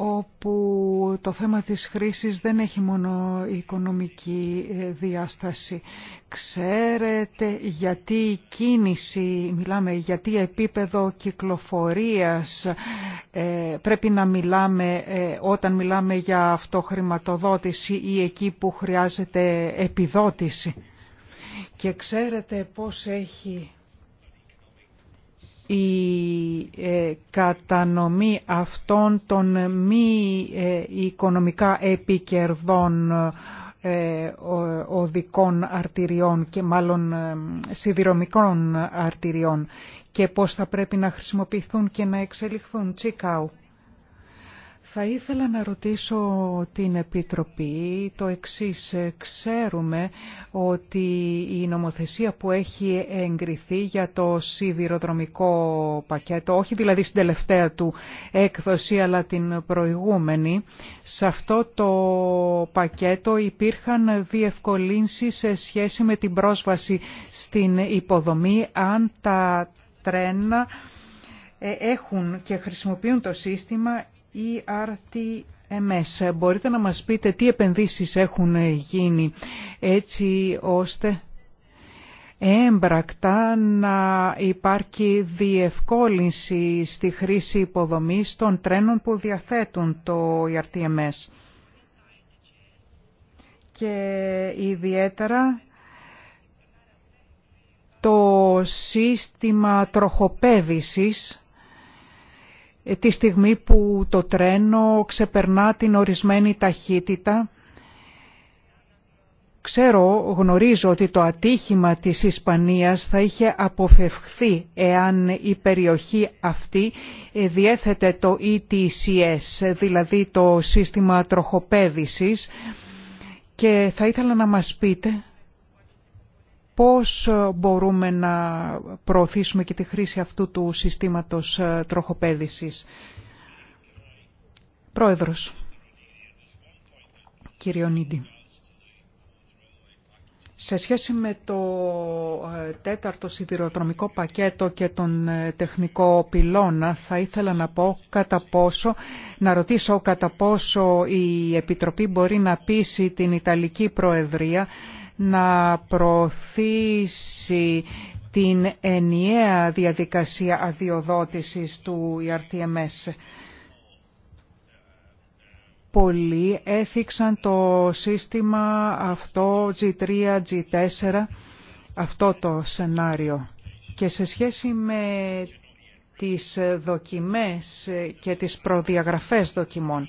όπου το θέμα της χρήσης δεν έχει μόνο οικονομική ε, διάσταση. Ξέρετε γιατί η κίνηση, μιλάμε γιατί επίπεδο κυκλοφορίας ε, πρέπει να μιλάμε ε, όταν μιλάμε για αυτοχρηματοδότηση ή εκεί που χρειάζεται επιδότηση. Και ξέρετε πώς έχει η ε, κατανομή αυτών των μη ε, οικονομικά επικερδών ε, οδικών αρτηριών και μάλλον σιδηρομικών αρτηριών και πώς θα πρέπει να χρησιμοποιηθούν και να εξελιχθούν. Τσίκαου. Θα ήθελα να ρωτήσω την Επιτροπή το εξής. Ξέρουμε ότι η νομοθεσία που έχει εγκριθεί για το σιδηροδρομικό πακέτο, όχι δηλαδή στην τελευταία του έκδοση αλλά την προηγούμενη, σε αυτό το πακέτο υπήρχαν διευκολύνσεις σε σχέση με την πρόσβαση στην υποδομή αν τα τρένα ε, έχουν και χρησιμοποιούν το σύστημα ERTMS. Μπορείτε να μας πείτε τι επενδύσεις έχουν γίνει έτσι ώστε έμπρακτα να υπάρχει διευκόλυνση στη χρήση υποδομής των τρένων που διαθέτουν το ERTMS. Και ιδιαίτερα το σύστημα τροχοπέδησης ε, τη στιγμή που το τρένο ξεπερνά την ορισμένη ταχύτητα. Ξέρω, γνωρίζω ότι το ατύχημα της Ισπανίας θα είχε αποφευχθεί εάν η περιοχή αυτή ε, διέθετε το ETCS, δηλαδή το σύστημα τροχοπέδησης και θα ήθελα να μας πείτε πώς ε, μπορούμε να προωθήσουμε και τη χρήση αυτού του συστήματος ε, τροχοπέδησης. Πρόεδρος, κύριο Σε σχέση με το ε, τέταρτο σιδηροδρομικό πακέτο και τον τεχνικό πυλώνα, θα ήθελα να πω κατά πόσο, να ρωτήσω κατά πόσο η Επιτροπή μπορεί να πείσει την Ιταλική Προεδρία να προωθήσει την ενιαία διαδικασία αδειοδότησης του ERTMS. Πολλοί έθιξαν το σύστημα αυτό G3, G4, αυτό το σενάριο. Και σε σχέση με τις δοκιμές και τις προδιαγραφές δοκιμών,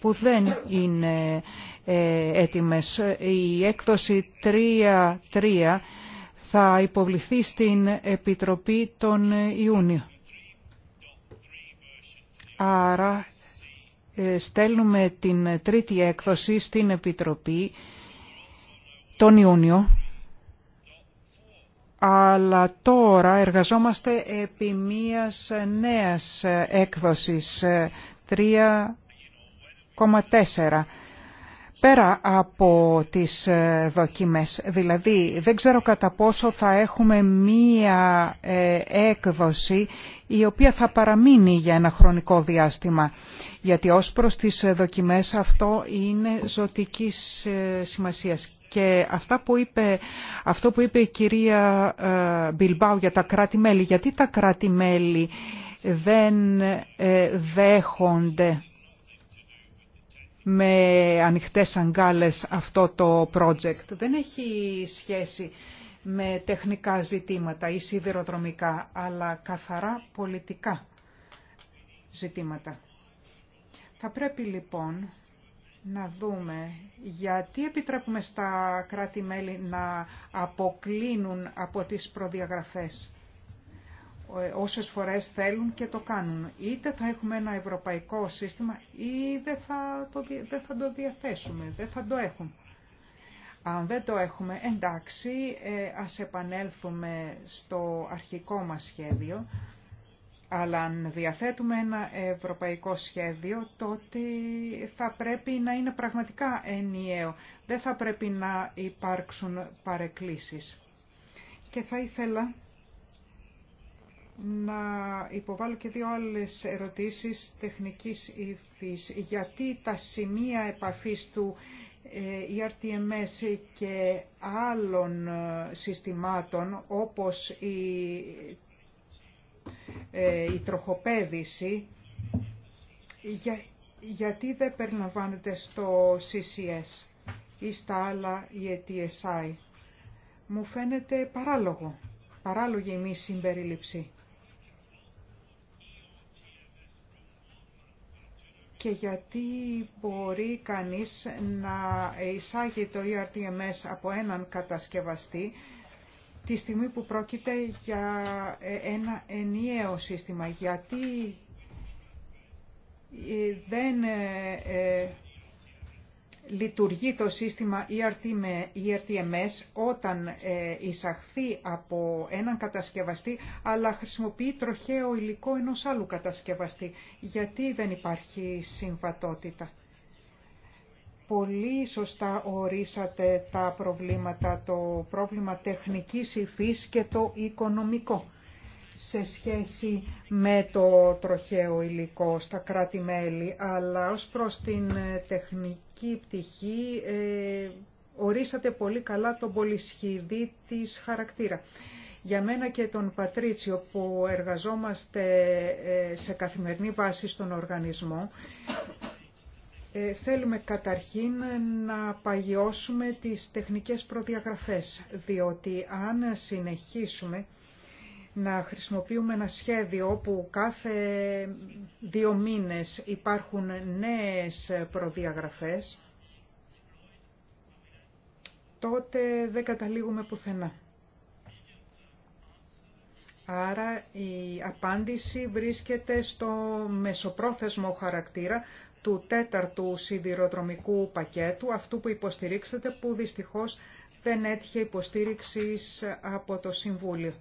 που δεν είναι ε, έτοιμες. Η έκδοση 3.3 θα υποβληθεί στην Επιτροπή τον Ιούνιο. Άρα ε, στέλνουμε την τρίτη έκδοση στην Επιτροπή τον Ιούνιο, αλλά τώρα εργαζόμαστε επί μίας νέας έκδοσης 3,4 ε, πέρα από τις ε, δοκιμές. Δηλαδή, δεν ξέρω κατά πόσο θα έχουμε μία ε, έκδοση η οποία θα παραμείνει για ένα χρονικό διάστημα. Γιατί ως προς τις ε, δοκιμές αυτό είναι ζωτικής σημασίας. Και αυτά που είπε, αυτό που είπε η κυρία Μπιλμπάου για τα κράτη-μέλη, γιατί τα κράτη-μέλη δεν δέχονται με ανοιχτές αγκάλες αυτό το project. Δεν έχει σχέση με τεχνικά ζητήματα ή σιδηροδρομικά, αλλά καθαρά πολιτικά ζητήματα. Θα πρέπει λοιπόν να δούμε γιατί επιτρέπουμε στα κράτη-μέλη να αποκλίνουν από τις προδιαγραφές. Ε, όσες φορές θέλουν και το κάνουν. Είτε θα έχουμε ένα ευρωπαϊκό σύστημα ή δεν θα το, θα το διαθέσουμε, δεν θα το έχουμε. Αν δεν το έχουμε, εντάξει, ε, ας επανέλθουμε στο αρχικό μας σχέδιο, αλλά αν διαθέτουμε ένα ευρωπαϊκό σχέδιο, τότε θα πρέπει να είναι πραγματικά ενιαίο. Δεν θα πρέπει να υπάρξουν παρεκκλήσεις. Και θα ήθελα να υποβάλω και δύο άλλες ερωτήσεις τεχνικής υφής. Γιατί τα σημεία επαφής του ε, ERTMS και άλλων ε, συστημάτων όπως η, ε, η τροχοπέδηση γιατί δεν περιλαμβάνεται στο CCS ή στα άλλα η ETSI. Μου φαίνεται παράλογο, παράλογη η μη συμπερίληψη. και γιατί μπορεί κανείς να εισάγει το ERTMS από έναν κατασκευαστή τη στιγμή που πρόκειται για ε, ένα ενιαίο σύστημα. Γιατί ε, δεν ε, λειτουργεί το σύστημα ERTMS e όταν ε, εισαχθεί από έναν κατασκευαστή αλλά χρησιμοποιεί τροχαίο υλικό ενός άλλου κατασκευαστή. Γιατί δεν υπάρχει συμβατότητα. Πολύ σωστά ορίσατε τα προβλήματα, το πρόβλημα τεχνικής υφής και το οικονομικό σε σχέση με το τροχαίο υλικό στα κράτη-μέλη, αλλά ως προς την ε, τεχνική πτυχή ε, ορίσατε πολύ καλά τον πολυσχηδή της χαρακτήρα. Για μένα και τον Πατρίτσιο που εργαζόμαστε ε, σε καθημερινή βάση στον οργανισμό, ε, θέλουμε καταρχήν να παγιώσουμε τις τεχνικές προδιαγραφές, διότι αν συνεχίσουμε να χρησιμοποιούμε ένα σχέδιο όπου κάθε δύο μήνες υπάρχουν νέες προδιαγραφές, τότε δεν καταλήγουμε πουθενά. Άρα η απάντηση βρίσκεται στο μεσοπρόθεσμο χαρακτήρα του τέταρτου σιδηροδρομικού πακέτου, αυτού που υποστηρίξετε, που δυστυχώς δεν έτυχε υποστήριξης από το Συμβούλιο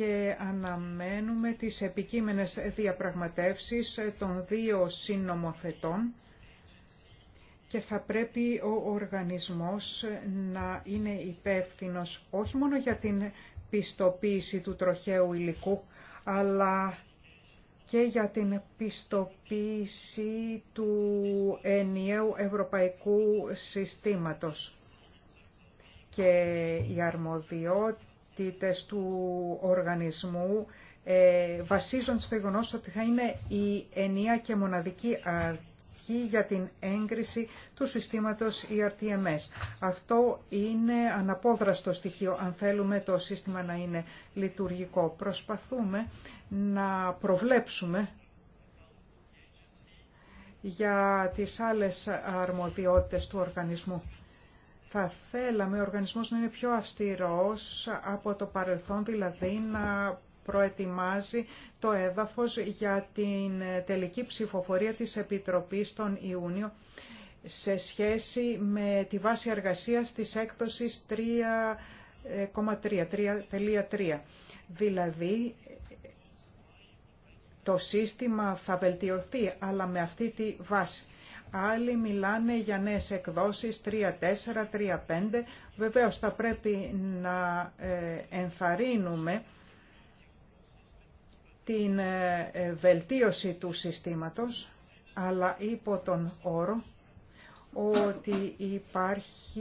και αναμένουμε τις επικείμενες διαπραγματεύσεις των δύο συνομοθετών και θα πρέπει ο οργανισμός να είναι υπεύθυνος όχι μόνο για την πιστοποίηση του τροχαίου υλικού, αλλά και για την πιστοποίηση του ενιαίου ευρωπαϊκού συστήματος. Και η αρμοδιότητα του οργανισμού ε, βασίζονται στο γεγονό ότι θα είναι η ενία και μοναδική αρχή για την έγκριση του συστήματος ERTMS. Αυτό είναι αναπόδραστο στοιχείο, αν θέλουμε το σύστημα να είναι λειτουργικό. Προσπαθούμε να προβλέψουμε για τις άλλες αρμοδιότητες του οργανισμού. Θα θέλαμε ο οργανισμός να είναι πιο αυστηρός από το παρελθόν, δηλαδή να προετοιμάζει το έδαφος για την τελική ψηφοφορία της Επιτροπής τον Ιούνιο σε σχέση με τη βάση εργασίας της έκδοσης 3,3, Δηλαδή, το σύστημα θα βελτιωθεί, αλλά με αυτή τη βάση. Άλλοι μιλάνε για νέες εκδόσεις 3, 4, 3, 5. Βεβαίως θα πρέπει να ε, ενθαρρύνουμε την ε, ε, βελτίωση του συστήματος, αλλά υπό τον όρο ότι υπάρχει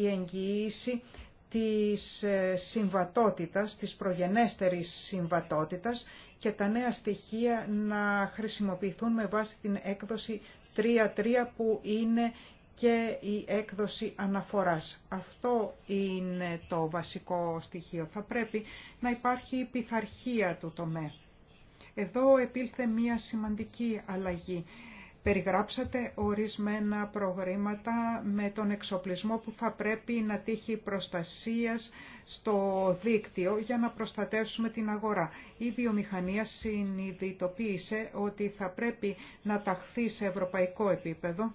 η εγγύηση της συμβατότητας, της προγενέστερης συμβατότητας και τα νέα στοιχεία να χρησιμοποιηθούν με βάση την έκδοση Τρία-τρία που είναι και η έκδοση αναφοράς. Αυτό είναι το βασικό στοιχείο. Θα πρέπει να υπάρχει η πειθαρχία του τομέα. Εδώ επήλθε μία σημαντική αλλαγή περιγράψατε ορισμένα προγρήματα με τον εξοπλισμό που θα πρέπει να τύχει προστασίας στο δίκτυο για να προστατεύσουμε την αγορά. Η βιομηχανία συνειδητοποίησε ότι θα πρέπει να ταχθεί σε ευρωπαϊκό επίπεδο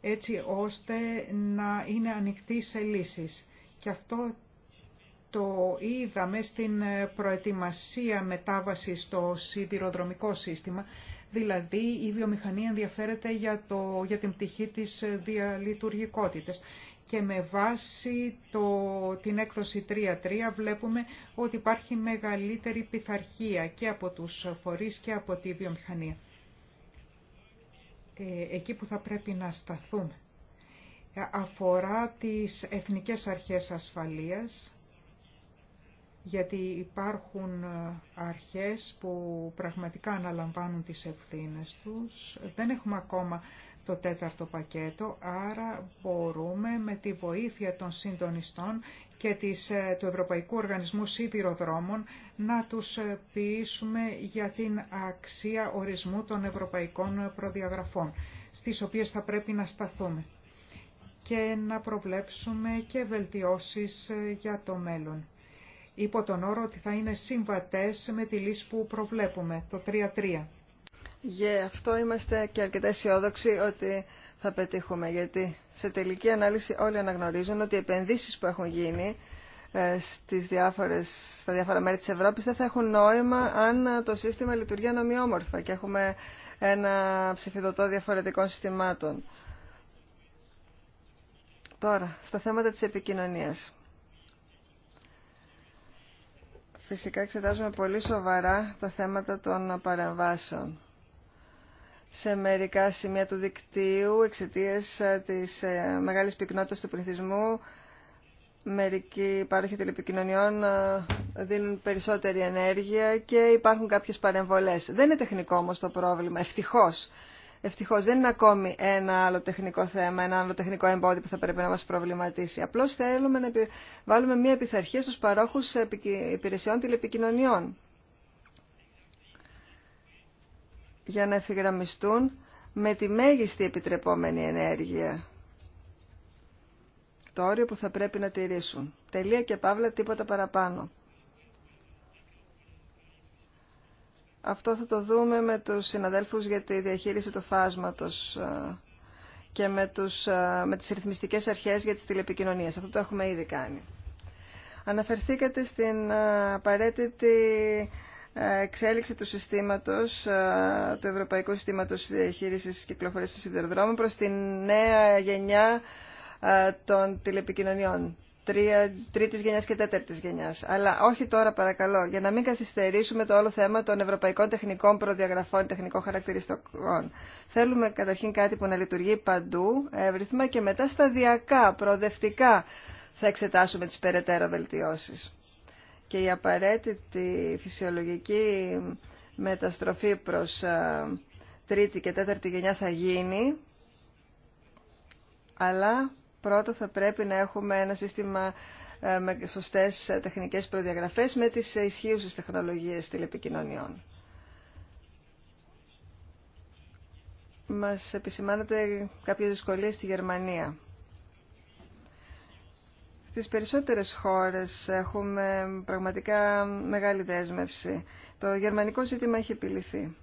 έτσι ώστε να είναι ανοιχτή σε λύσεις. Και αυτό το είδαμε στην προετοιμασία μετάβασης στο σιδηροδρομικό σύστημα Δηλαδή η βιομηχανία ενδιαφέρεται για, το, για την πτυχή της διαλειτουργικότητας. Και με βάση το, την έκδοση 3.3 βλέπουμε ότι υπάρχει μεγαλύτερη πειθαρχία και από τους φορείς και από τη βιομηχανία. Ε, εκεί που θα πρέπει να σταθούμε ε, αφορά τις εθνικές αρχές ασφαλείας γιατί υπάρχουν ε, αρχές που πραγματικά αναλαμβάνουν τις ευθύνες τους. Δεν έχουμε ακόμα το τέταρτο πακέτο, άρα μπορούμε με τη βοήθεια των συντονιστών και της, ε, του Ευρωπαϊκού Οργανισμού Σίδηροδρόμων να τους ε, πείσουμε για την αξία ορισμού των ευρωπαϊκών προδιαγραφών, στις οποίες θα πρέπει να σταθούμε και να προβλέψουμε και βελτιώσεις για το μέλλον υπό τον όρο ότι θα είναι συμβατές με τη λύση που προβλέπουμε, το 3-3. Γι' αυτό είμαστε και αρκετά αισιόδοξοι ότι θα πετύχουμε, γιατί σε τελική ανάλυση όλοι αναγνωρίζουν ότι οι επενδύσεις που έχουν γίνει ε, στις διάφορες, στα διάφορα μέρη της Ευρώπης δεν θα έχουν νόημα αν το σύστημα λειτουργεί ανομοιόμορφα και έχουμε ένα ψηφιδωτό διαφορετικών συστημάτων. Τώρα, στα θέματα της επικοινωνίας. Φυσικά εξετάζουμε πολύ σοβαρά τα θέματα των παρεμβάσεων. Σε μερικά σημεία του δικτύου, εξαιτία ε, της ε, μεγάλη πυκνότητα του πληθυσμού, μερικοί υπάρχοι τηλεπικοινωνιών ε, δίνουν περισσότερη ενέργεια και υπάρχουν κάποιες παρεμβολέ. Δεν είναι τεχνικό όμω το πρόβλημα, ευτυχώ. Ευτυχώς δεν είναι ακόμη ένα άλλο τεχνικό θέμα, ένα άλλο τεχνικό εμπόδιο που θα πρέπει να μας προβληματίσει. Απλώς θέλουμε να βάλουμε μια επιθαρχία στους παρόχους υπηρεσιών τηλεπικοινωνιών για να ευθυγραμμιστούν με τη μέγιστη επιτρεπόμενη ενέργεια. Το όριο που θα πρέπει να τηρήσουν. Τελεία και παύλα τίποτα παραπάνω. Αυτό θα το δούμε με τους συναδέλφους για τη διαχείριση του φάσματος ε, και με, τους, ε, με τις ρυθμιστικές αρχές για τις τηλεπικοινωνίες. Αυτό το έχουμε ήδη κάνει. Αναφερθήκατε στην ε, απαραίτητη εξέλιξη του συστήματος, του Ευρωπαϊκού Συστήματος Διαχείρισης Κυκλοφορίας του Σιδηροδρόμου προς τη νέα γενιά των τηλεπικοινωνιών, Τρίτη γενιά και τέταρτη γενιάς. Αλλά όχι τώρα παρακαλώ, για να μην καθυστερήσουμε το όλο θέμα των ευρωπαϊκών τεχνικών προδιαγραφών, τεχνικών χαρακτηριστικών. Θέλουμε καταρχήν κάτι που να λειτουργεί παντού, εύρυθμα και μετά σταδιακά, προοδευτικά θα εξετάσουμε τις περαιτέρω βελτιώσεις. Και η απαραίτητη φυσιολογική μεταστροφή προ τρίτη και τέταρτη γενιά θα γίνει, αλλά πρώτα θα πρέπει να έχουμε ένα σύστημα ε, με σωστές ε, τεχνικές προδιαγραφές με τις ισχύουσες τεχνολογίες τηλεπικοινωνιών. Μας επισημάνατε κάποιες δυσκολίες στη Γερμανία. Στις περισσότερες χώρες έχουμε πραγματικά μεγάλη δέσμευση. Το γερμανικό ζήτημα έχει επιληθεί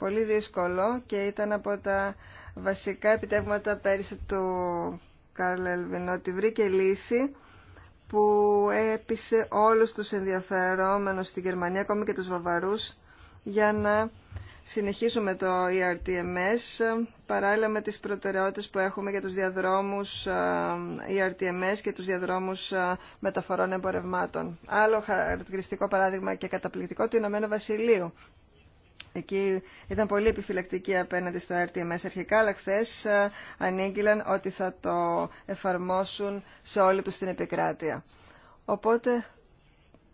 πολύ δύσκολο και ήταν από τα βασικά επιτεύγματα πέρυσι του Κάρλ Ελβιν ότι βρήκε λύση που έπεισε όλους τους ενδιαφερόμενους στη Γερμανία, ακόμη και τους Βαβαρούς, για να συνεχίσουμε το ERTMS παράλληλα με τις προτεραιότητες που έχουμε για τους διαδρόμους ε, ERTMS και τους διαδρόμους ε, μεταφορών εμπορευμάτων. Άλλο χαρακτηριστικό παράδειγμα και καταπληκτικό του Ηνωμένου Βασιλείου Εκεί ήταν πολύ επιφυλακτική απέναντι στο RTMS αρχικά, αλλά χθε ανήγγυλαν ότι θα το εφαρμόσουν σε όλη τους την επικράτεια. Οπότε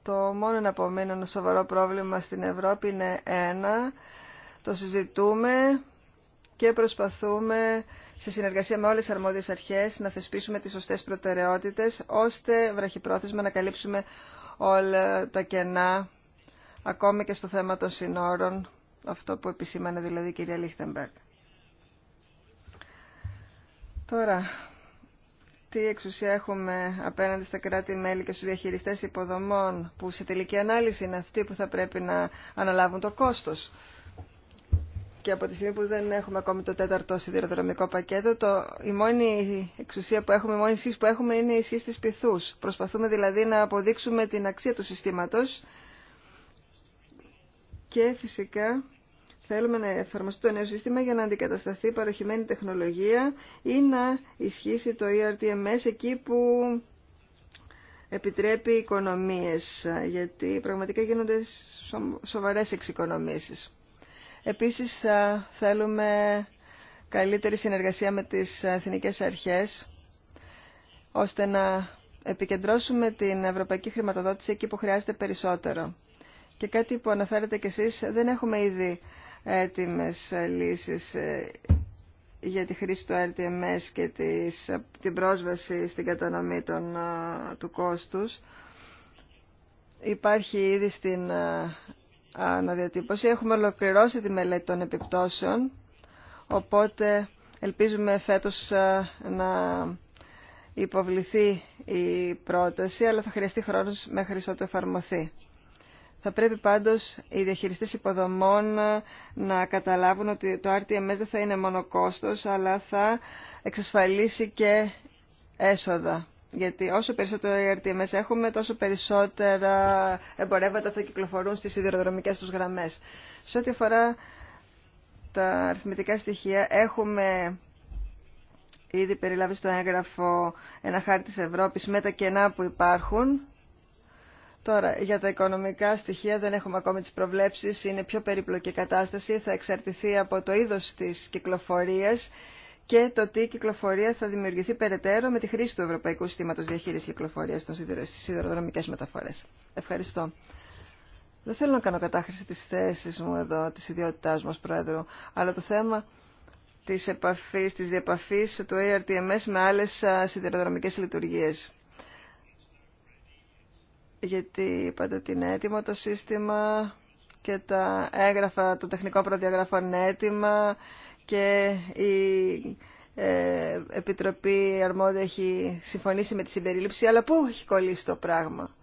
το μόνο να απομείνει σοβαρό πρόβλημα στην Ευρώπη είναι ένα. Το συζητούμε και προσπαθούμε σε συνεργασία με όλες τις αρμόδιες αρχές να θεσπίσουμε τις σωστές προτεραιότητες, ώστε βραχυπρόθεσμα να καλύψουμε όλα τα κενά ακόμη και στο θέμα των συνόρων αυτό που επισήμανε δηλαδή η κυρία Λίχτεμπεργκ. Τώρα, τι εξουσία έχουμε απέναντι στα κράτη-μέλη και στους διαχειριστές υποδομών που σε τελική ανάλυση είναι αυτοί που θα πρέπει να αναλάβουν το κόστος. Και από τη στιγμή που δεν έχουμε ακόμη το τέταρτο σιδηροδρομικό πακέτο, το, η μόνη εξουσία που έχουμε, η μόνη ισχύς που έχουμε είναι η ισχύς της πυθούς. Προσπαθούμε δηλαδή να αποδείξουμε την αξία του συστήματος και φυσικά Θέλουμε να εφαρμοστεί το νέο σύστημα για να αντικατασταθεί παροχημένη τεχνολογία ή να ισχύσει το ERTMS εκεί που επιτρέπει οικονομίες, γιατί πραγματικά γίνονται σοβαρές εξοικονομήσεις. Επίσης θα θέλουμε καλύτερη συνεργασία με τις εθνικές αρχές, ώστε να επικεντρώσουμε την ευρωπαϊκή χρηματοδότηση εκεί που χρειάζεται περισσότερο. Και κάτι που αναφέρετε κι εσείς, δεν έχουμε ήδη έτοιμες λύσεις ε, για τη χρήση του RTMS και της, ε, την πρόσβαση στην κατανομή των, ε, του κόστους. Υπάρχει ήδη στην αναδιατύπωση. Έχουμε ολοκληρώσει τη μελέτη των επιπτώσεων, οπότε ελπίζουμε φέτος να υποβληθεί η πρόταση, αλλά θα χρειαστεί χρόνος μέχρι ότου εφαρμοθεί. Θα πρέπει πάντως οι διαχειριστές υποδομών να καταλάβουν ότι το RTMS δεν θα είναι μόνο κόστος, αλλά θα εξασφαλίσει και έσοδα. Γιατί όσο περισσότερο RTMS έχουμε, τόσο περισσότερα εμπορεύματα θα κυκλοφορούν στις σιδηροδρομικές τους γραμμές. Σε ό,τι αφορά τα αριθμητικά στοιχεία, έχουμε ήδη περιλάβει στο έγγραφο ένα χάρτη της Ευρώπης με τα κενά που υπάρχουν Τώρα, για τα οικονομικά στοιχεία δεν έχουμε ακόμη τις προβλέψεις, είναι πιο περίπλοκη κατάσταση, θα εξαρτηθεί από το είδος της κυκλοφορίας και το τι κυκλοφορία θα δημιουργηθεί περαιτέρω με τη χρήση του Ευρωπαϊκού Συστήματος Διαχείρισης Κυκλοφορίας στις σιδηροδρομικές μεταφορές. Ευχαριστώ. Δεν θέλω να κάνω κατάχρηση της θέσης μου εδώ, της ιδιότητάς μου ως αλλά το θέμα της επαφής, της διαπαφής του ARTMS με άλλες σιδηροδρομικές λειτουργίες γιατί είπατε ότι είναι έτοιμο το σύστημα και τα έγγραφα το τεχνικό προδιαγραφών είναι έτοιμα και η ε, Επιτροπή Αρμόδια έχει συμφωνήσει με τη συμπερίληψη, αλλά πού έχει κολλήσει το πράγμα.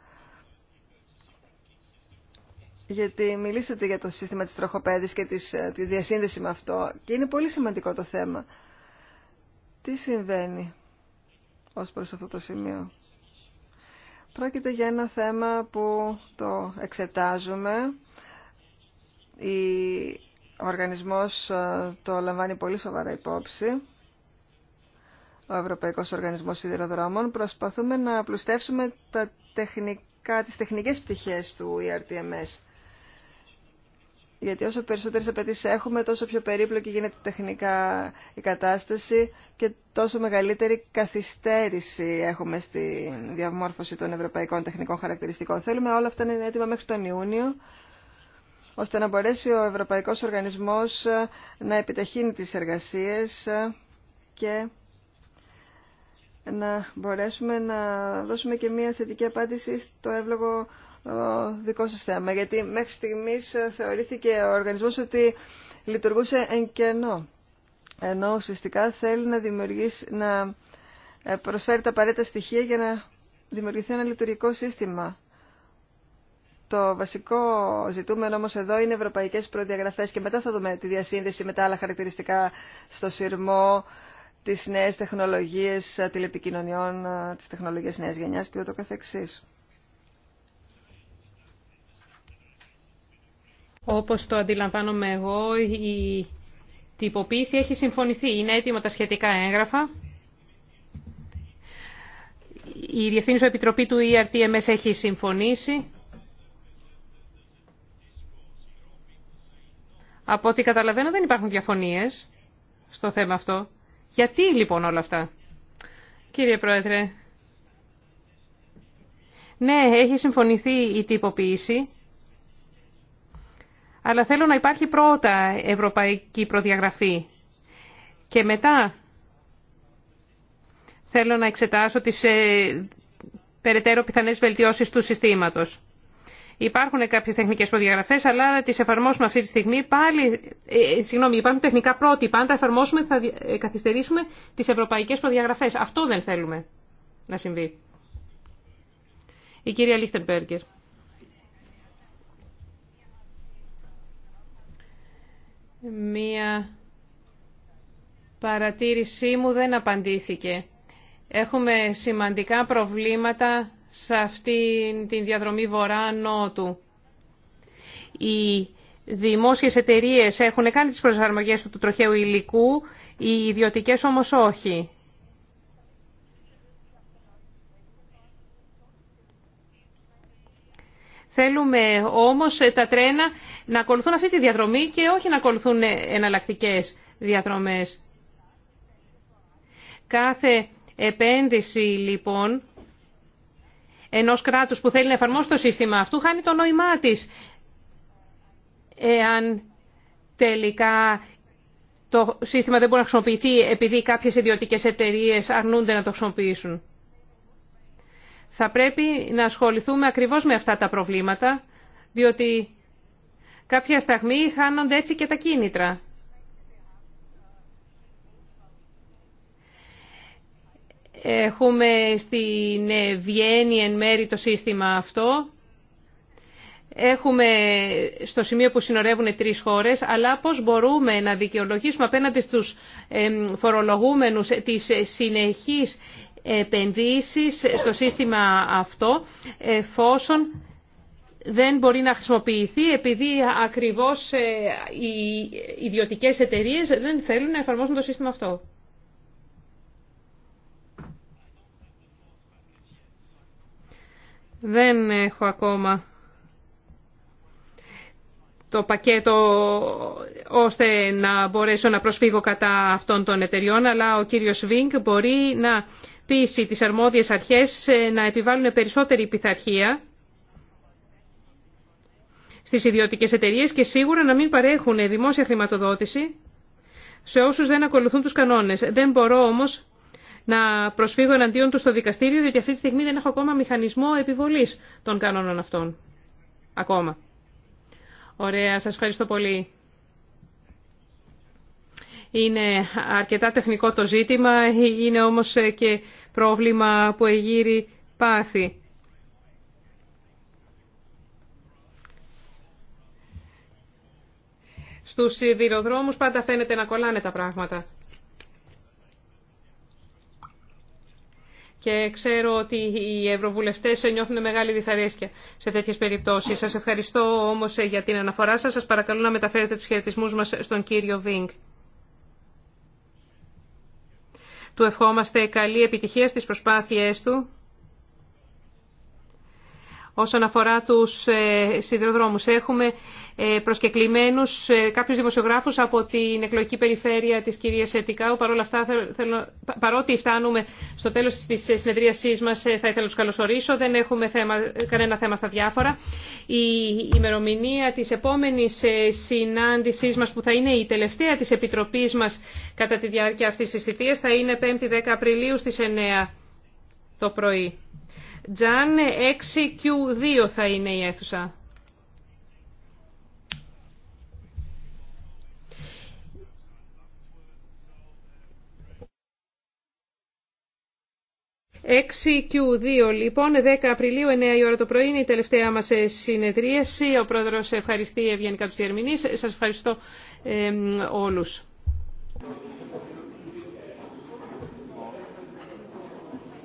Γιατί μιλήσατε για το σύστημα της τροχοπέδης και της, ε, τη διασύνδεση με αυτό και είναι πολύ σημαντικό το θέμα. Τι συμβαίνει ως προς αυτό το σημείο. Πρόκειται για ένα θέμα που το εξετάζουμε. Ο οργανισμός ε, το λαμβάνει πολύ σοβαρά υπόψη. Ο Ευρωπαϊκός Οργανισμός Σιδηροδρόμων. Προσπαθούμε να απλουστεύσουμε τα τεχνικά, τις τεχνικές πτυχές του ERTMS γιατί όσο περισσότερες απαιτήσει έχουμε, τόσο πιο περίπλοκη γίνεται τεχνικά η κατάσταση και τόσο μεγαλύτερη καθυστέρηση έχουμε στη διαμόρφωση των ευρωπαϊκών τεχνικών χαρακτηριστικών. Θέλουμε όλα αυτά να είναι έτοιμα μέχρι τον Ιούνιο, ώστε να μπορέσει ο Ευρωπαϊκός Οργανισμός να επιταχύνει τις εργασίες και να μπορέσουμε να δώσουμε και μια θετική απάντηση στο εύλογο δικό σας θέμα, γιατί μέχρι στιγμής ε, θεωρήθηκε ο οργανισμός ότι λειτουργούσε εν κενό, ενώ ουσιαστικά θέλει να, δημιουργήσει, να ε, προσφέρει τα απαραίτητα στοιχεία για να δημιουργηθεί ένα λειτουργικό σύστημα. Το βασικό ζητούμενο όμως εδώ είναι ευρωπαϊκές προδιαγραφές και μετά θα δούμε τη διασύνδεση με τα άλλα χαρακτηριστικά στο σειρμό, τις νέες τεχνολογίες ε, τηλεπικοινωνιών, τις τεχνολογίες νέας γενιάς και ούτω καθεξής. Όπως το αντιλαμβάνομαι εγώ, η τυποποίηση έχει συμφωνηθεί. Είναι έτοιμα τα σχετικά έγγραφα. Η Διευθύνουσα Επιτροπή του ERTMS έχει συμφωνήσει. Από ό,τι καταλαβαίνω δεν υπάρχουν διαφωνίες στο θέμα αυτό. Γιατί λοιπόν όλα αυτά. Κύριε Πρόεδρε, ναι, έχει συμφωνηθεί η τυποποίηση αλλά θέλω να υπάρχει πρώτα ευρωπαϊκή προδιαγραφή και μετά θέλω να εξετάσω τις ε, περαιτέρω πιθανές βελτιώσεις του συστήματος. Υπάρχουν κάποιες τεχνικές προδιαγραφές, αλλά τις εφαρμόσουμε αυτή τη στιγμή πάλι, ε, συγγνώμη, υπάρχουν τεχνικά πρότυπα, αν τα εφαρμόσουμε θα ε, καθυστερήσουμε τις ευρωπαϊκές προδιαγραφές. Αυτό δεν θέλουμε να συμβεί. Η κυρία Λίχτερμπέργκερ. Μία παρατήρησή μου δεν απαντήθηκε. Έχουμε σημαντικά προβλήματα σε αυτή την διαδρομή βορρά-νότου. Οι δημόσιες εταιρείες έχουν κάνει τις προσαρμογές του τροχαίου υλικού, οι ιδιωτικές όμως όχι. Θέλουμε όμως ε, τα τρένα να ακολουθούν αυτή τη διαδρομή και όχι να ακολουθούν ε, εναλλακτικέ διαδρομές. Κάθε επένδυση λοιπόν ενός κράτους που θέλει να εφαρμόσει το σύστημα αυτού χάνει το νόημά της εάν τελικά το σύστημα δεν μπορεί να χρησιμοποιηθεί επειδή κάποιες ιδιωτικές εταιρείες αρνούνται να το χρησιμοποιήσουν. Θα πρέπει να ασχοληθούμε ακριβώς με αυτά τα προβλήματα, διότι κάποια στιγμή χάνονται έτσι και τα κίνητρα. Έχουμε στην Βιέννη εν μέρη το σύστημα αυτό. Έχουμε στο σημείο που συνορεύουν τρεις χώρες, αλλά πώς μπορούμε να δικαιολογήσουμε απέναντι στους φορολογούμενους τις συνεχείς επενδύσεις στο σύστημα αυτό εφόσον δεν μπορεί να χρησιμοποιηθεί επειδή ακριβώς ε, οι ιδιωτικές εταιρείες δεν θέλουν να εφαρμόσουν το σύστημα αυτό. Δεν έχω ακόμα το πακέτο ώστε να μπορέσω να προσφύγω κατά αυτών των εταιριών, αλλά ο κύριος Βίνκ μπορεί να πείσει τις αρμόδιες αρχές ε, να επιβάλλουν περισσότερη πειθαρχία στις ιδιωτικές εταιρείες και σίγουρα να μην παρέχουν δημόσια χρηματοδότηση σε όσους δεν ακολουθούν τους κανόνες. Δεν μπορώ όμως να προσφύγω εναντίον του στο δικαστήριο, διότι αυτή τη στιγμή δεν έχω ακόμα μηχανισμό επιβολής των κανόνων αυτών. Ακόμα. Ωραία, σας ευχαριστώ πολύ. Είναι αρκετά τεχνικό το ζήτημα, είναι όμως και πρόβλημα που εγείρει πάθη. Στους σιδηροδρόμους πάντα φαίνεται να κολλάνε τα πράγματα. Και ξέρω ότι οι ευρωβουλευτές νιώθουν μεγάλη δυσαρέσκεια σε τέτοιες περιπτώσεις. Σας ευχαριστώ όμως για την αναφορά σας. Σας παρακαλώ να μεταφέρετε τους χαιρετισμούς μας στον κύριο Βίνγκ. Του ευχόμαστε καλή επιτυχία στις προσπάθειές του όσον αφορά τους ε, σιδηροδρόμους. Έχουμε ε, προσκεκλημένου ε, κάποιου δημοσιογράφου από την εκλογική περιφέρεια τη κυρία Ετικάου. Παρ' όλα αυτά, θέλω, παρότι φτάνουμε στο τέλο τη ε, συνεδρίασή μα, θα ήθελα να του καλωσορίσω. Δεν έχουμε θέμα, κανένα θέμα στα διάφορα. Η ημερομηνία τη επόμενη συνάντησή μα που θα είναι η τελευταία τη επιτροπή μα κατά τη διάρκεια αυτής της θητεία, θα είναι 5η-10 Απριλίου στι 9 το πρωί. Τζαν 6Q2 θα είναι η αίθουσα. 6Q2 λοιπόν, 10 Απριλίου, 9 η ώρα το πρωί είναι η τελευταία μας ε, συνεδρίαση. Ο Πρόεδρος ευχαριστεί ευγενικά τους διερμηνείς. Σας ευχαριστώ ε, όλους.